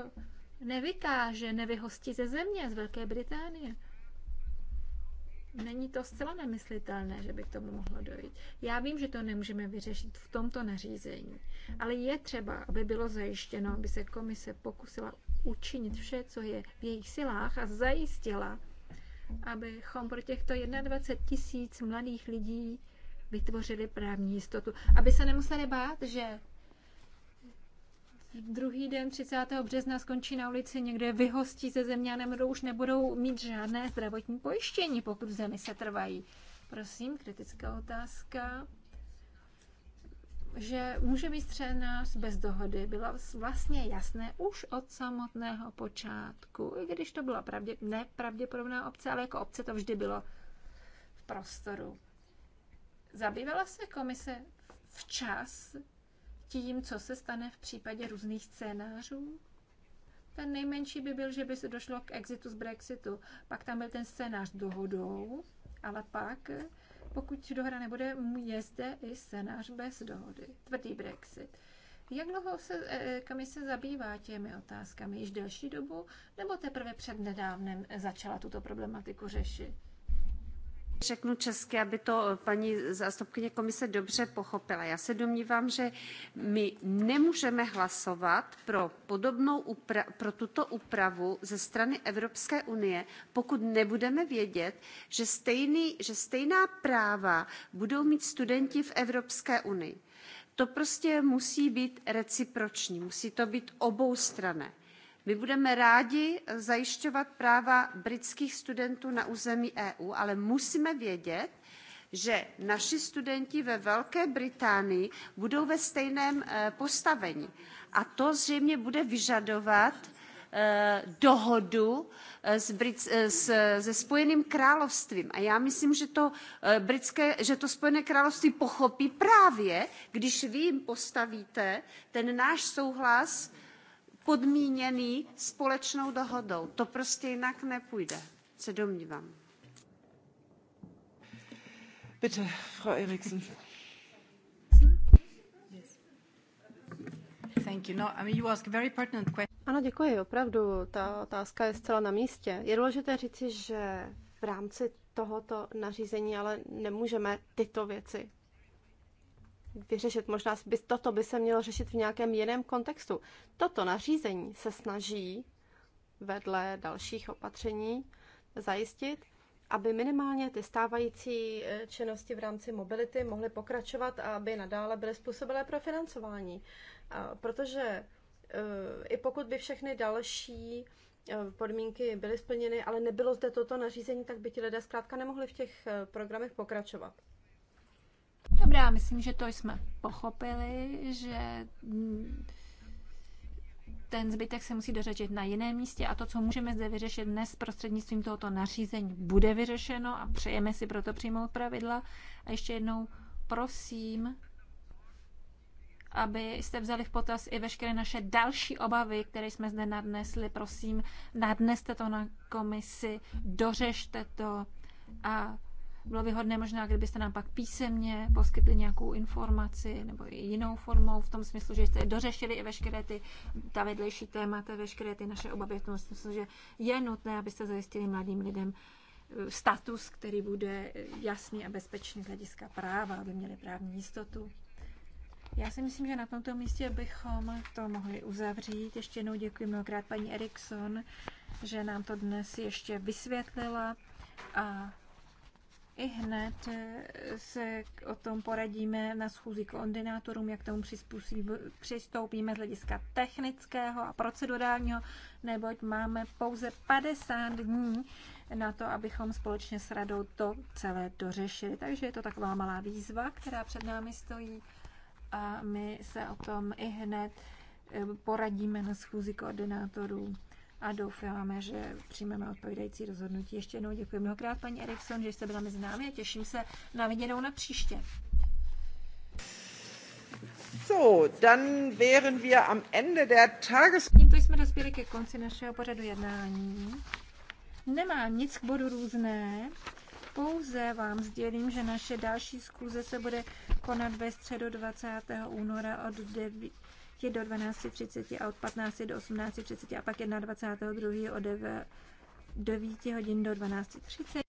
nevykáže, nevyhostí ze země, z Velké Británie – není to zcela nemyslitelné, že by k tomu mohlo dojít. Já vím, že to nemůžeme vyřešit v tomto nařízení, ale je třeba, aby bylo zajištěno, aby se komise pokusila učinit vše, co je v jejich silách a zajistila, abychom pro těchto 21 tisíc mladých lidí vytvořili právní jistotu. Aby se nemuseli bát, že Druhý den 30. března skončí na ulici, někde vyhostí ze země a nebudou, už nebudou mít žádné zdravotní pojištění, pokud v zemi se trvají. Prosím, kritická otázka že může být scénář bez dohody, bylo vlastně jasné už od samotného počátku, i když to byla pravdě, nepravděpodobná obce, ale jako obce to vždy bylo v prostoru. Zabývala se komise včas tím, co se stane v případě různých scénářů? Ten nejmenší by byl, že by se došlo k exitu z Brexitu. Pak tam byl ten scénář dohodou, ale pak, pokud dohoda nebude, je zde i scénář bez dohody. Tvrdý Brexit. Jak dlouho se eh, eh, komise zabývá těmi otázkami? Již delší dobu? Nebo teprve před nedávnem začala tuto problematiku řešit? Řeknu česky, aby to eh, paní zástupkyně komise dobře pochopila. Já se domnívám, že my nemůžeme hlasovat pro, podobnou upra- pro tuto úpravu ze strany Evropské unie, pokud nebudeme vědět, že, stejný, že stejná práva budou mít studenti v Evropské unii. To prostě musí být reciproční, musí to být oboustranné my budeme rádi zajišťovat práva britských studentů na území EU, ale musíme vědět, že naši studenti ve Velké Británii budou ve stejném eh, postavení. A to zřejmě bude vyžadovat eh, dohodu eh, s, Brit, s, se Spojeným královstvím. A já myslím, že to, britské, že to Spojené království pochopí právě, když vy jim postavíte ten náš souhlas uh, podmíněný společnou dohodou. To prostě jinak nepůjde, se domnívám. Bitte, Frau Eriksen. No, ano, děkuji, opravdu. Ta otázka je zcela na místě. Je důležité říci, že v rámci tohoto nařízení ale nemůžeme tyto věci vyřešit. Možná by, toto by se mělo řešit v nějakém jiném kontextu. Toto nařízení se snaží vedle dalších opatření zajistit, aby minimálně ty stávající eh, činnosti v rámci mobility mohly pokračovat a aby nadále byly způsobilé pro financování. Protože eh, i pokud by všechny další eh, podmínky byly splněny, ale nebylo zde toto nařízení, tak by ti lidé zkrátka nemohli v těch programech pokračovat. Dobrá, myslím, že to jsme pochopili, že mm, ten zbytek se musí dořešit na jiném místě a to, co můžeme zde vyřešit dnes prostřednictvím tohoto nařízení, bude vyřešeno a přejeme si proto přijmout pravidla. A ještě jednou prosím, aby jste vzali v potaz i veškeré naše další obavy, které jsme zde nadnesli. Prosím, nadneste to na komisi, dořešte to a bylo by hodné možná, kdybyste nám pak písemně poskytli nějakou informaci nebo i jinou formou, v tom smyslu, že jste dořešili i veškeré ty, ta vedlejší témata, veškeré ty naše obavy, v tom smyslu, že je nutné, abyste zajistili mladým lidem eh, status, který bude eh, jasný a bezpečný z hlediska práva, aby měli právní jistotu. Já si myslím, že na tomto místě bychom to mohli uzavřít. Ještě jednou děkuji mnohokrát paní Erikson, že nám to dnes ještě vysvětlila a i hned eh, se o tom poradíme na schůzi koordinátorům, jak tomu přistoupíme z hlediska technického a procedurálního, neboť máme pouze 50 dní na to, abychom společně s radou to celé dořešili. Takže je to taková malá výzva, která před námi stojí a my se o tom i hned eh, poradíme na schůzi koordinátorů a doufáme, že přijmeme odpovídající rozhodnutí. Ještě jednou děkuji mnohokrát, paní Erikson, že jste byla mezi námi a těším se na viděnou na příště. So, dann wären wir am Ende der Tages... Tímto jsme dospěli ke konci našeho pořadu jednání. Nemám nic k bodu různé, pouze vám sdělím, že naše další zkuze se bude konat ve středu 20. února od 9 je do 12.30 a od 15 do 18.30 a pak 21.2. 2. od 9 hodin do 12.30.